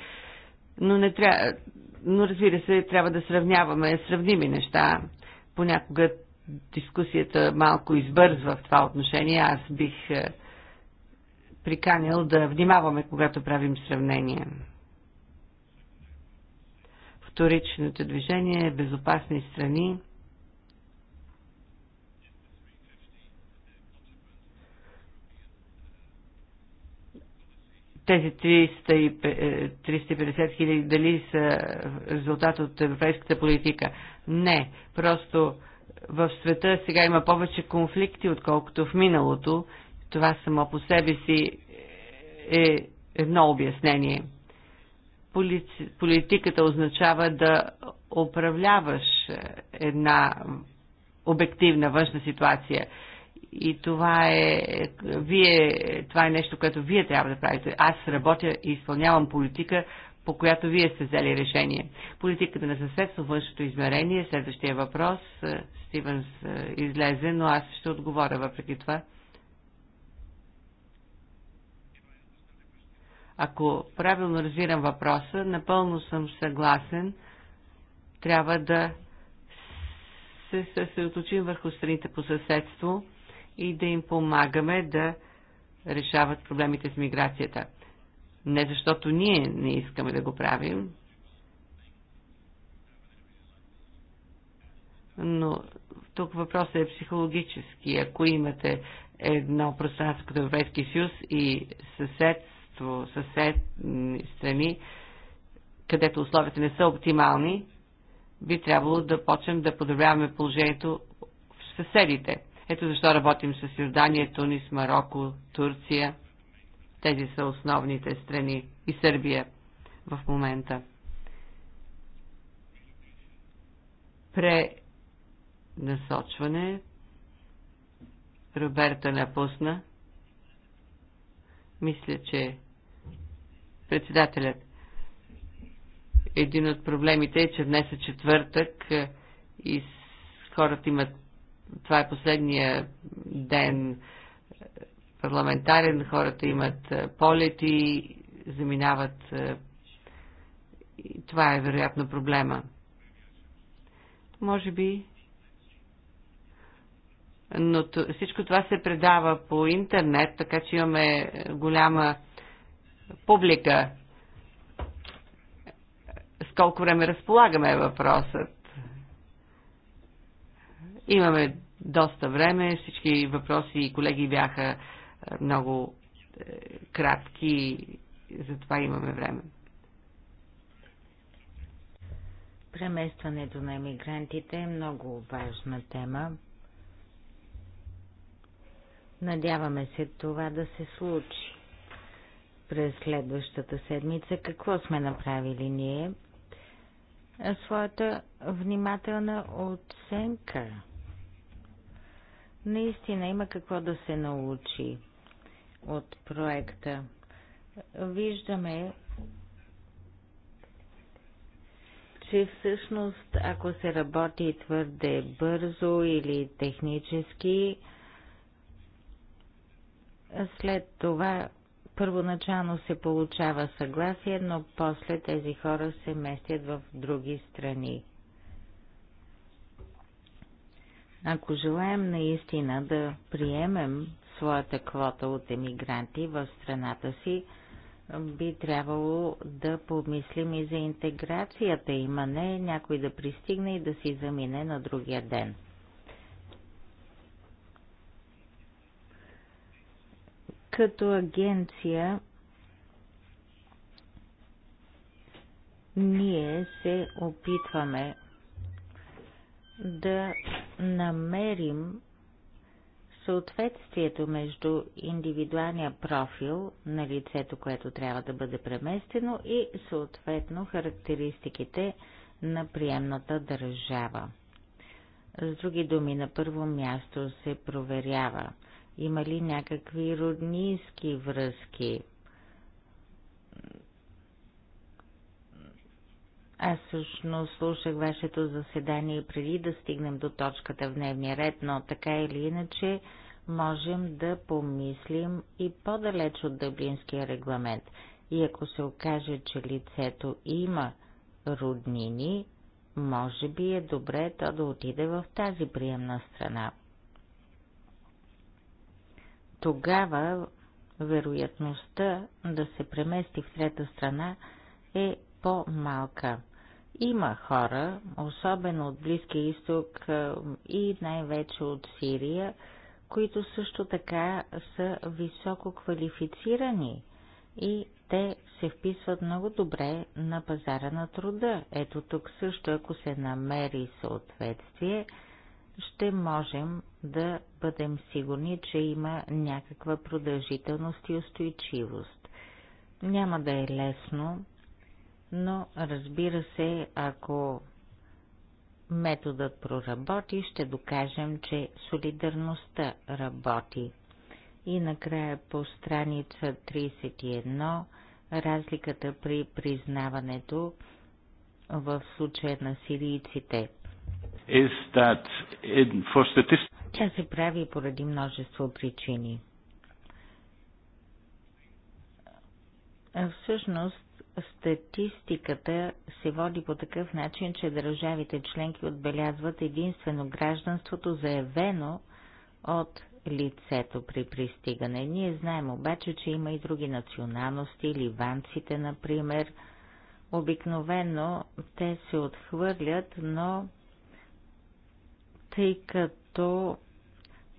Но, не трябва... Но разбира се, трябва да сравняваме сравними неща. Понякога дискусията малко избързва в това отношение. Аз бих е, приканил да внимаваме, когато правим сравнение. Вторичното движение, безопасни страни – тези 350 е, хиляди дали са резултат от европейската политика. Не, просто в света сега има повече конфликти, отколкото в миналото. Това само по себе си е едно обяснение. Политиката означава да управляваш една обективна външна ситуация и това е, вие, това е нещо, което вие трябва да правите. Аз работя и изпълнявам политика, по която вие сте взели решение. Политиката на съседство, външното измерение, следващия въпрос. Стивенс е, излезе, но аз ще отговоря въпреки това. Ако правилно разбирам въпроса, напълно съм съгласен, трябва да се съсредоточим върху страните по съседство – и да им помагаме да решават проблемите с миграцията. Не защото ние не искаме да го правим, но тук въпросът е психологически. Ако имате едно пространство като Европейски съюз и съседство, съседни страни, където условията не са оптимални, би трябвало да почнем да подобряваме положението в съседите. Ето защо работим с Йордания, Тунис, Марокко, Турция. Тези са основните страни и Сърбия в момента. Пренасочване. Роберта напусна. Мисля, че председателят. Един от проблемите е, че днес е четвъртък и хората имат това е последния ден е, парламентарен, хората имат е, полети, заминават. Е, това е вероятно проблема. Може би. Но всичко това се предава по интернет, така че имаме голяма публика. С колко време разполагаме е въпросът. Имаме доста време, всички въпроси и колеги бяха е, много е, кратки, затова имаме време. Преместването на емигрантите е много важна тема. Надяваме се това да се случи през следващата седмица. Какво сме направили ние? Своята внимателна оценка Наистина има какво да се научи от проекта. Виждаме, че всъщност ако се работи твърде бързо или технически, след това първоначално се получава съгласие, но после тези хора се местят в други страни. Ако желаем наистина да приемем своята квота от емигранти в страната си, би трябвало да помислим и за интеграцията им, а не някой да пристигне и да си замине на другия ден. Като агенция ние се опитваме да намерим съответствието между индивидуалния профил на лицето, което трябва да бъде преместено и съответно характеристиките на приемната държава. С други думи, на първо място се проверява има ли някакви роднински връзки Аз всъщност слушах вашето заседание преди да стигнем до точката в дневния ред, но така или иначе можем да помислим и по-далеч от Дъблинския регламент. И ако се окаже, че лицето има роднини, може би е добре то да отиде в тази приемна страна. Тогава вероятността да се премести в трета страна е по-малка. Има хора, особено от Близкия изток и най-вече от Сирия, които също така са високо квалифицирани и те се вписват много добре на пазара на труда. Ето тук също, ако се намери съответствие, ще можем да бъдем сигурни, че има някаква продължителност и устойчивост. Няма да е лесно, но разбира се, ако методът проработи, ще докажем, че солидарността работи. И накрая по страница 31 разликата при признаването в случая на сирийците. Тя се прави поради множество причини. Всъщност, статистиката се води по такъв начин, че държавите членки отбелязват единствено гражданството заявено от лицето при пристигане. Ние знаем обаче, че има и други националности, ливанците, например. Обикновено те се отхвърлят, но тъй като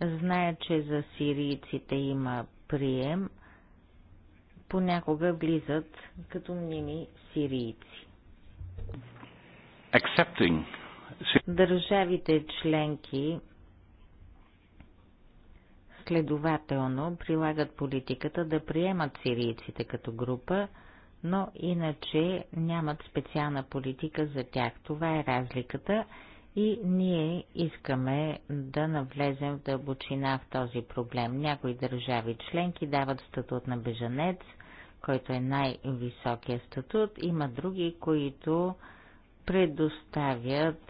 знаят, че за сирийците има прием, понякога влизат като мними сирийци. Accepting. Държавите членки следователно прилагат политиката да приемат сирийците като група, но иначе нямат специална политика за тях. Това е разликата и ние искаме да навлезем в дълбочина в този проблем. Някои държави членки дават статут на бежанец, който е най-високия статут. Има други, които предоставят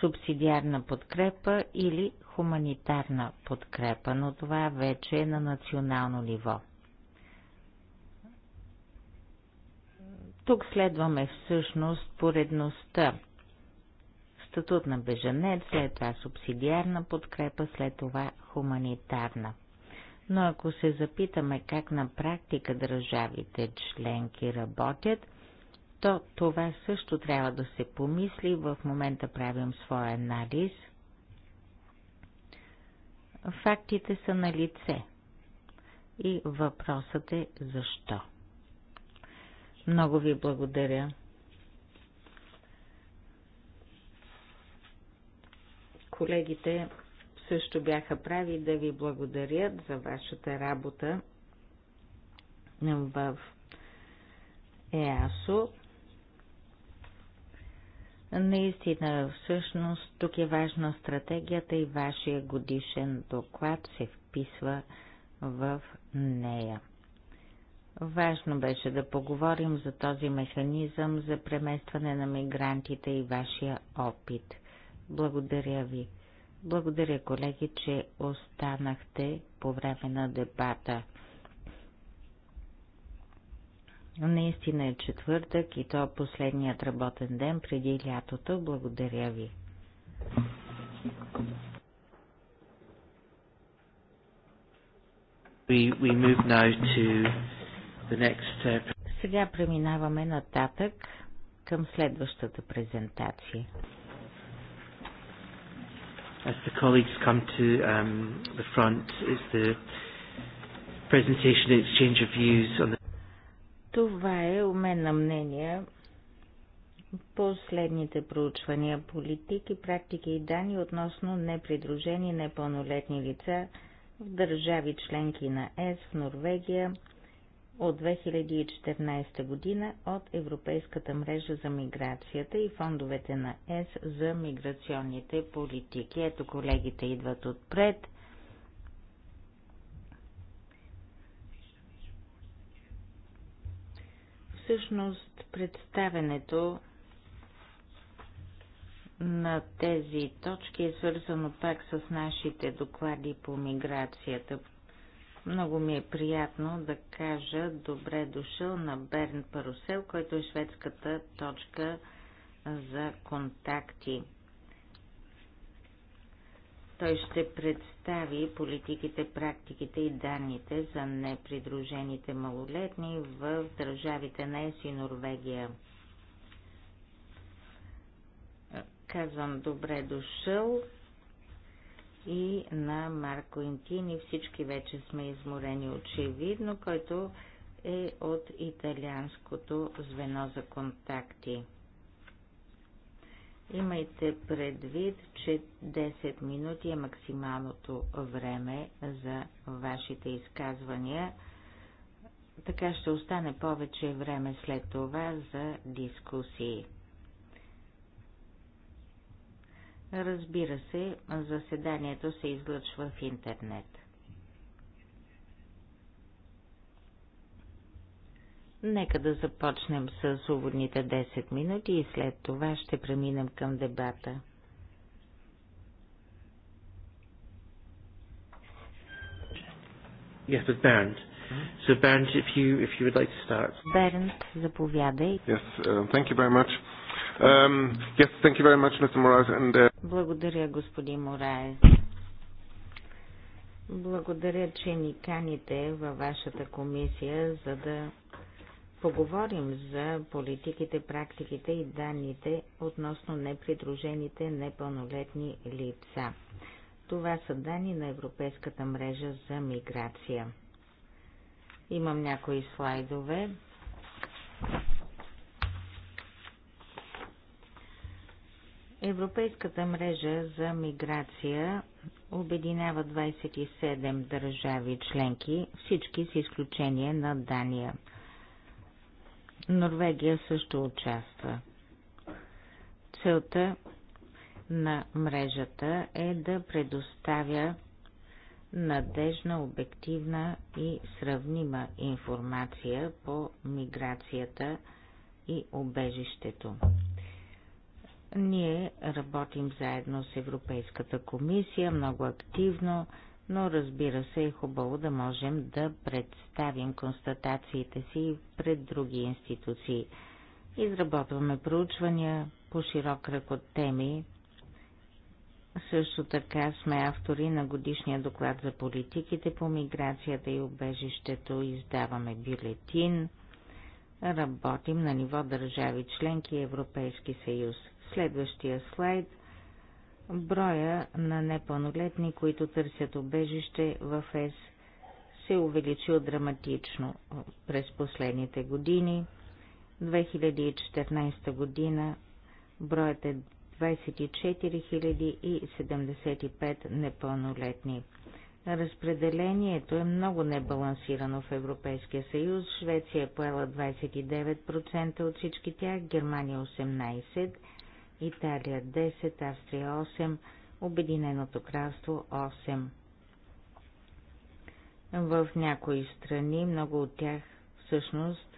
субсидиарна подкрепа или хуманитарна подкрепа, но това вече е на национално ниво. Тук следваме всъщност поредността статут на бежанец, след това субсидиарна подкрепа, след това хуманитарна. Но ако се запитаме как на практика държавите членки работят, то това също трябва да се помисли. В момента правим своя анализ. Фактите са на лице. И въпросът е защо. Много ви благодаря. Колегите също бяха прави да ви благодарят за вашата работа в ЕАСО. Наистина, всъщност, тук е важна стратегията и вашия годишен доклад се вписва в нея. Важно беше да поговорим за този механизъм за преместване на мигрантите и вашия опит – благодаря ви. Благодаря, колеги, че останахте по време на дебата. Наистина е четвъртък и то е последният работен ден преди лятото. Благодаря ви. We, we move now to the next... Uh, Сега преминаваме нататък към следващата презентация as the colleagues come to um, the front, is the presentation and exchange of views on the... Това е обмен на мнение по следните проучвания, политики, практики и данни относно непридружени непълнолетни лица в държави членки на ЕС, в Норвегия, от 2014 година от Европейската мрежа за миграцията и фондовете на ЕС за миграционните политики. Ето колегите идват отпред. Всъщност представенето на тези точки е свързано пак с нашите доклади по миграцията. Много ми е приятно да кажа добре дошъл на Берн Парусел, който е шведската точка за контакти. Той ще представи политиките, практиките и данните за непридружените малолетни в държавите на ЕС и Норвегия. Казвам добре дошъл и на Марко Интини. Всички вече сме изморени очевидно, който е от италианското звено за контакти. Имайте предвид, че 10 минути е максималното време за вашите изказвания. Така ще остане повече време след това за дискусии. Разбира се, заседанието се излъчва в интернет. Нека да започнем с уводните 10 минути и след това ще преминем към дебата. Yes, but Bernd. So Bernd, if you if you would like to start. Bernd, заповядай. Yes, uh, thank you very much. Um, yes, thank you very much, Mr. Morales, and uh, благодаря, господин Морае. Благодаря, че ни каните във вашата комисия, за да поговорим за политиките, практиките и данните относно непридружените непълнолетни лица. Това са данни на Европейската мрежа за миграция. Имам някои слайдове. Европейската мрежа за миграция обединява 27 държави членки, всички с изключение на Дания. Норвегия също участва. Целта на мрежата е да предоставя надежна, обективна и сравнима информация по миграцията и обежището. Ние работим заедно с Европейската комисия много активно, но разбира се е хубаво да можем да представим констатациите си пред други институции. Изработваме проучвания по широк кръг от теми. Също така сме автори на годишния доклад за политиките по миграцията и убежището, издаваме бюлетин, работим на ниво държави членки Европейски съюз – Следващия слайд – броя на непълнолетни, които търсят обежище в ЕС се е увеличил драматично през последните години. 2014 година броят е 24 075 непълнолетни. Разпределението е много небалансирано в Европейския съюз. Швеция е поела 29% от всички тях, Германия 18%, Италия 10, Австрия 8, Обединеното кралство 8. В някои страни, много от тях всъщност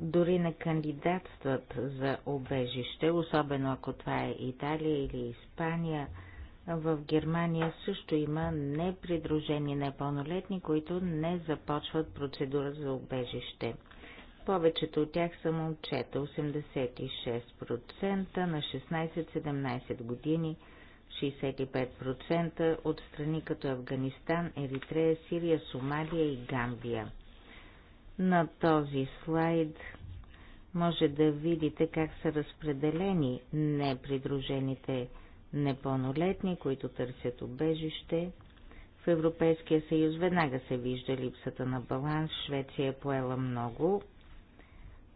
дори не кандидатстват за обежище, особено ако това е Италия или Испания. В Германия също има непридружени непълнолетни, които не започват процедура за обежище. Повечето от тях са момчета, 86% на 16-17 години, 65% от страни като Афганистан, Еритрея, Сирия, Сомалия и Гамбия. На този слайд може да видите как са разпределени непридружените непълнолетни, които търсят убежище. В Европейския съюз веднага се вижда липсата на баланс. Швеция е поела много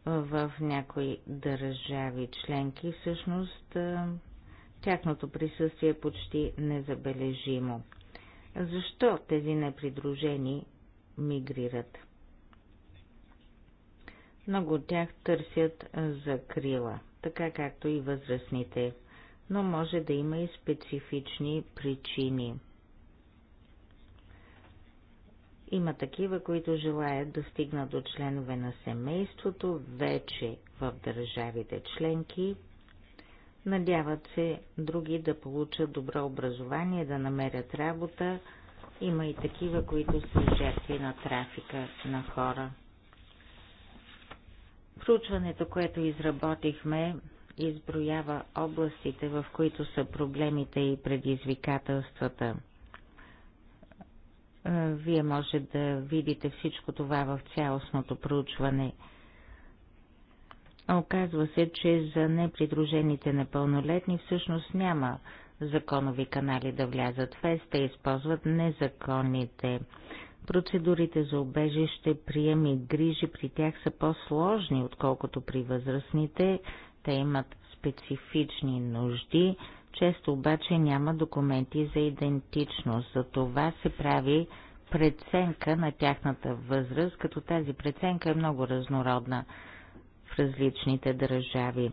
в някои държави членки, всъщност тяхното присъствие е почти незабележимо. Защо тези непридружени мигрират? Много от тях търсят закрила, така както и възрастните, но може да има и специфични причини – има такива, които желаят да стигнат до членове на семейството вече в държавите членки. Надяват се други да получат добро образование, да намерят работа. Има и такива, които са жертви на трафика на хора. Проучването, което изработихме, изброява областите, в които са проблемите и предизвикателствата – е, вие може да видите всичко това в цялостното проучване. Оказва се, че за непридружените непълнолетни всъщност няма законови канали да влязат в ЕС, те използват незаконните. Процедурите за обежище, прием и грижи при тях са по-сложни, отколкото при възрастните. Те имат специфични нужди, често обаче няма документи за идентичност, за това се прави преценка на тяхната възраст, като тази преценка е много разнородна в различните държави.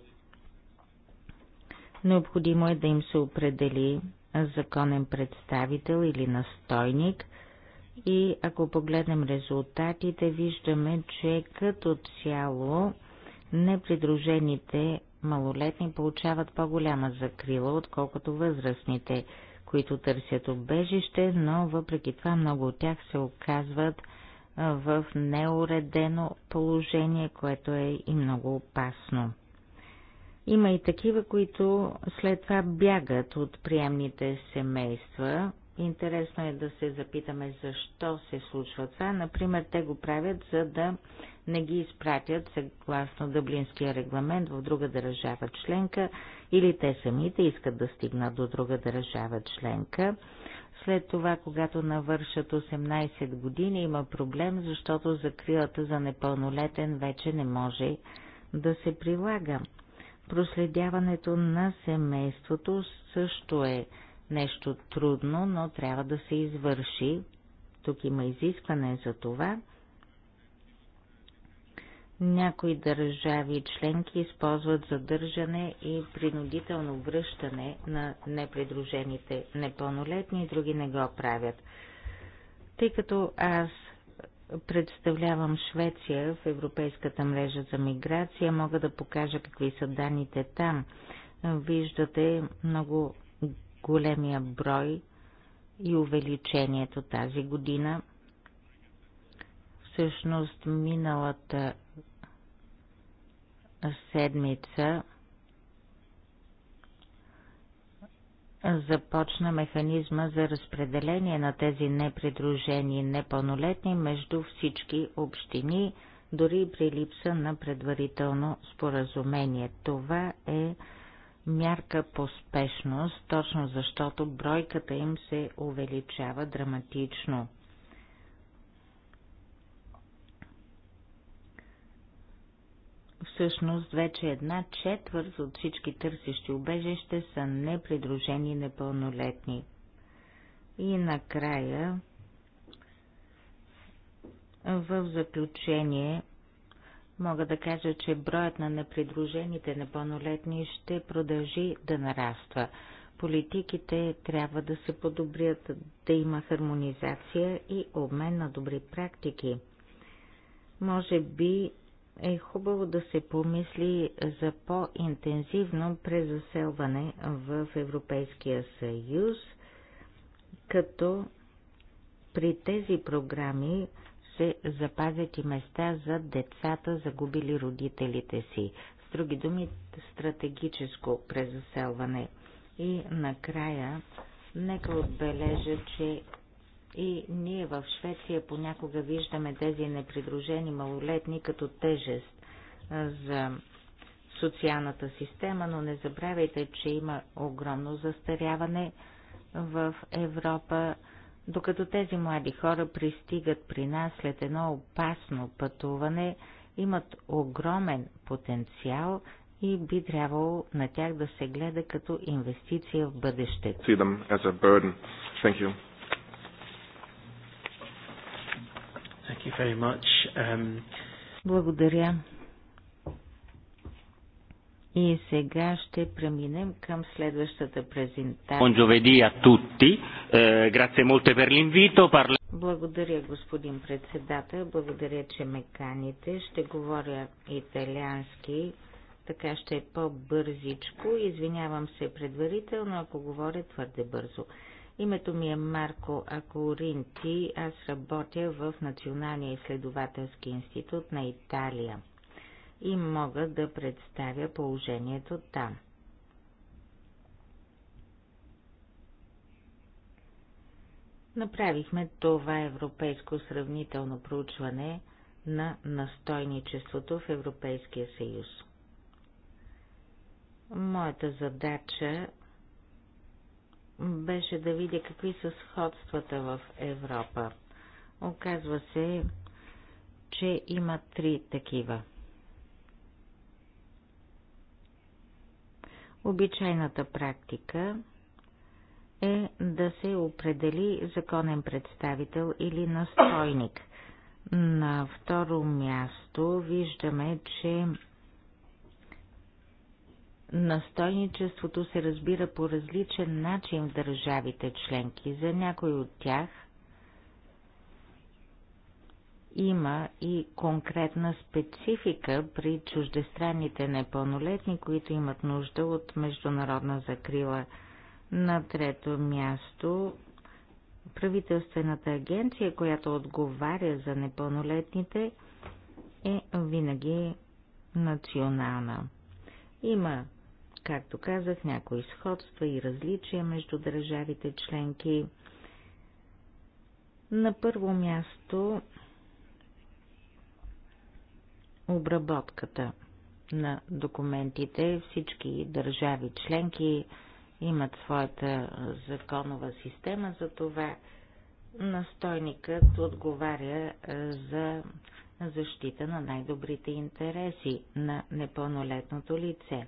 Необходимо е да им се определи законен представител или настойник и ако погледнем резултатите, виждаме, че като цяло непридружените малолетни получават по-голяма закрила, отколкото възрастните, които търсят обежище, но въпреки това много от тях се оказват в неуредено положение, което е и много опасно. Има и такива, които след това бягат от приемните семейства. Интересно е да се запитаме защо се случва това. Например, те го правят, за да не ги изпратят съгласно Дъблинския регламент в друга държава членка или те самите искат да стигнат до друга държава членка. След това, когато навършат 18 години, има проблем, защото закрилата за непълнолетен вече не може да се прилага. Проследяването на семейството също е нещо трудно, но трябва да се извърши. Тук има изискване за това. Някои държави и членки използват задържане и принудително връщане на непридружените непълнолетни, и други не го правят. Тъй като аз представлявам Швеция в Европейската мрежа за миграция, мога да покажа какви са данните там. Виждате много големия брой и увеличението тази година. Всъщност миналата седмица започна механизма за разпределение на тези непридружени непълнолетни между всички общини, дори при липса на предварително споразумение. Това е мярка по спешност, точно защото бройката им се увеличава драматично. Всъщност вече една четвърт от всички търсещи убежище са непридружени непълнолетни. И накрая, в заключение, мога да кажа, че броят на непридружените непълнолетни ще продължи да нараства. Политиките трябва да се подобрят, да има хармонизация и обмен на добри практики. Може би е хубаво да се помисли за по-интензивно презаселване в Европейския съюз, като при тези програми се запазят и места за децата, загубили родителите си. С други думи, стратегическо презаселване. И накрая, нека отбележа, че и ние в Швеция понякога виждаме тези непридружени малолетни като тежест за социалната система, но не забравяйте, че има огромно застаряване в Европа, докато тези млади хора пристигат при нас след едно опасно пътуване, имат огромен потенциал и би трябвало на тях да се гледа като инвестиция в бъдещето. Thank you very much. Um... Благодаря. И сега ще преминем към следващата презентация. Eh, Благодаря, господин председател. Благодаря, че ме каните. Ще говоря италиански, така ще е по-бързичко. Извинявам се предварително, ако говоря твърде бързо. Името ми е Марко Акоринти. Аз работя в Националния изследователски институт на Италия и мога да представя положението там. Направихме това европейско сравнително проучване на настойничеството в Европейския съюз. Моята задача беше да видя какви са сходствата в Европа. Оказва се, че има три такива. Обичайната практика е да се определи законен представител или настойник. На второ място виждаме, че Настойничеството се разбира по различен начин в държавите членки. За някой от тях има и конкретна специфика при чуждестранните непълнолетни, които имат нужда от международна закрила. На трето място правителствената агенция, която отговаря за непълнолетните, е винаги национална. Има както казах, някои сходства и различия между държавите членки. На първо място обработката на документите. Всички държави членки имат своята законова система за това. Настойникът отговаря за защита на най-добрите интереси на непълнолетното лице.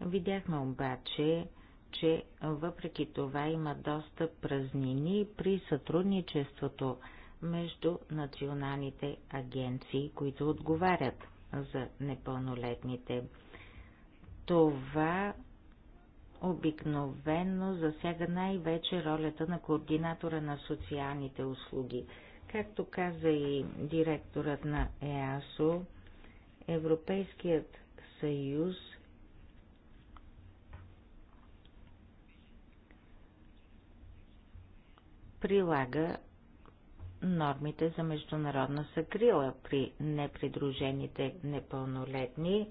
Видяхме обаче, че въпреки това има доста празнини при сътрудничеството между националните агенции, които отговарят за непълнолетните. Това обикновено засяга най-вече ролята на координатора на социалните услуги. Както каза и директорът на ЕАСО, Европейският съюз – прилага нормите за международна съкрила при непридружените непълнолетни.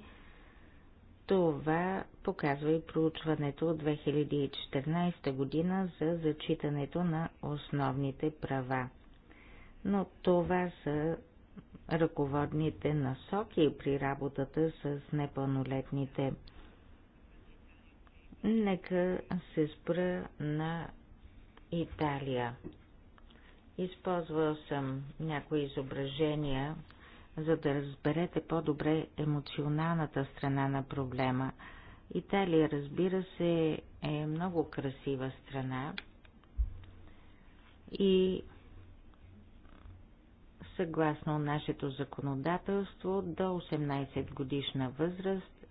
Това показва и проучването от 2014 година за зачитането на основните права. Но това са ръководните насоки при работата с непълнолетните. Нека се спра на Италия. Използвал съм някои изображения, за да разберете по-добре емоционалната страна на проблема. Италия, разбира се, е много красива страна и съгласно нашето законодателство до 18 годишна възраст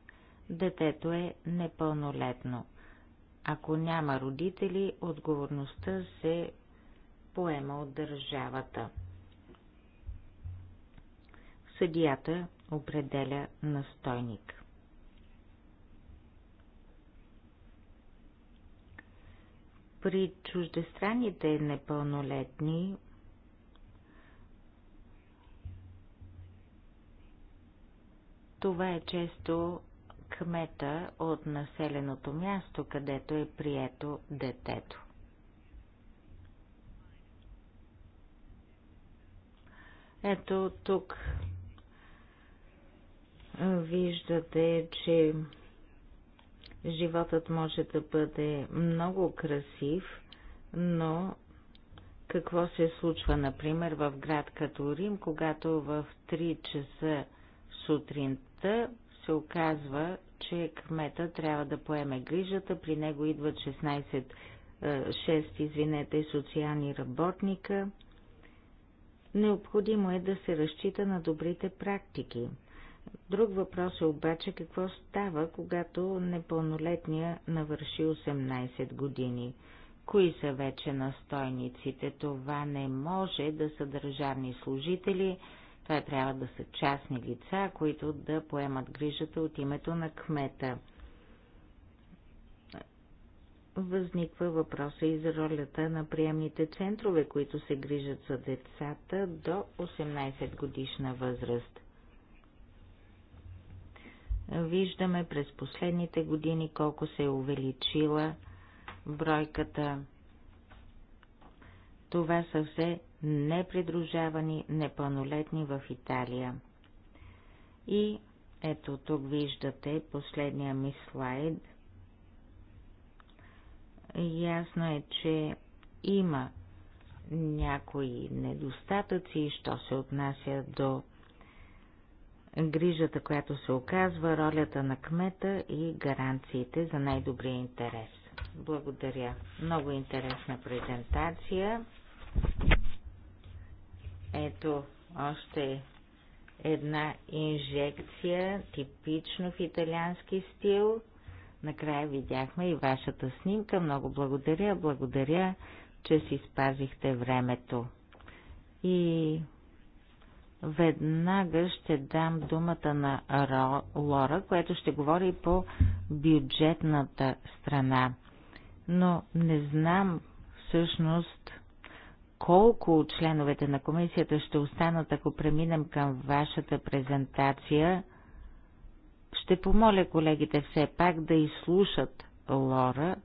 детето е непълнолетно. Ако няма родители, отговорността се поема от държавата. Съдията определя настойник. При чуждестранните непълнолетни това е често кмета от населеното място, където е прието детето. Ето тук виждате, че животът може да бъде много красив, но какво се случва, например, в град като Рим, когато в 3 часа сутринта се оказва, че кмета трябва да поеме грижата, при него идват 16, 6 е, извинете, социални работника. Необходимо е да се разчита на добрите практики. Друг въпрос е обаче какво става, когато непълнолетния навърши 18 години. Кои са вече настойниците? Това не може да са държавни служители, това трябва да са частни лица, които да поемат грижата от името на кмета. Възниква въпроса и за ролята на приемните центрове, които се грижат за децата до 18 годишна възраст. Виждаме през последните години колко се е увеличила бройката. Това са все непридружавани непълнолетни в Италия. И ето тук виждате последния ми слайд. Ясно е, че има някои недостатъци, що се отнася до грижата, която се оказва, ролята на кмета и гаранциите за най-добрия интерес. Благодаря. Много интересна презентация. Ето още една инжекция, типично в италиански стил. Накрая видяхме и вашата снимка. Много благодаря, благодаря, че си спазихте времето. И веднага ще дам думата на Лора, което ще говори по бюджетната страна. Но не знам всъщност колко от членовете на комисията ще останат, ако преминем към вашата презентация, ще помоля колегите все пак да изслушат Лора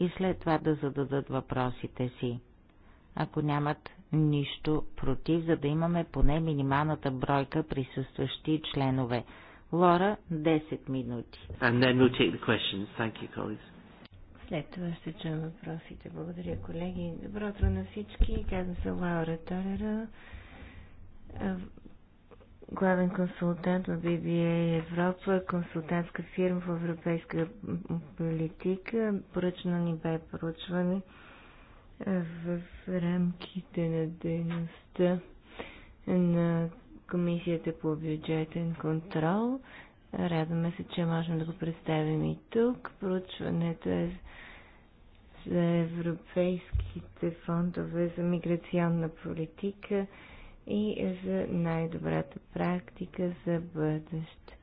и след това да зададат въпросите си, ако нямат нищо против, за да имаме поне минималната бройка присъстващи членове. Лора, 10 минути. And then we'll take the questions. Thank you, colleagues. След това ще чуем въпросите. Благодаря, колеги. Добро утро на всички. Казвам се Лаура Торера, главен консултант на BBA Европа, консултантска фирма в европейска политика. Поръчно ни бе поручване в рамките на дейността на Комисията по бюджетен контрол. Радваме се, че можем да го представим и тук. Проучването е за европейските фондове за миграционна политика и за най-добрата практика за бъдеще.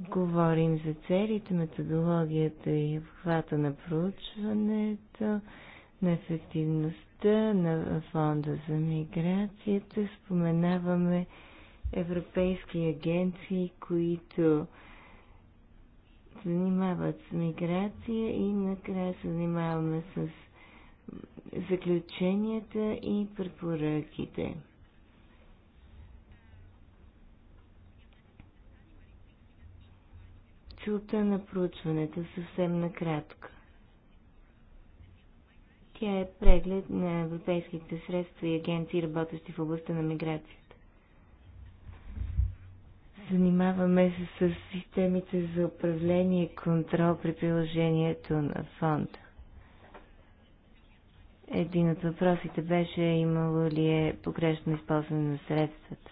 Говорим за целите, методологията и обхвата на проучването, на ефективността на фонда за миграцията. Споменаваме европейски агенции, които занимават с миграция и накрая се занимаваме с заключенията и препоръките. Целта на проучването е съвсем накратко. Тя е преглед на европейските средства и агенции, работещи в областта на миграция занимаваме се с системите за управление и контрол при приложението на фонда. Един от въпросите беше имало ли е погрешно използване на средствата.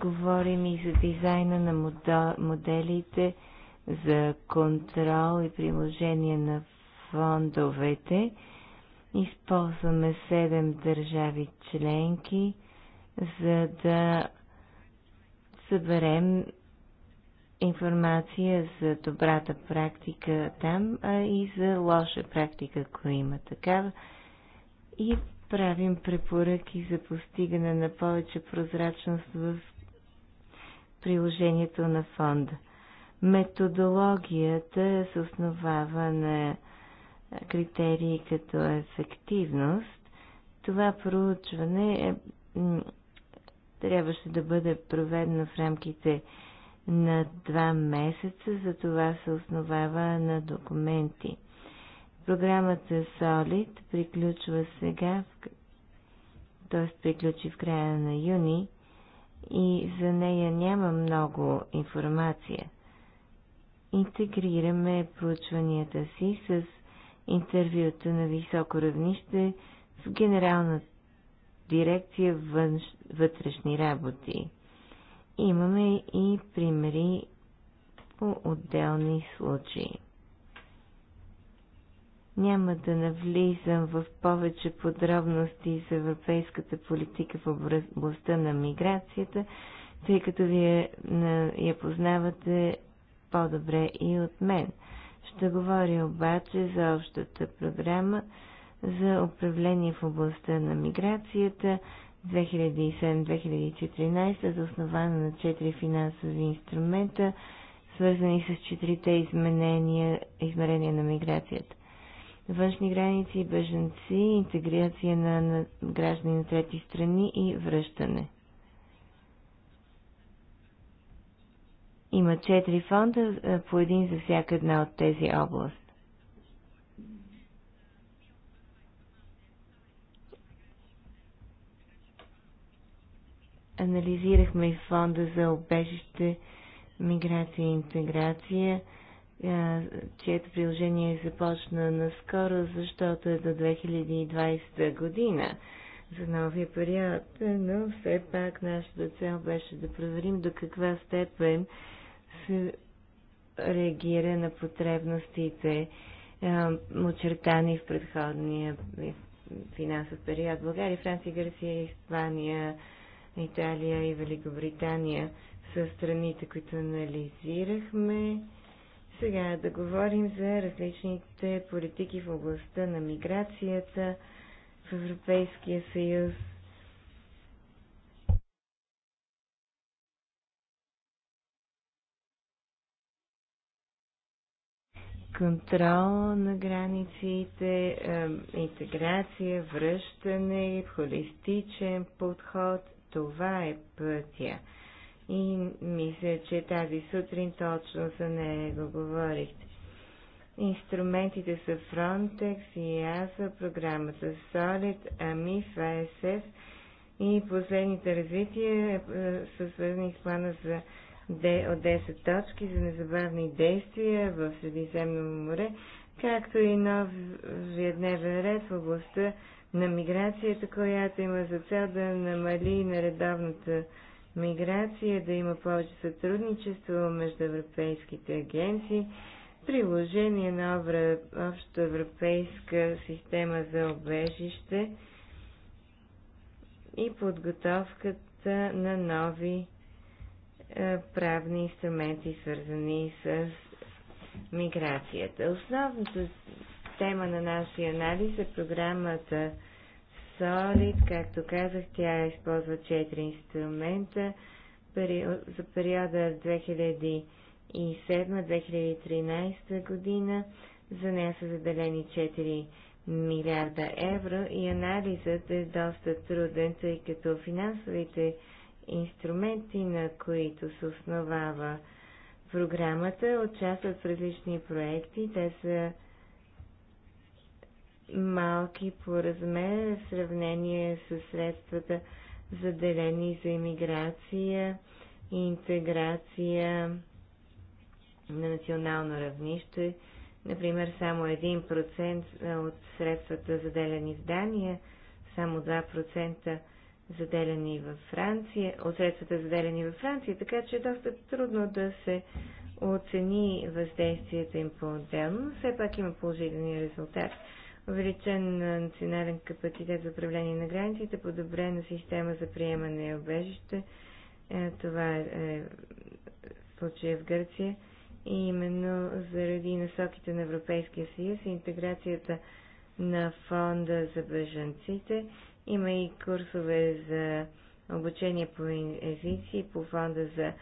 Говорим и за дизайна на моделите, за контрол и приложение на фондовете. Използваме 7 държави членки – за да съберем информация за добрата практика там, а и за лоша практика, ако има такава. И правим препоръки за постигане на повече прозрачност в приложението на фонда. Методологията се основава на критерии като ефективност. Това проучване е трябваше да бъде проведено в рамките на два месеца, за това се основава на документи. Програмата Solid приключва сега, т.е. приключи в края на юни и за нея няма много информация. Интегрираме проучванията си с интервюта на високо равнище в Генералната дирекция външ... вътрешни работи. Имаме и примери по отделни случаи. Няма да навлизам в повече подробности за европейската политика в областта на миграцията, тъй като вие я познавате по-добре и от мен. Ще говоря обаче за общата програма за управление в областта на миграцията 2007-2014 за основана на 4 финансови инструмента, свързани с четирите изменения, измерения на миграцията. Външни граници, беженци, интеграция на, на граждани на трети страни и връщане. Има четири фонда, по един за всяка една от тези области. анализирахме и фонда за обежище, миграция и интеграция, чието приложение започна наскоро, защото е до 2020 година за новия период, но все пак нашата цел беше да проверим до каква степен се реагира на потребностите, очертани в предходния финансов период. България, Франция, Гърция, Испания, Италия и Великобритания са страните, които анализирахме. Сега да говорим за различните политики в областта на миграцията в Европейския съюз. контрол на границите, интеграция, връщане, холистичен подход – това е пътя. И мисля, че тази сутрин точно за него говорихте. Инструментите са Frontex и АСА, програмата Solid, АМИФ, АСФ и последните развития е, са свързани с плана за от 10 точки за незабавни действия в Средиземно море, както и нов дневен ред в областта на миграцията, която има за цел да намали нередовната миграция, да има повече сътрудничество между европейските агенции, приложение на обща европейска система за обежище и подготовката на нови е, правни инструменти, свързани с миграцията. Основното тема на нашия анализ е програмата SOLID. Както казах, тя използва 4 инструмента за периода 2007-2013 година. За нея са заделени 4 милиарда евро и анализът е доста труден, тъй като финансовите инструменти, на които се основава програмата, участват в различни проекти. Те са малки по размер в сравнение с средствата заделени за иммиграция и интеграция на национално равнище. Например, само 1% от средствата заделени в Дания, само 2% заделени във Франция, от средствата заделени във Франция, така че е доста трудно да се оцени въздействието им по-отделно, но все пак има положителни резултати увеличен национален капацитет за управление на границите, подобрена система за приемане и обежище. Е, това е, е случая в Гърция. И именно заради насоките на Европейския съюз и интеграцията на фонда за бежанците има и курсове за обучение по езици, по фонда за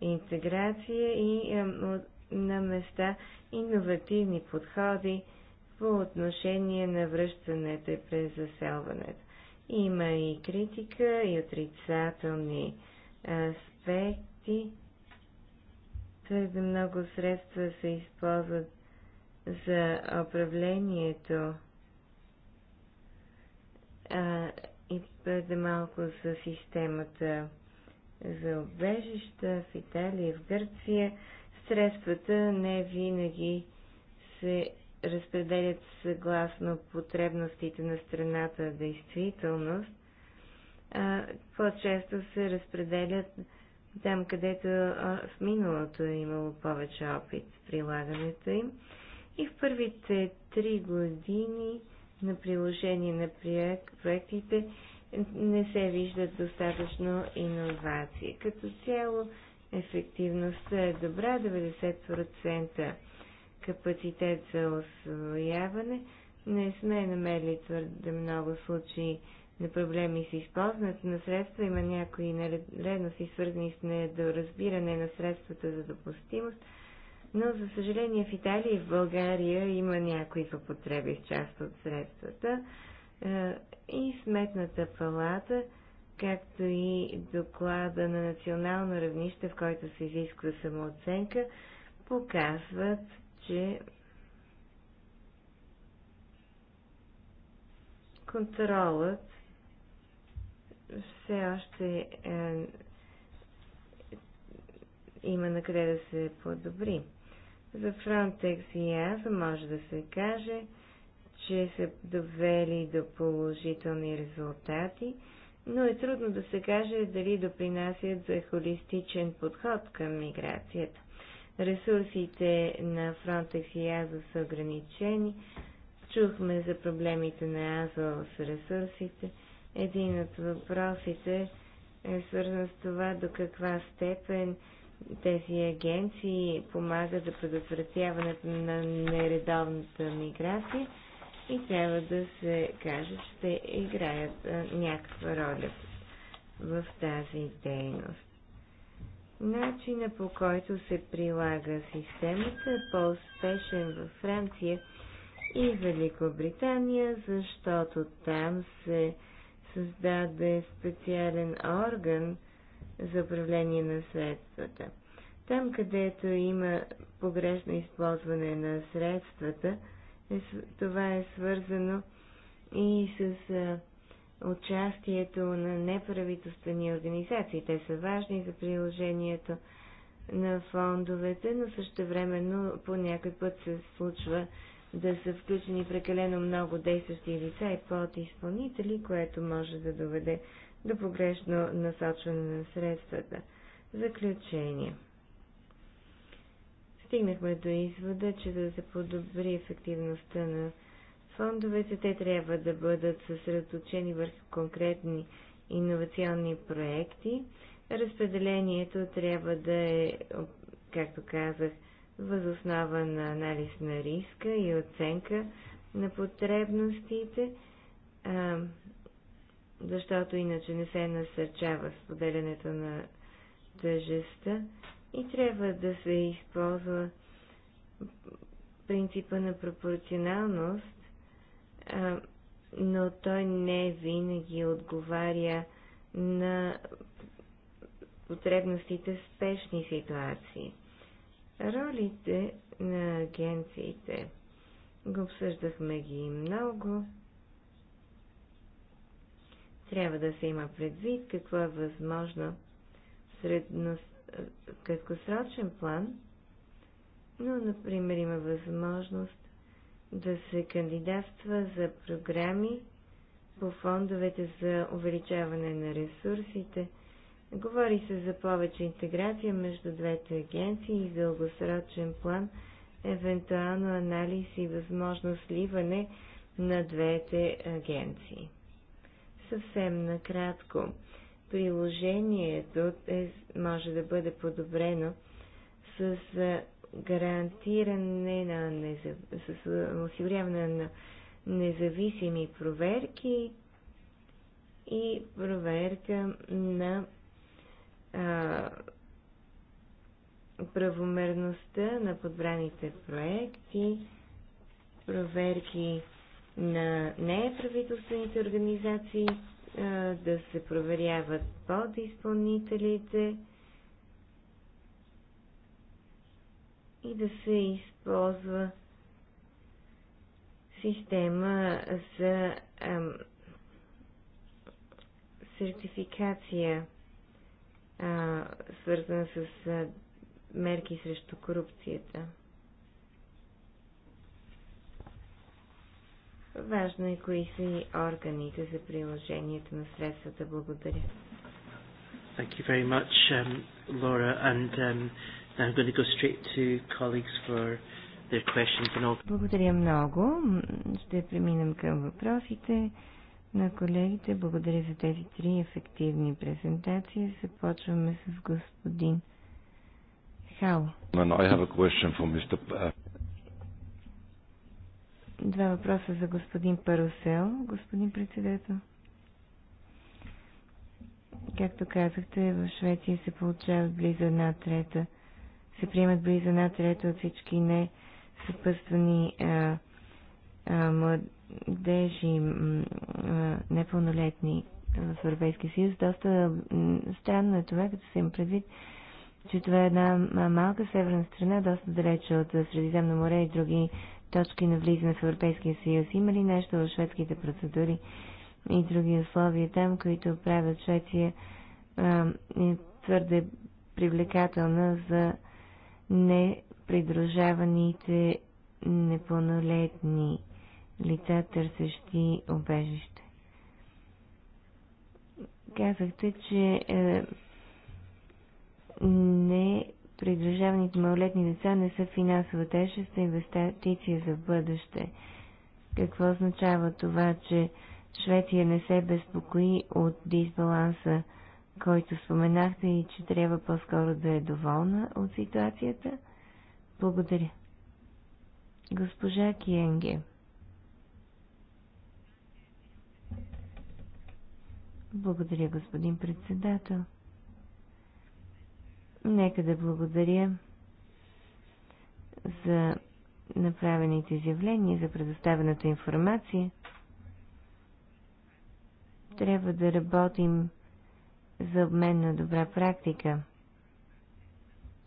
интеграция и е, на места иновативни подходи по отношение на връщането и презаселването. Има и критика, и отрицателни аспекти. Твърде много средства се използват за управлението а, и твърде малко за системата за обежища в Италия и в Гърция. Средствата не винаги се разпределят съгласно потребностите на страната действителност, по-често се разпределят там, където в миналото е имало повече опит в прилагането им. И в първите три години на приложение на проектите не се виждат достатъчно иновации. Като цяло ефективността е добра, 90% капацитет за освояване. Не сме намерили твърде много случаи на проблеми с използването на средства. Има някои нередности, свързани с недоразбиране на средствата за допустимост. Но, за съжаление, в Италия и в България има някои злопотреби с част от средствата. Е, и Сметната палата, както и доклада на национално равнище, в който се изисква самооценка, показват че контролът все още е, има на къде да се подобри. За Frontex и Аз може да се каже, че се довели до положителни резултати, но е трудно да се каже дали допринасят за холистичен подход към миграцията. Ресурсите на Frontex и Азо са ограничени. Чухме за проблемите на Азо с ресурсите. Един от въпросите е свързан с това до каква степен тези агенции помагат за предотвратяването на нередовната миграция и трябва да се каже, че те играят някаква роля в тази дейност. Начина по който се прилага системата е по-успешен във Франция и Великобритания, защото там се създаде специален орган за управление на средствата. Там, където има погрешно използване на средствата, е това е свързано и с участието на неправителствени организации. Те са важни за приложението на фондовете, но също времено по някой път се случва да са включени прекалено много действащи лица и подизпълнители, което може да доведе до погрешно насочване на средствата. Заключение. Стигнахме до извода, че за да се подобри ефективността на фондовете, те трябва да бъдат съсредоточени върху конкретни иновационни проекти. Разпределението трябва да е, както казах, възоснова на анализ на риска и оценка на потребностите, защото иначе не се насърчава споделянето на тъжеста и трябва да се използва принципа на пропорционалност но той не винаги отговаря на потребностите в спешни ситуации. Ролите на агенциите. Го обсъждахме ги много. Трябва да се има предвид какво е възможно в краткосрочен план, но, например, има възможност да се кандидатства за програми по фондовете за увеличаване на ресурсите. Говори се за повече интеграция между двете агенции и дългосрочен план, евентуално анализ и възможно сливане на двете агенции. Съвсем накратко, приложението е, може да бъде подобрено с гарантиране на с осигуряване на независими проверки и проверка на а, правомерността на подбраните проекти, проверки на неправителствените организации, а, да се проверяват подизпълнителите, и да се използва система за ам, сертификация, а, свързана с а, мерки срещу корупцията. Важно е кои са и органите за приложението на средствата. Благодаря. Thank you very much, um, Laura. And um, I'm going to go straight to colleagues for their questions and all. Благодаря много. Ще преминем към въпросите на колегите. Благодаря за тези три ефективни презентации. Започваме с господин Хал. Uh, Два въпроса за господин Парусел, господин председател. Както казахте, в Швеция се получава близо една трета се приемат близо една трета от всички не съпъствани а, а, младежи, а, непълнолетни в Европейския съюз. Доста странно е това, като се им предвид, че това е една малка северна страна, доста далече от Средиземно море и други точки на влизане в Европейския съюз. Има ли нещо в шведските процедури и други условия там, които правят Швеция а, твърде привлекателна за не придружаваните непълнолетни лица, търсещи обежище. Казахте, че е, не придружаваните малолетни деца не са финансова тежест, а инвестиция за бъдеще. Какво означава това, че Швеция не се безпокои от дисбаланса който споменахте и че трябва по-скоро да е доволна от ситуацията. Благодаря. Госпожа Киенге. Благодаря, господин председател. Нека да благодаря за направените изявления, за предоставената информация. Трябва да работим за обмен на добра практика.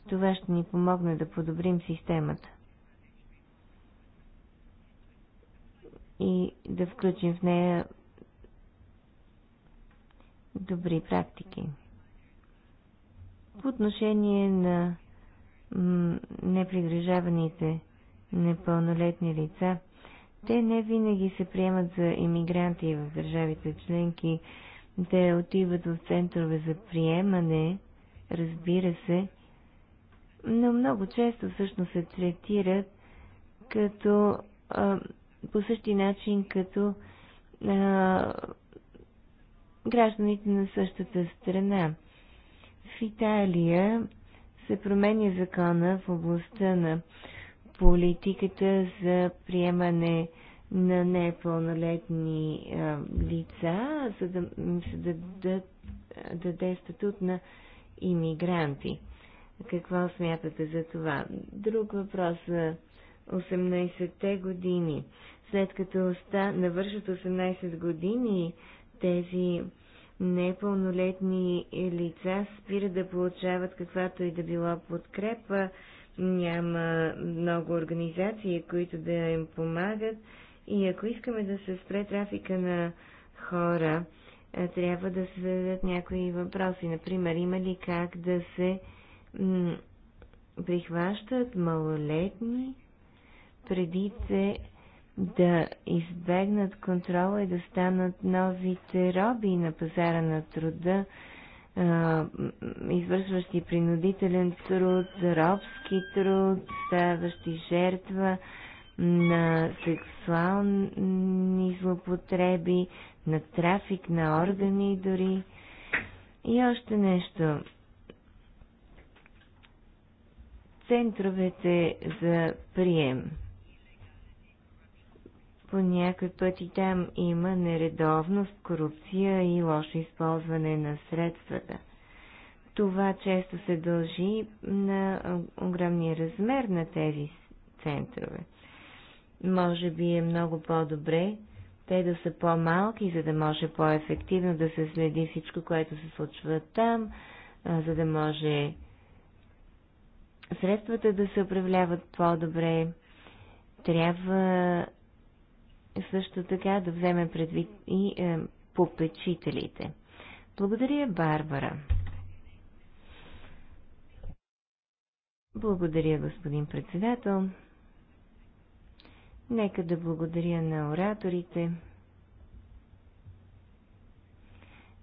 Това ще ни помогне да подобрим системата. И да включим в нея добри практики. По отношение на непригрежаваните непълнолетни лица, те не винаги се приемат за иммигранти в държавите членки, да отиват в центрове за приемане, разбира се, но много често всъщност се третират като а, по същия начин като а, гражданите на същата страна. В Италия се променя закона в областта на политиката за приемане на непълнолетни лица, за да се да, да, даде статут на иммигранти. Какво смятате за това? Друг въпрос за 18-те години. След като ста, навършат 18 години, тези непълнолетни лица спират да получават каквато и да било подкрепа, няма много организации, които да им помагат и ако искаме да се спре трафика на хора, е, трябва да се зададат някои въпроси. Например, има ли как да се прихващат малолетни преди те да избегнат контрола и да станат новите роби на пазара на труда, е, извършващи принудителен труд, робски труд, ставащи жертва на сексуални злопотреби, на трафик на органи дори. И още нещо. Центровете за прием. По някой път и там има нередовност, корупция и лошо използване на средствата. Това често се дължи на огромния размер на тези центрове. Може би е много по-добре те да са по-малки, за да може по-ефективно да се следи всичко, което се случва там, за да може средствата да се управляват по-добре. Трябва също така да вземе предвид и е, попечителите. Благодаря, Барбара. Благодаря, господин председател. Нека да благодаря на ораторите.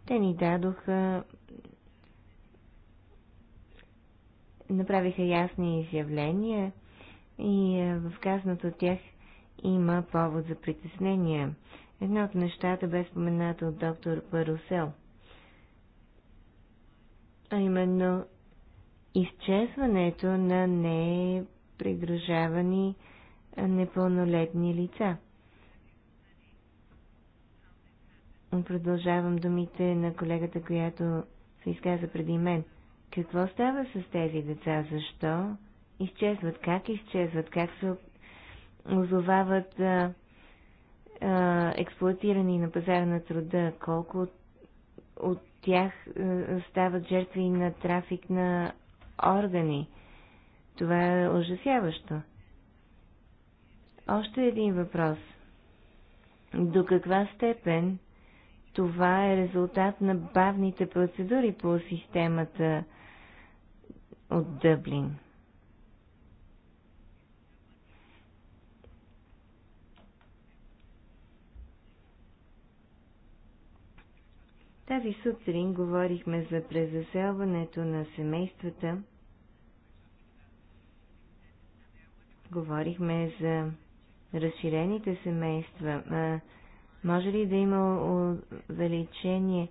Те ни дадоха, направиха ясни изявления и е, в казаното от тях има повод за притеснение. Една от нещата бе спомената от доктор Парусел, а именно изчезването на непридружавани непълнолетни лица. Продължавам думите на колегата, която се изказа преди мен. Какво става с тези деца? Защо изчезват? Как изчезват? Как се озовават а, а, експлуатирани на пазара на труда? Колко от, от тях а, стават жертви на трафик на органи? Това е ужасяващо. Още един въпрос. До каква степен това е резултат на бавните процедури по системата от Дъблин? Тази сутрин говорихме за презаселването на семействата. Говорихме за разширените семейства? Може ли да има увеличение,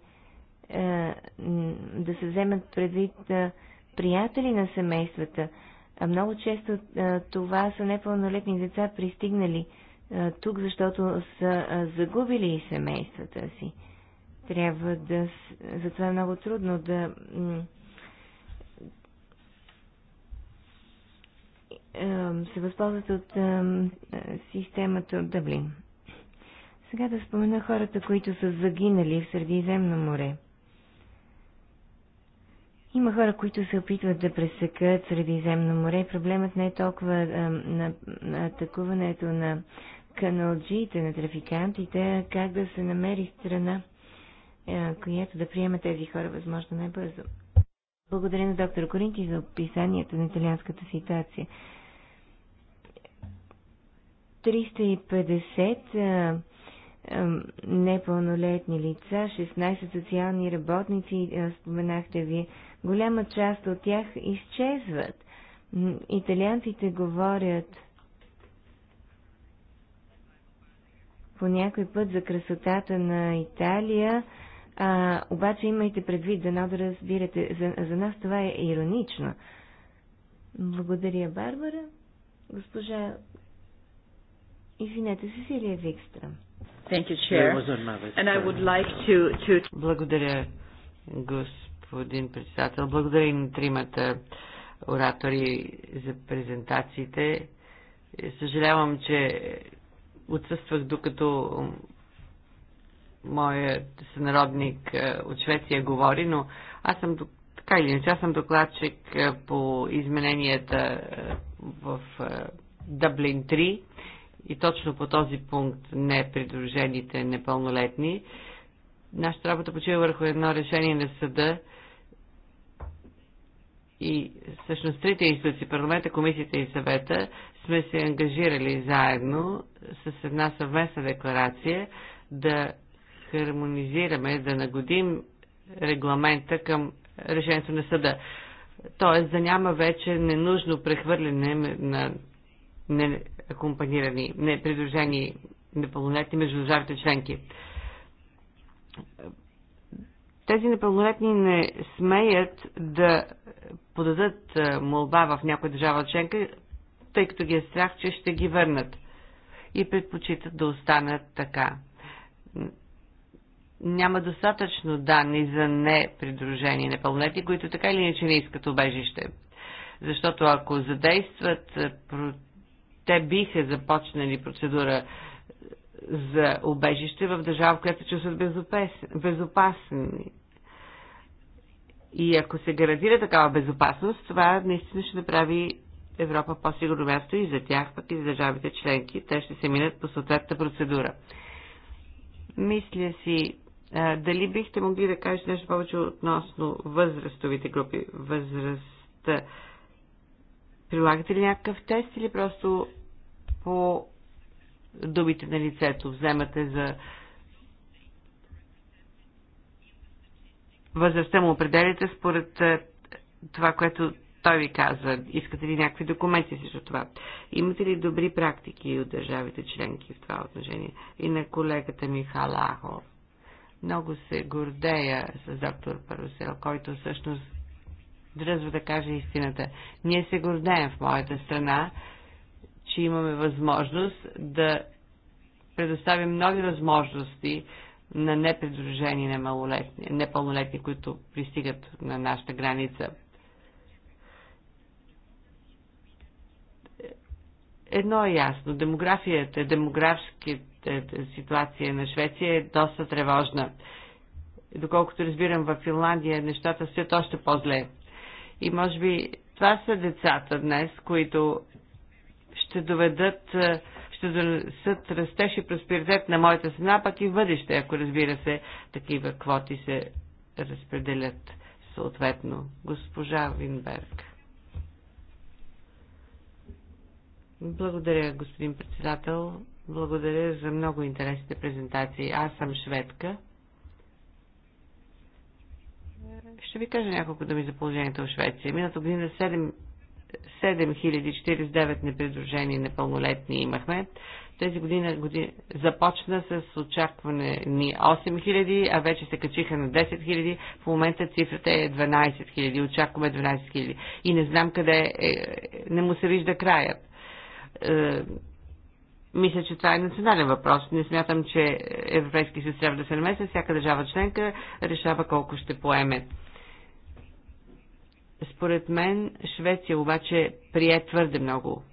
да се вземат предвид приятели на семействата? А много често това са непълнолетни деца, пристигнали тук, защото са загубили и семействата си. Трябва да... Затова е много трудно да се възползват от системата от Дъблин. Сега да спомена хората, които са загинали в Средиземно море. Има хора, които се опитват да пресекат Средиземно море. Проблемът не е толкова на, на атакуването на каналджиите, на трафикантите, а как да се намери страна, която да приема тези хора възможно най-бързо. Благодаря на доктор Коринти за описанието на италианската ситуация. 350 непълнолетни лица, 16 социални работници, споменахте ви, голяма част от тях изчезват. Италианците говорят по някой път за красотата на Италия, а, обаче имайте предвид, да да разбирате, за, за нас това е иронично. Благодаря, Барбара. Госпожа Извинете, Сесилия Викстрам. Thank you, Chair. And I would like to, to... Благодаря, господин председател. Благодаря и на тримата оратори за презентациите. Съжалявам, че отсъствах докато моят сънародник е, от Швеция говори, но аз съм така или иначе, аз съм докладчик е, по измененията е, в Дъблин и точно по този пункт непридружените непълнолетни. Нашата работа почива върху едно решение на съда и всъщност трите институции, парламента, комисията и съвета, сме се ангажирали заедно с една съвместна декларация да хармонизираме, да нагодим регламента към решението на съда. Тоест да няма вече ненужно прехвърляне на акомпанирани, не, придружени непълнолетни между държавите членки. Тези непълнолетни не смеят да подадат е, молба в някоя държава членка, тъй като ги е страх, че ще ги върнат и предпочитат да останат така. Няма достатъчно данни за непридружени непълнолетни, които така или иначе не искат убежище. Защото ако задействат е, те биха започнали процедура за убежище в държава, в която се чувстват безопасни. И ако се гарантира такава безопасност, това наистина ще направи Европа по-сигурно място и за тях, пък и за държавите членки. Те ще се минат по съответната процедура. Мисля си, дали бихте могли да кажете нещо повече относно възрастовите групи? Възрастта Прилагате ли някакъв тест или просто по думите на лицето вземате за възрастта му определите, според е, това, което той ви каза. Искате ли някакви документи срещу това? Имате ли добри практики от държавите членки в това отношение? И на колегата ми Ахов. Много се гордея с доктор Парусел, който всъщност дръзва да каже истината. Ние се гордеем в моята страна, че имаме възможност да предоставим много възможности на непридружени на малолетни, непълнолетни, които пристигат на нашата граница. Едно е ясно. Демографията, демографската ситуация на Швеция е доста тревожна. Доколкото разбирам, в Финландия нещата стоят още по-зле. И може би това са децата днес, които ще доведат, е, ще донесат растеж и просперитет на моята страна, пък и в бъдеще, ако разбира се, такива квоти се разпределят съответно. Госпожа Винберг. Благодаря, господин председател. Благодаря за много интересните презентации. Аз съм шведка ще ви кажа няколко думи за положението в Швеция. Миналата година 7 7049 непридружени непълнолетни имахме. Тези година, година започна с очакване ни 8000, а вече се качиха на 10 000. В момента цифрата е 12 000. Очакваме 12 000. И не знам къде е-, е, не му се вижда краят. Е, мисля, че това е национален въпрос. Не смятам, че Европейски съюз трябва да се намеса. Всяка държава членка решава колко ще поеме. Според мен Швеция обаче прие твърде много.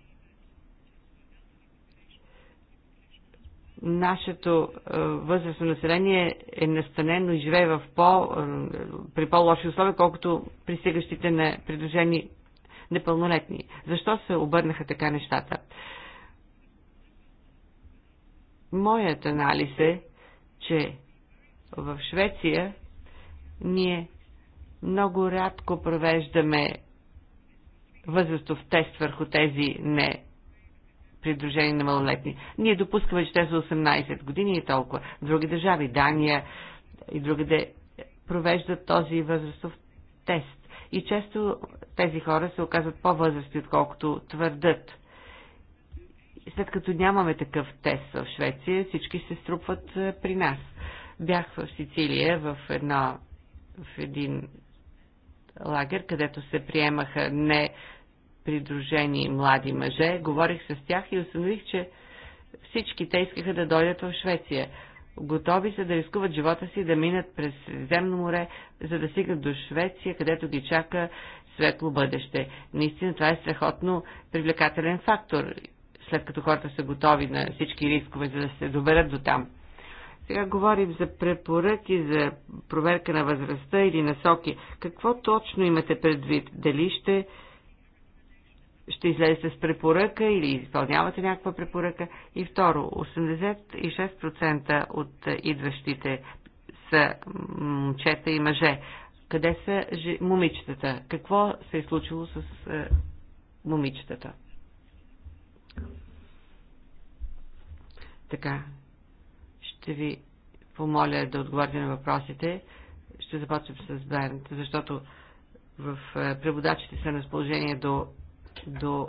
Нашето е, възрастно население е настанено и живее в по, е, при по-лоши условия, колкото пристигащите на придружени непълнолетни. Защо се обърнаха така нещата? Моят анализ е, че в Швеция ние много рядко провеждаме възрастов тест върху тези не придружени на малолетни. Ние допускаме, че те са 18 години и толкова. Други държави, Дания и другаде, провеждат този възрастов тест. И често тези хора се оказват по-възрасти, отколкото твърдат след като нямаме такъв тест в Швеция, всички се струпват е, при нас. Бях в Сицилия в, една, в един лагер, където се приемаха не придружени млади мъже. Говорих с тях и установих, че всички те искаха да дойдат в Швеция. Готови са да рискуват живота си, да минат през земно море, за да стигнат до Швеция, където ги чака светло бъдеще. Наистина това е страхотно привлекателен фактор след като хората са готови на всички рискове, за да се доберат до там. Сега говорим за препоръки, за проверка на възрастта или насоки. Какво точно имате предвид? Дали ще, ще излезете с препоръка или изпълнявате някаква препоръка? И второ, 86% от идващите са момчета и мъже. Къде са момичетата? Какво се е случило с е, момичетата? Така, ще ви помоля да отговорите на въпросите. Ще започнем с Бернт, защото в е, преводачите са на разположение до, до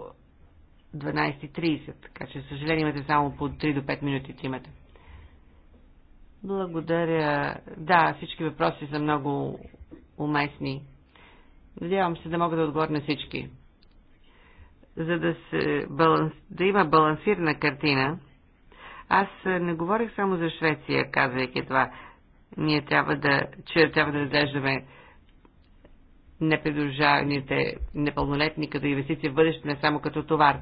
12.30, така че, съжаление, имате само по 3 до 5 минути имате. Благодаря. Да, всички въпроси са много уместни. Надявам се да мога да отговоря на всички. За да, се, баланс, да има балансирана картина, аз не говорих само за Швеция, казвайки това. Ние трябва да, че трябва да разглеждаме непридружаваните непълнолетни като инвестиции в бъдеще, не само като товар.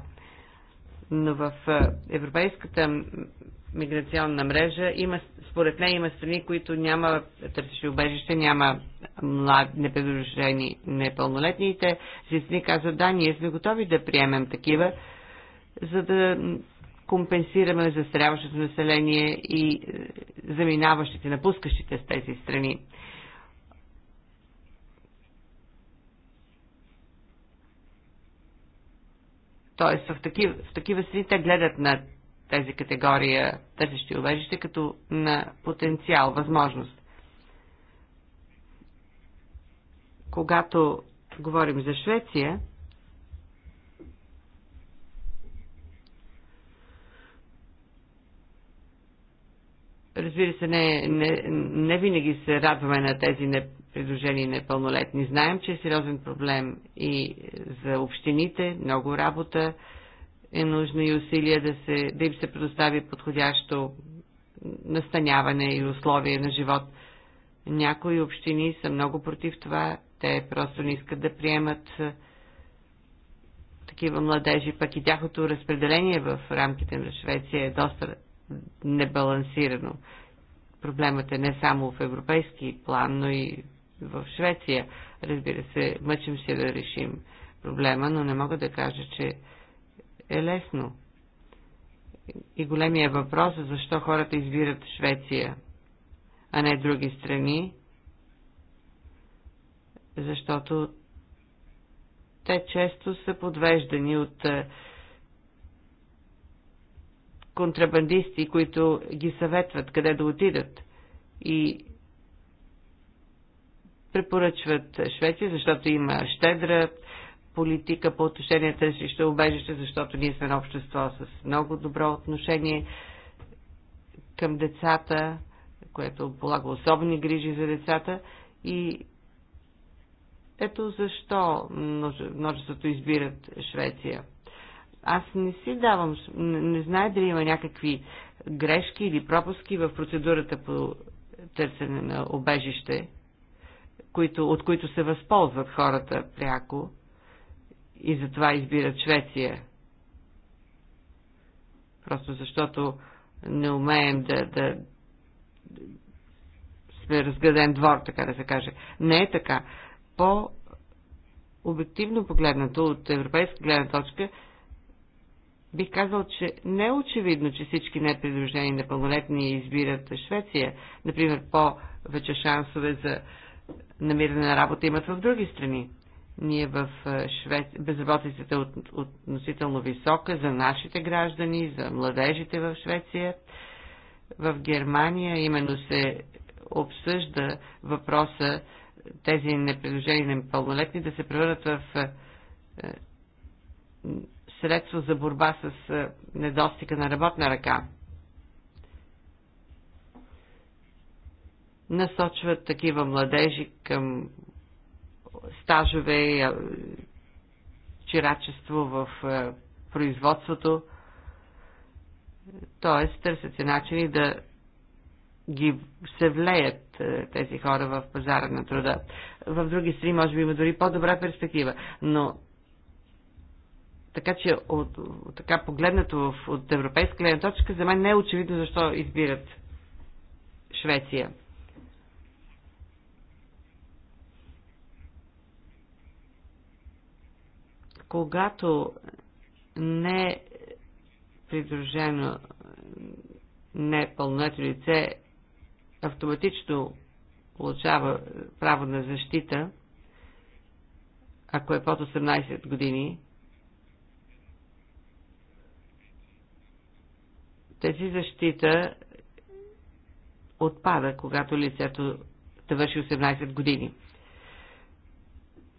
Но в европейската миграционна мрежа има, според нея има страни, които няма търсещи убежище, няма млад, непридружени непълнолетните. Жицни казват, да, ние сме готови да приемем такива, за да компенсираме застаряващото население и е, заминаващите, напускащите с тези страни. Тоест, в такива, в такива страни те гледат на тези категория търсещи убежище като на потенциал, възможност. Когато говорим за Швеция, Разбира се, не, не, не винаги се радваме на тези непридружени непълнолетни. Знаем, че е сериозен проблем и за общините, много работа е нужно и усилия да, се, да им се предостави подходящо настаняване и условие на живот. Някои общини са много против това, те просто не искат да приемат такива младежи, пък и тяхното разпределение в рамките на Швеция е доста небалансирано. Проблемът е не само в европейски план, но и в Швеция. Разбира се, мъчим се да решим проблема, но не мога да кажа, че е лесно. И големия въпрос е защо хората избират Швеция, а не други страни, защото те често са подвеждани от е, контрабандисти, които ги съветват къде да отидат и препоръчват Швеция, защото има щедра политика по отношение си ще убежище, защото ние сме на общество с много добро отношение към децата, което полага особени грижи за децата и ето защо множеството избират Швеция. Аз не си давам, не, не знае дали има някакви грешки или пропуски в процедурата по търсене на обежище, които, от които се възползват хората пряко и затова избират Швеция. Просто защото не умеем да, да сме разгледен двор, така да се каже. Не е така. По обективно погледнато от европейска гледна точка, Бих казал, че не е очевидно, че всички непридружени непълнолетни избират Швеция. Например, повече шансове за намиране на работа имат в други страни. Ние в е, Швеция, безработицата е от, относително висока за нашите граждани, за младежите в Швеция. В Германия именно се обсъжда въпроса тези непредложени непълнолетни да се превърнат в е, е, средство за борба с недостига на работна ръка. Насочват такива младежи към стажове, чирачество в производството, т.е. търсят се начини да ги се влеят тези хора в пазара на труда. В други страни може би има дори по-добра перспектива, но така че, от, така погледнато в, от европейска гледна точка, за мен не е очевидно защо избират Швеция. Когато не е придружено непълнолетно е лице автоматично получава право на защита, ако е под 18 години, Тази защита отпада, когато лицето навърши 18 години.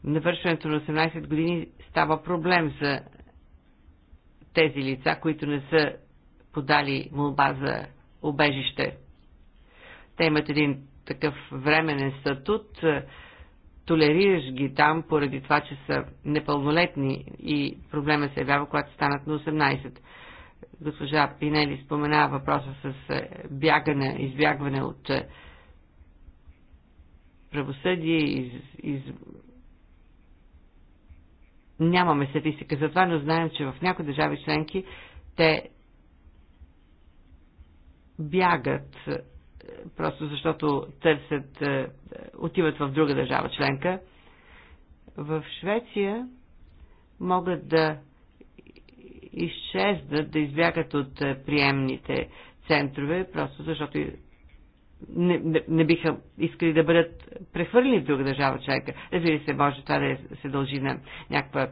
Навършването на 18 години става проблем за тези лица, които не са подали молба за обежище. Те имат един такъв временен статут, толерираш ги там поради това, че са непълнолетни и проблема се явява, когато станат на 18. Госпожа Пинели спомена въпроса с е, бягане, избягване от е, правосъдие, из, из... нямаме статистика за това, но знаем, че в някои държави членки те бягат е, просто защото търсят, отиват в друга държава членка. В Швеция могат да изчезнат, да избягат от приемните центрове, просто защото не, не, не биха искали да бъдат прехвърлени в друга държава човека. Разбира се, може това да е, се дължи на някаква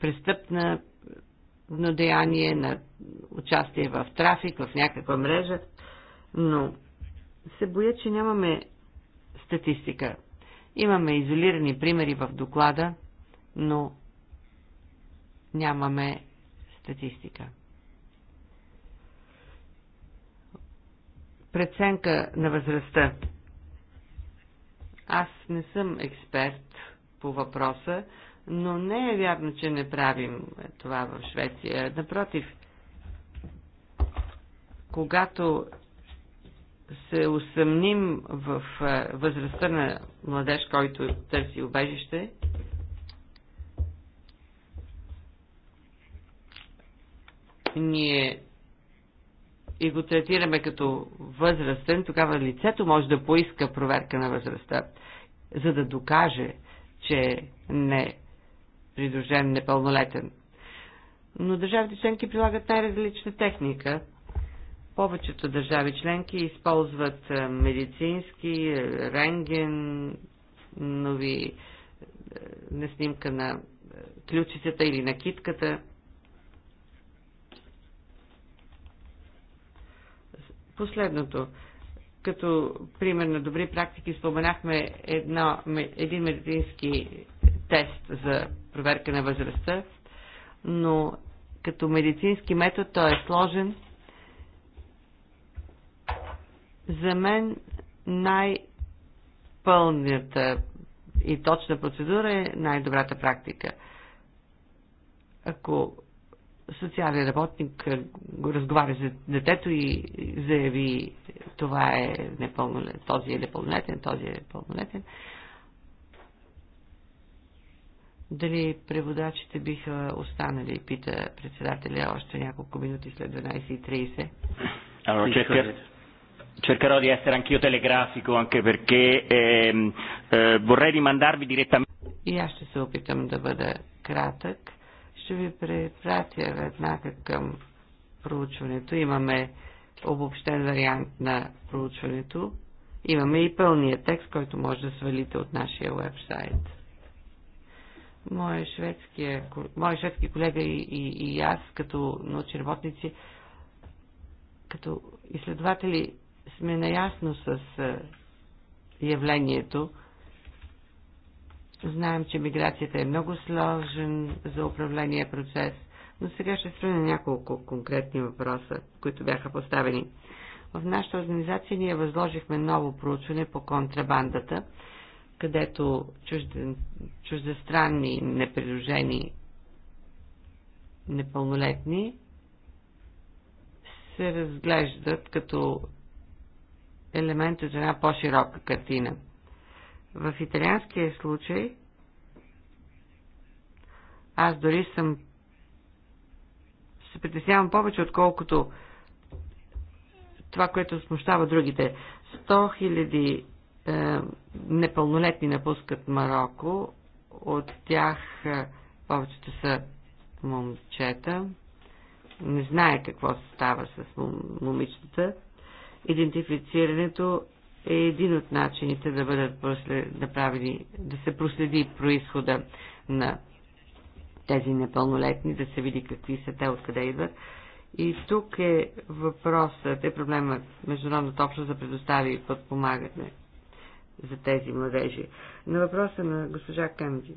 престъпна на деяние, на участие в трафик, в някаква мрежа, но се боя, че нямаме статистика. Имаме изолирани примери в доклада, но нямаме статистика. Преценка на възрастта. Аз не съм експерт по въпроса, но не е вярно, че не правим това в Швеция. Напротив, когато се усъмним в възрастта на младеж, който търси убежище, ние и го третираме като възрастен, тогава лицето може да поиска проверка на възрастта, за да докаже, че не е придружен непълнолетен. Но държавите членки прилагат най-различна техника. Повечето държави членки използват е, медицински, е, ренген, нови е, на снимка на ключицата или на китката – Последното. Като пример на добри практики споменахме едно, един медицински тест за проверка на възрастта, но като медицински метод той е сложен. За мен най-пълната и точна процедура е най-добрата практика. Ако социален работник е, разговаря за детето и заяви това е непълнолетен, този е непълнолетен, този е непълнолетен. Дали преводачите биха останали, пита председателя още няколко минути след 12.30. Allora, cercherò di essere anch'io telegrafico anche perché eh, eh, vorrei rimandarvi direttamente. И аз ще се опитам да бъда кратък ще ви препратя веднага към проучването. Имаме обобщен вариант на проучването. Имаме и пълния текст, който може да свалите от нашия вебсайт. Моя, шведски колега и, и, и аз, като научни работници, като изследователи, сме наясно с е, явлението, Знаем, че миграцията е много сложен за управление процес, но сега ще спра на няколко конкретни въпроса, които бяха поставени. В нашата организация ние възложихме ново проучване по контрабандата, където чужде, чуждестранни, непридружени, непълнолетни се разглеждат като елемент от една по-широка картина – в италианския случай аз дори съм се притеснявам повече, отколкото това, което смущава другите. 100 хиляди е, непълнолетни напускат Марокко, от тях е, повечето са момчета, не знае какво става с момичетата. Идентифицирането е един от начините да бъдат направени, да се проследи происхода на тези непълнолетни, да се види какви са те, откъде идват. И тук е въпросът, е проблемът международната общност да предостави подпомагане за тези младежи. На въпроса на госпожа Кенди.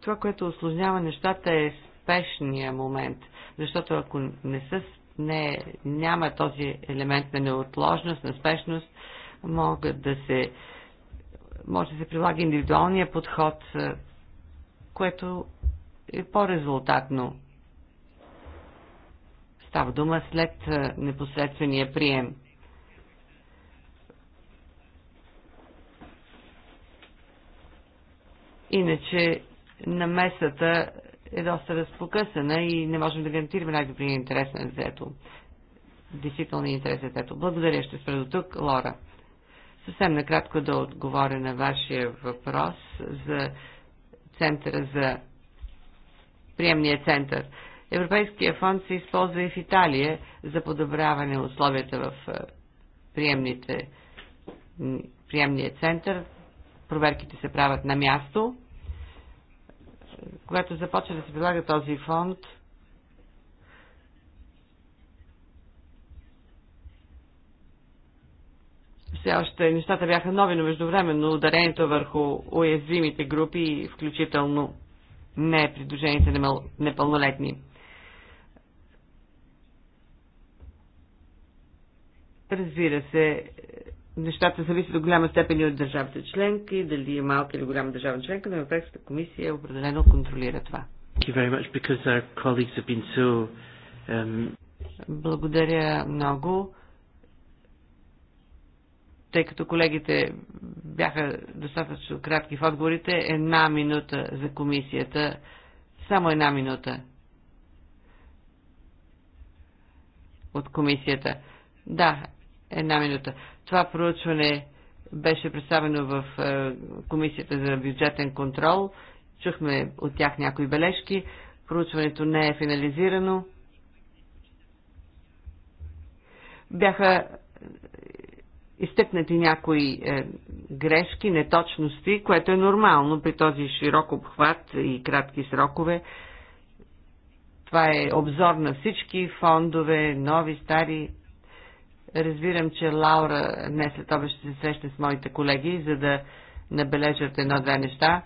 Това, което осложнява нещата е спешния момент, защото ако не са не, няма този елемент на неотложност, на спешност, могат да се, може да се прилага индивидуалния подход, е, което е по-резултатно. Става дума след е, непосредствения прием. Иначе намесата е доста разпокъсана и не можем да гарантираме най-добрия интерес на детето. Действителния е интерес на детето. Благодаря, ще спра до тук. Лора. Съвсем накратко да отговоря на вашия въпрос за центъра за приемния център. Европейския фонд се използва и в Италия за подобряване на условията в е, приемните, приемния център. Проверките се правят на място когато започва да се прилага този фонд, все още нещата бяха нови, но междувременно ударението върху уязвимите групи, включително не придружените непълнолетни. Разбира се, нещата зависят до голяма степен и от държавата членка и дали е малка или голяма държава членка, но Европейската комисия определено контролира това. Um, Благодаря много. Тъй като колегите бяха достатъчно кратки в отговорите, една минута за комисията. Само една минута от комисията. Да, една минута. Това проучване беше представено в е, Комисията за бюджетен контрол. Чухме от тях някои бележки. Проучването не е финализирано. Бяха е, изтъкнати някои е, грешки, неточности, което е нормално при този широк обхват и кратки срокове. Това е обзор на всички фондове, нови, стари. Разбирам, че Лаура днес след обе ще се срещне с моите колеги, за да набележат едно-две неща.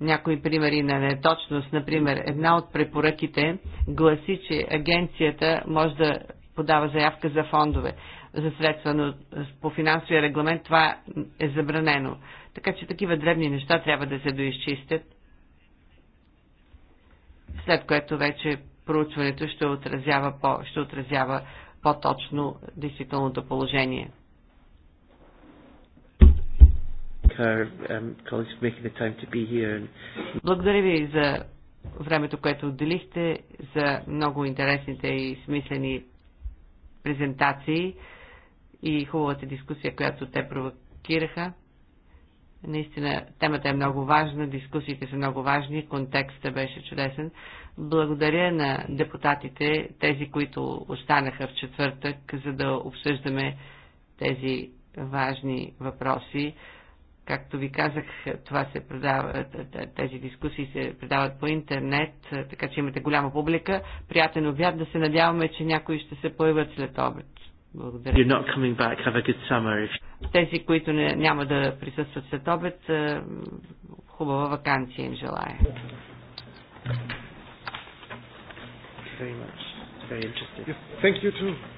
Някои примери на неточност. Например, една от препоръките гласи, че агенцията може да подава заявка за фондове за средства, но по финансовия регламент това е забранено. Така че такива древни неща трябва да се доизчистят, след което вече проучването ще отразява, по, ще отразява по-точно действителното положение. Um, Благодаря ви за времето, което отделихте, за много интересните и смислени презентации и хубавата дискусия, която те провокираха. Наистина, темата е много важна, дискусиите са много важни, контекстът беше чудесен. Благодаря на депутатите, тези, които останаха в четвъртък, за да обсъждаме тези важни въпроси. Както ви казах, това се предава, тези дискусии се предават по интернет, така че имате голяма публика. Приятен обяд, да се надяваме, че някои ще се появят след обед. Благодаря. Тези, които не, няма да присъстват след обед, е, хубава вакансия им желая very much. very interesting. Yes. Thank you too.